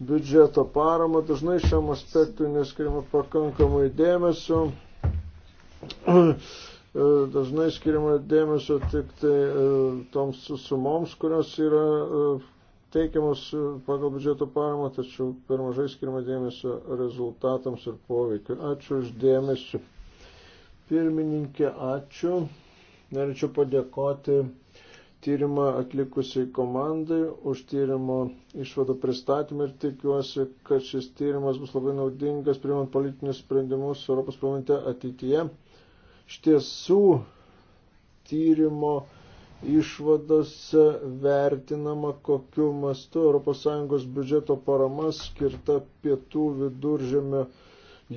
biudžeto paramą. Dažnai šiam aspektui neskirima pakankamai dėmesio. Dažnai skirima dėmesio tik tai e, toms sumoms, kurios yra e, teikiamos e, pagal biudžeto paramą, tačiau per mažai skirma dėmesio rezultatams ir poveikiu. Ačiū už dėmesį. Pirmininkė, ačiū. Norėčiau padėkoti tyrimą atlikusiai komandai už tyrimo išvadų pristatymą ir tikiuosi, kad šis tyrimas bus labai naudingas priimant politinius sprendimus Europos parlamente ateityje. Iš tiesų, tyrimo išvadose vertinama, kokiu mastu ES biudžeto parama skirta pietų viduržėmio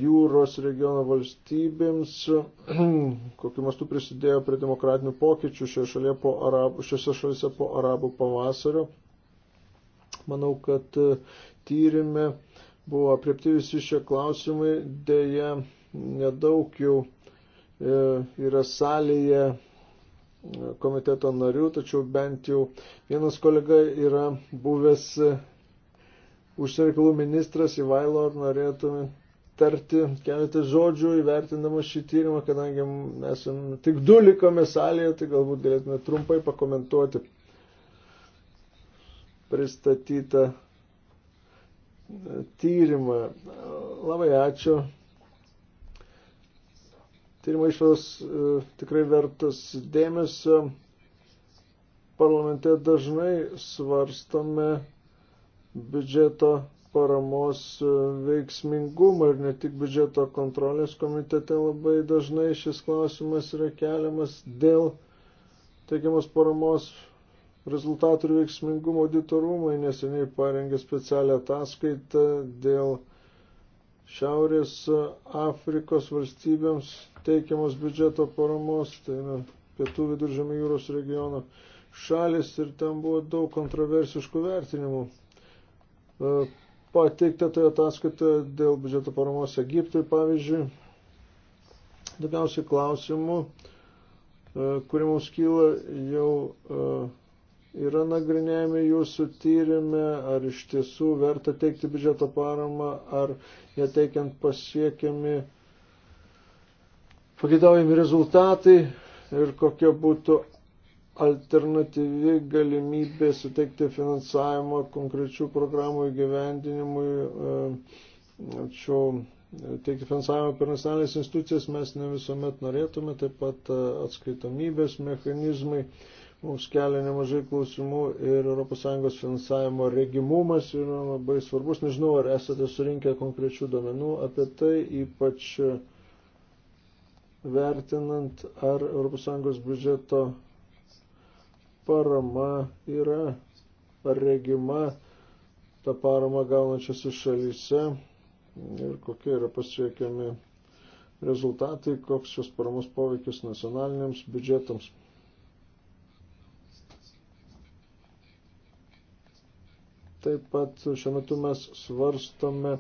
jūros regiono valstybėms, kokiu mastu prisidėjo prie demokratinių pokyčių šioje po arabų, šiose šalise po arabų pavasario. Manau, kad e, tyrimė buvo apriepti visi šie klausimai, dėja nedaug jau e, yra salėje komiteto narių, tačiau bent jau vienas kolega yra buvęs e, užsienio reikalų ministras Ivailo, ar norėtume tarti keletą žodžių įvertindama šį tyrimą, kadangi esame tik du likome salėje, tai galbūt galėtume trumpai pakomentuoti pristatytą e, tyrimą. Labai ačiū Tyrimo išvas e, tikrai vertas dėmesio. Parlamente dažnai svarstome biudžeto paramos e, veiksmingumą ir ne tik biudžeto kontrolės komitete labai dažnai šis klausimas yra keliamas dėl teikiamos paramos rezultatų ir veiksmingumo auditorumai neseniai parengė specialią ataskaitą dėl Šiaurės Afrikos valstybėms teikiamos biudžeto paramos, tai yra pietų viduržėmio jūros regiono šalis ir ten buvo daug kontroversiškų vertinimų. E, pateikta toje ataskaitoje dėl biudžeto paramos Egiptui, pavyzdžiui, daugiausiai klausimų, e, kurie mums kyla jau e, yra nagrinėjami jūsų tyrimė, ar iš tiesų verta teikti biudžeto paramą, ar neteikiant pasiekiami pagėdaujami rezultatai ir kokia būtų alternatyvi galimybė suteikti finansavimą konkrečių programų įgyvendinimui. Tačiau e, e, teikti finansavimą per nacionalinės institucijas mes ne visuomet norėtume, taip pat e, atskaitomybės mechanizmai mums kelia nemažai klausimų ir ES finansavimo regimumas yra labai svarbus. Nežinau, ar esate surinkę konkrečių domenų apie tai, ypač vertinant, ar ES biudžeto parama yra, ar regima tą paramą gaunančiose šalyse ir kokie yra pasiekiami rezultatai, koks šios paramos poveikis nacionaliniams biudžetams. Taip pat šiuo metu mes svarstome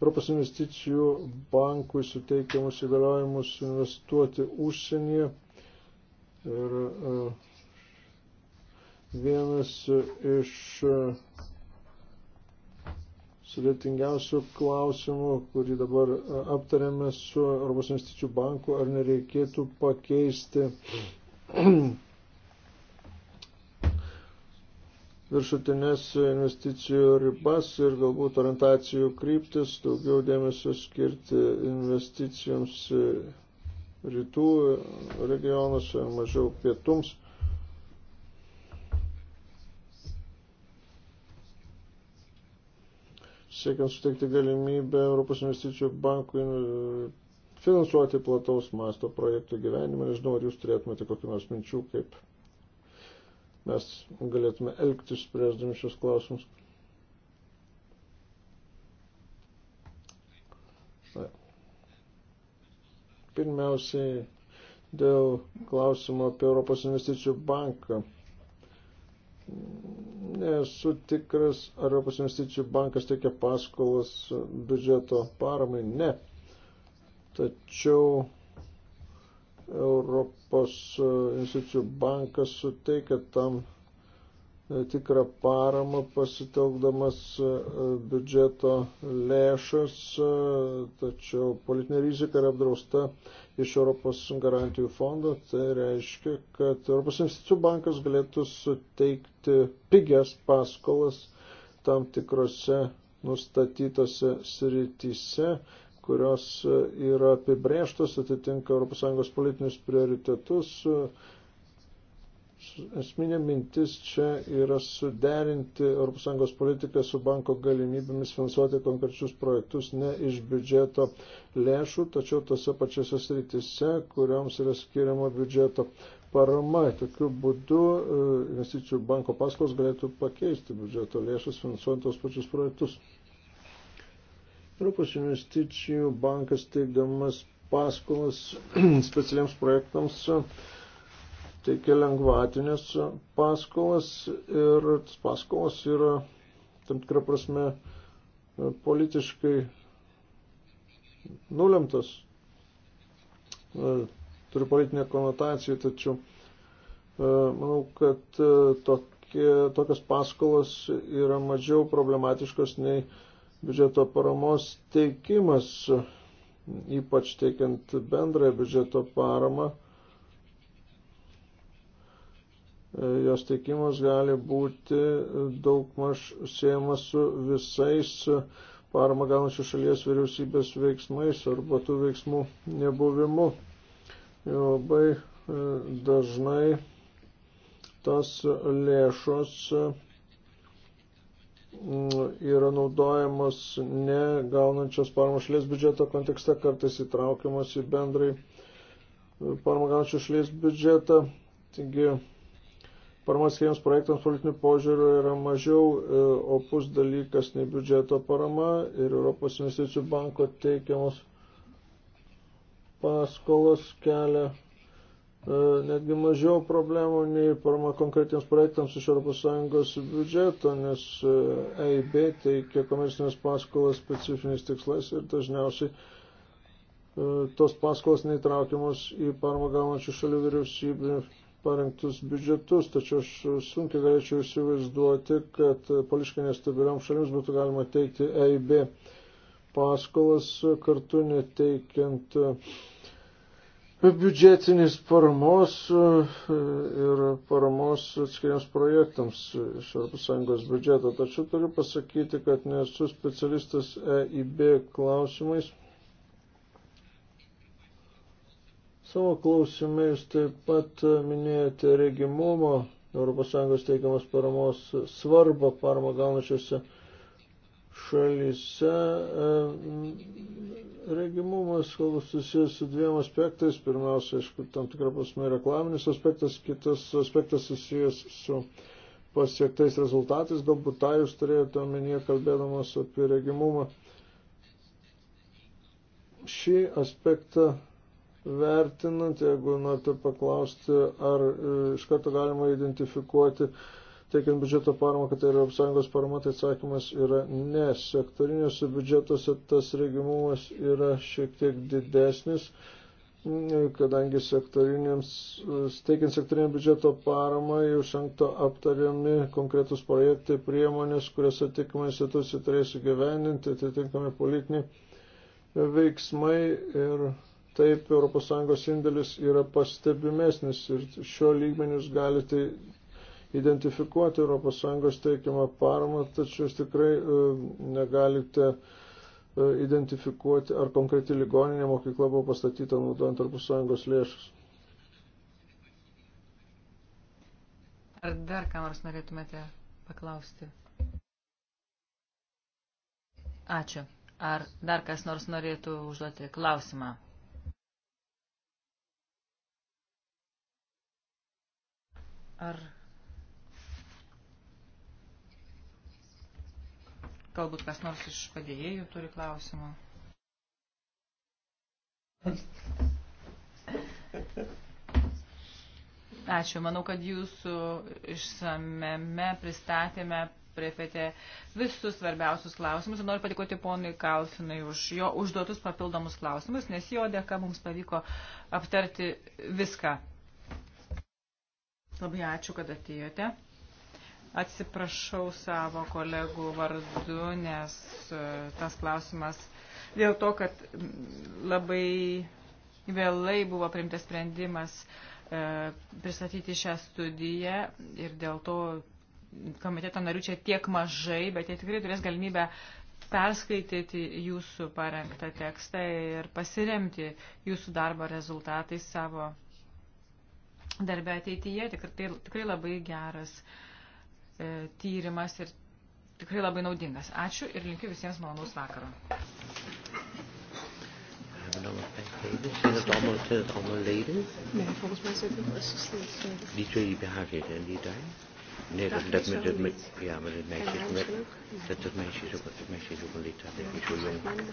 Europos investicijų bankui suteikiamus įgaliojimus investuoti užsienyje. Ir e, vienas iš e, sudėtingiausių klausimų, kurį dabar e, aptarėme su Europos investicijų banku, ar nereikėtų pakeisti viršutinės investicijų ribas ir galbūt orientacijų kryptis, daugiau dėmesio skirti investicijoms rytų regionuose, mažiau pietums. Siekiant suteikti galimybę Europos investicijų bankui nu, finansuoti plataus masto projektų gyvenimą, nežinau, ar jūs turėtumėte kokių nors minčių, kaip mes galėtume elgtis spręsdami šios klausimus. Pirmiausiai dėl klausimo apie Europos investicijų banką. Nesu tikras, ar Europos investicijų bankas teikia paskolas biudžeto paramai. Ne. Tačiau Europos e, institucijų bankas suteikia tam e, tikrą paramą pasitelkdamas e, biudžeto lėšas, tačiau politinė rizika yra apdrausta iš Europos garantijų fondo. Tai reiškia, kad Europos institucijų bankas galėtų suteikti pigias paskolas tam tikrose nustatytose srityse kurios e, yra apibrėžtos, atitinka ES politinius prioritetus. Esminė mintis čia yra suderinti ES politiką su banko galimybėmis finansuoti konkrečius projektus ne iš biudžeto lėšų, tačiau tose pačiose sritise, kuriams yra skiriama biudžeto parama. Tokiu būdu e, investicijų banko paskolos galėtų pakeisti biudžeto lėšas finansuojant tos pačius projektus. Europos investicijų bankas teikdamas paskolas specialiems projektams teikia lengvatinės paskolas ir tas paskolas yra tam tikrą prasme e, politiškai nulemtas, e, turi politinę konotaciją, tačiau e, manau, kad tokie, tokios paskolos yra mažiau problematiškos nei biudžeto paramos teikimas, ypač teikiant bendrąją biudžeto paramą, jos teikimas gali būti daugmaž siejamas su visais parama gaunančių šalies vyriausybės veiksmais arba tų veiksmų nebuvimu. Ir labai e, dažnai tas lėšos Mm, yra naudojamos negaunančios paramos šalies biudžeto kontekste, kartais įtraukiamos į bendrai e, paramą gaunančių šalies biudžetą. Taigi, paramas skiriams projektams politinių požiūrių yra mažiau e, opus dalykas nei biudžeto parama ir Europos investicijų banko teikiamos paskolos kelia E, netgi mažiau problemų nei parama konkretiems projektams iš ES biudžeto, nes EIB e teikia komercinės paskolas specifiniais tikslais ir dažniausiai e, tos paskolos neįtraukiamos į parama gaunančių šalių vyriausybių parengtus biudžetus, tačiau aš sunkiai galėčiau įsivaizduoti, kad politiškai nestabiliam šalims būtų galima teikti EIB paskolas kartu neteikiant uh, biudžetinės paramos e, ir paramos atskiriams projektams iš ES biudžeto. Tačiau turiu pasakyti, kad nesu specialistas EIB klausimais. Savo klausime jūs taip pat minėjote regimumo ES teikiamas paramos svarbą parama gaunačiose šalyse regimumas, kalbas susijęs su dviem aspektais. Pirmiausia, aišku, tam tikrą prasme reklaminis aspektas, kitas aspektas susijęs su pasiektais rezultatais. Galbūt tą tai jūs turėjote omenyje, kalbėdamas apie regimumą. Šį aspektą vertinant, jeigu norite paklausti, ar e, iš karto galima identifikuoti uh, teikiant biudžeto paramą, kad tai yra ES parama, tai atsakymas yra ne. Sektoriniuose biudžetuose tas reigimumas yra šiek tiek didesnis, kadangi sektoriniams, teikiant sektorinio biudžeto paramą, jau šankto aptariami konkretus projektai, priemonės, kurias atitikama institucija turės įgyveninti, atitinkami politiniai veiksmai ir taip ES indėlis yra pastebimesnis ir šio lygmenius galite identifikuoti ES teikiamą paramą, tačiau jūs tikrai e, negalite e, identifikuoti, ar konkreti ligoninė mokykla buvo pastatyta naudojant ES lėšas. Ar dar ką nors norėtumėte paklausti? Ačiū. Ar dar kas nors norėtų užduoti klausimą? Ar Galbūt kas nors iš padėjėjų turi klausimą. Ačiū. Manau, kad jūsų išsameme pristatėme priepėtė visus svarbiausius klausimus. Noriu padėkoti ponui Kalfinai už jo užduotus papildomus klausimus, nes jo dėka mums pavyko aptarti viską. Labai ačiū, kad atėjote. Atsiprašau savo kolegų vardu, nes e, tas klausimas dėl to, kad labai vėlai buvo primtas sprendimas e, pristatyti šią studiją ir dėl to komiteto narių čia tiek mažai, bet jie tikrai turės galimybę perskaityti jūsų parengtą tekstą ir pasiremti jūsų darbo rezultatais savo darbę ateityje. Tikrai, tikrai labai geras uh, tyrimas ir tikrai labai naudingas. Ačiū ir linkiu visiems malonaus vakaro. Die twee behagen die daar? Nee, dat, dat, dat, dat, ja, maar dat meisje is, dat, dat meisje is ook, dat meisje is ook een lid, dat is niet zo jong.